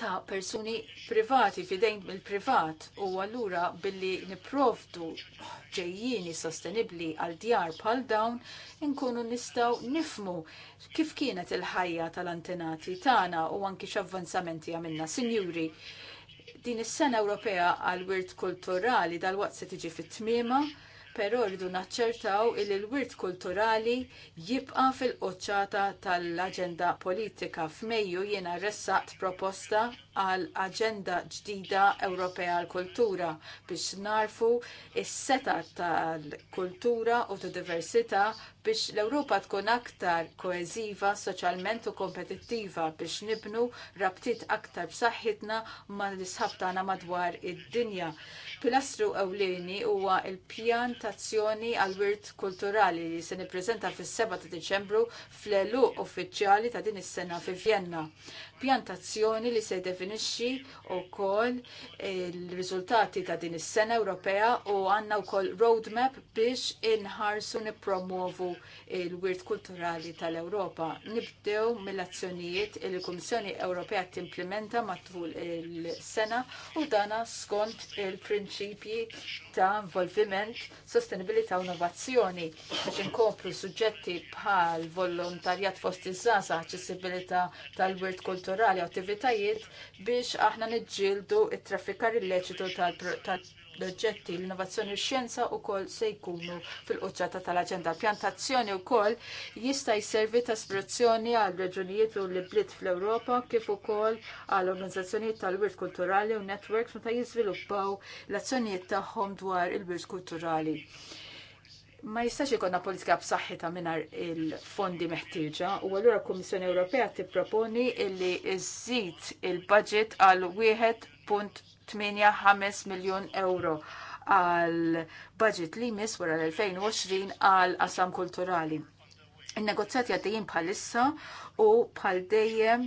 ta' persuni privati fidejn mill-privat u allura billi niprovdu ġejjini sostenibli għal djar bħal dawn inkunu nistaw nifmu kif kienet il-ħajja tal-antenati tagħna u anki x'avvanzamenti għamilna. Sinjuri, din is-sena Ewropea għal wirt kulturali dal-waqt se tiġi fit-tmiema però rridu naċċertaw il l-wirt kulturali jibqa' fil-qoċċata tal-aġenda politika. F'Mejju jiena ressaqt proposta għal aġenda ġdida Ewropea għal kultura biex narfu is-seta tal-kultura u tad-diversità biex l-Ewropa tkun aktar koeżiva, soċjalment u kompetittiva biex nibnu rabtiet aktar b'saħħitna mal l-isħab tagħna madwar id-dinja. Pilastru ewlieni huwa l-pjan tazzjoni għal wirt kulturali li se nippreżenta fis-7 ta' Diċembru fl-elu uffiċjali ta' din is-sena fi Vjenna pjantazzjoni li se definixxi wkoll il-riżultati ta' din is-sena Ewropea u għandna wkoll roadmap biex inħarsu nippromovu il-wirt kulturali tal-Ewropa. Nibdew mill-azzjonijiet li l-Kummissjoni Ewropea timplementa matul il-sena u dana skont il-prinċipji ta' involviment, sostenibilità u innovazzjoni biex inkopru suġġetti bħal volontarjat fost iż-żaza, aċċessibilità tal-wirt kulturali elettorali attivitajiet biex aħna niġġieldu t traffikar illeċitu tal-proġetti l-innovazzjoni u xjenza u kol se jkunu fil-qoċċata tal-agenda. Pjantazzjoni u kol jista jservi ta' ispirazzjoni għal reġunijiet u l blit fl-Europa kif ukoll għal organizzazzjonijiet tal-wirt kulturali u networks meta jiżviluppaw l-azzjonijiet tagħhom dwar il-wirt kulturali ma jistax ikonna politika b'saħħitha mingħajr il-fondi meħtieġa u allura l-Kummissjoni Ewropea tipproponi illi żżid il-budget għal 1.85 miljun euro għal budget li jmiss wara l-2020 għal qasam kulturali. Il-negozjati għaddejjem bħalissa u bħal dejjem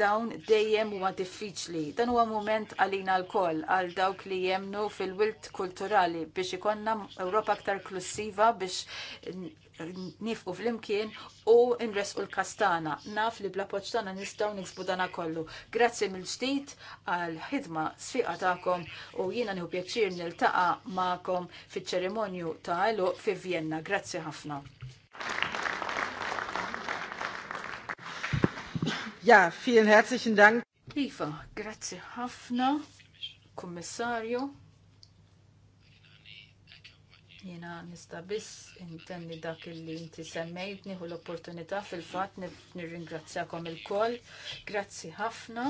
dawn dejjem huwa diffiċli. Dan huwa moment għalina l-koll għal dawk li jemnu fil-wilt kulturali biex ikonna Ewropa aktar klussiva biex nifqu fl-imkien u nresqu l-kastana. Naf li bla poċtana nistaw niksbu dana kollu. Grazzi mill-ġdid għal ħidma sfiqa ta'kom u jiena nieħu pjaċir niltaqa' ma'kom fiċ-ċerimonju ta' fi Vienna. Grazzi ħafna. Ja, vielen herzlichen Dank. Iva, grazzi ħafna, kummissarju. Jena nista biss intendi dak li inti semmejtni nieħu l-opportunità fil-fatt nirringrazzjakom il-koll. Grazzi ħafna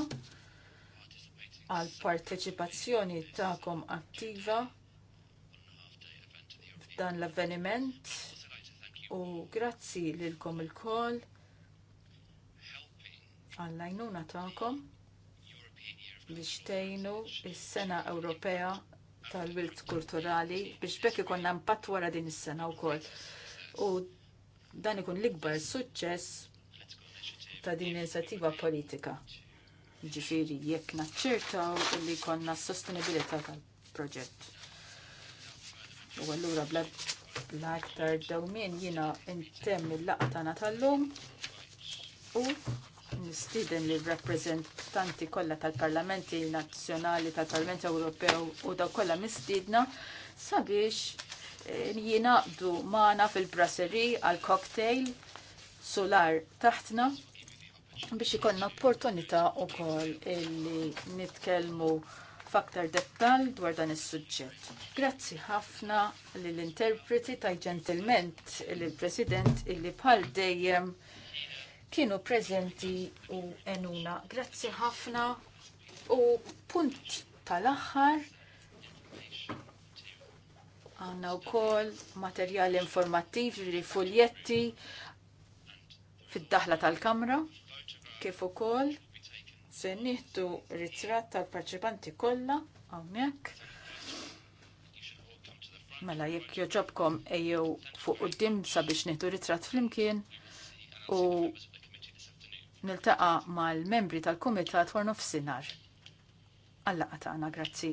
għal parteċipazzjoni ta'kom attiva f'dan l-avveniment u grazzi lilkom il-koll għallajnuna ta'kom biex tejnu il-sena Ewropea tal-wilt kulturali biex bekk ikonna impatt wara din is-sena wkoll. U dan ikun l-ikbar suċċess ta' din l politika. Ġifiri, jekk naċċertaw li konna s-sostenibilità tal-proġett. U għallura bla l aktar dewmien jina intemm il laqtana tal-lum u nistieden li rappreżentanti kollha tal-Parlamenti Nazzjonali tal-Parlament Ewropew u daw kollha mistiedna sabiex eh, du mana fil brasseri għal cocktail solar taħtna biex ikonna opportunità wkoll illi nitkellmu f'aktar dettall dwar dan is-suġġett. Grazzi ħafna lill-interpreti tal ġentilment lill-President illi bħal dejjem kienu preżenti u enuna. Grazzi ħafna u punt tal-aħħar għanna u kol materjali informattiv, ġiri fuljetti fid-daħla tal-kamra, kif u kol se nieħdu ritratt tal-parċipanti kollha hawnhekk. Mela jekk joġobkom ejjew fuq quddiem sabiex nieħdu ritratt flimkien u niltaqa mal-membri tal-Kumitat Horn of Sinar. Alla għatana, grazzi.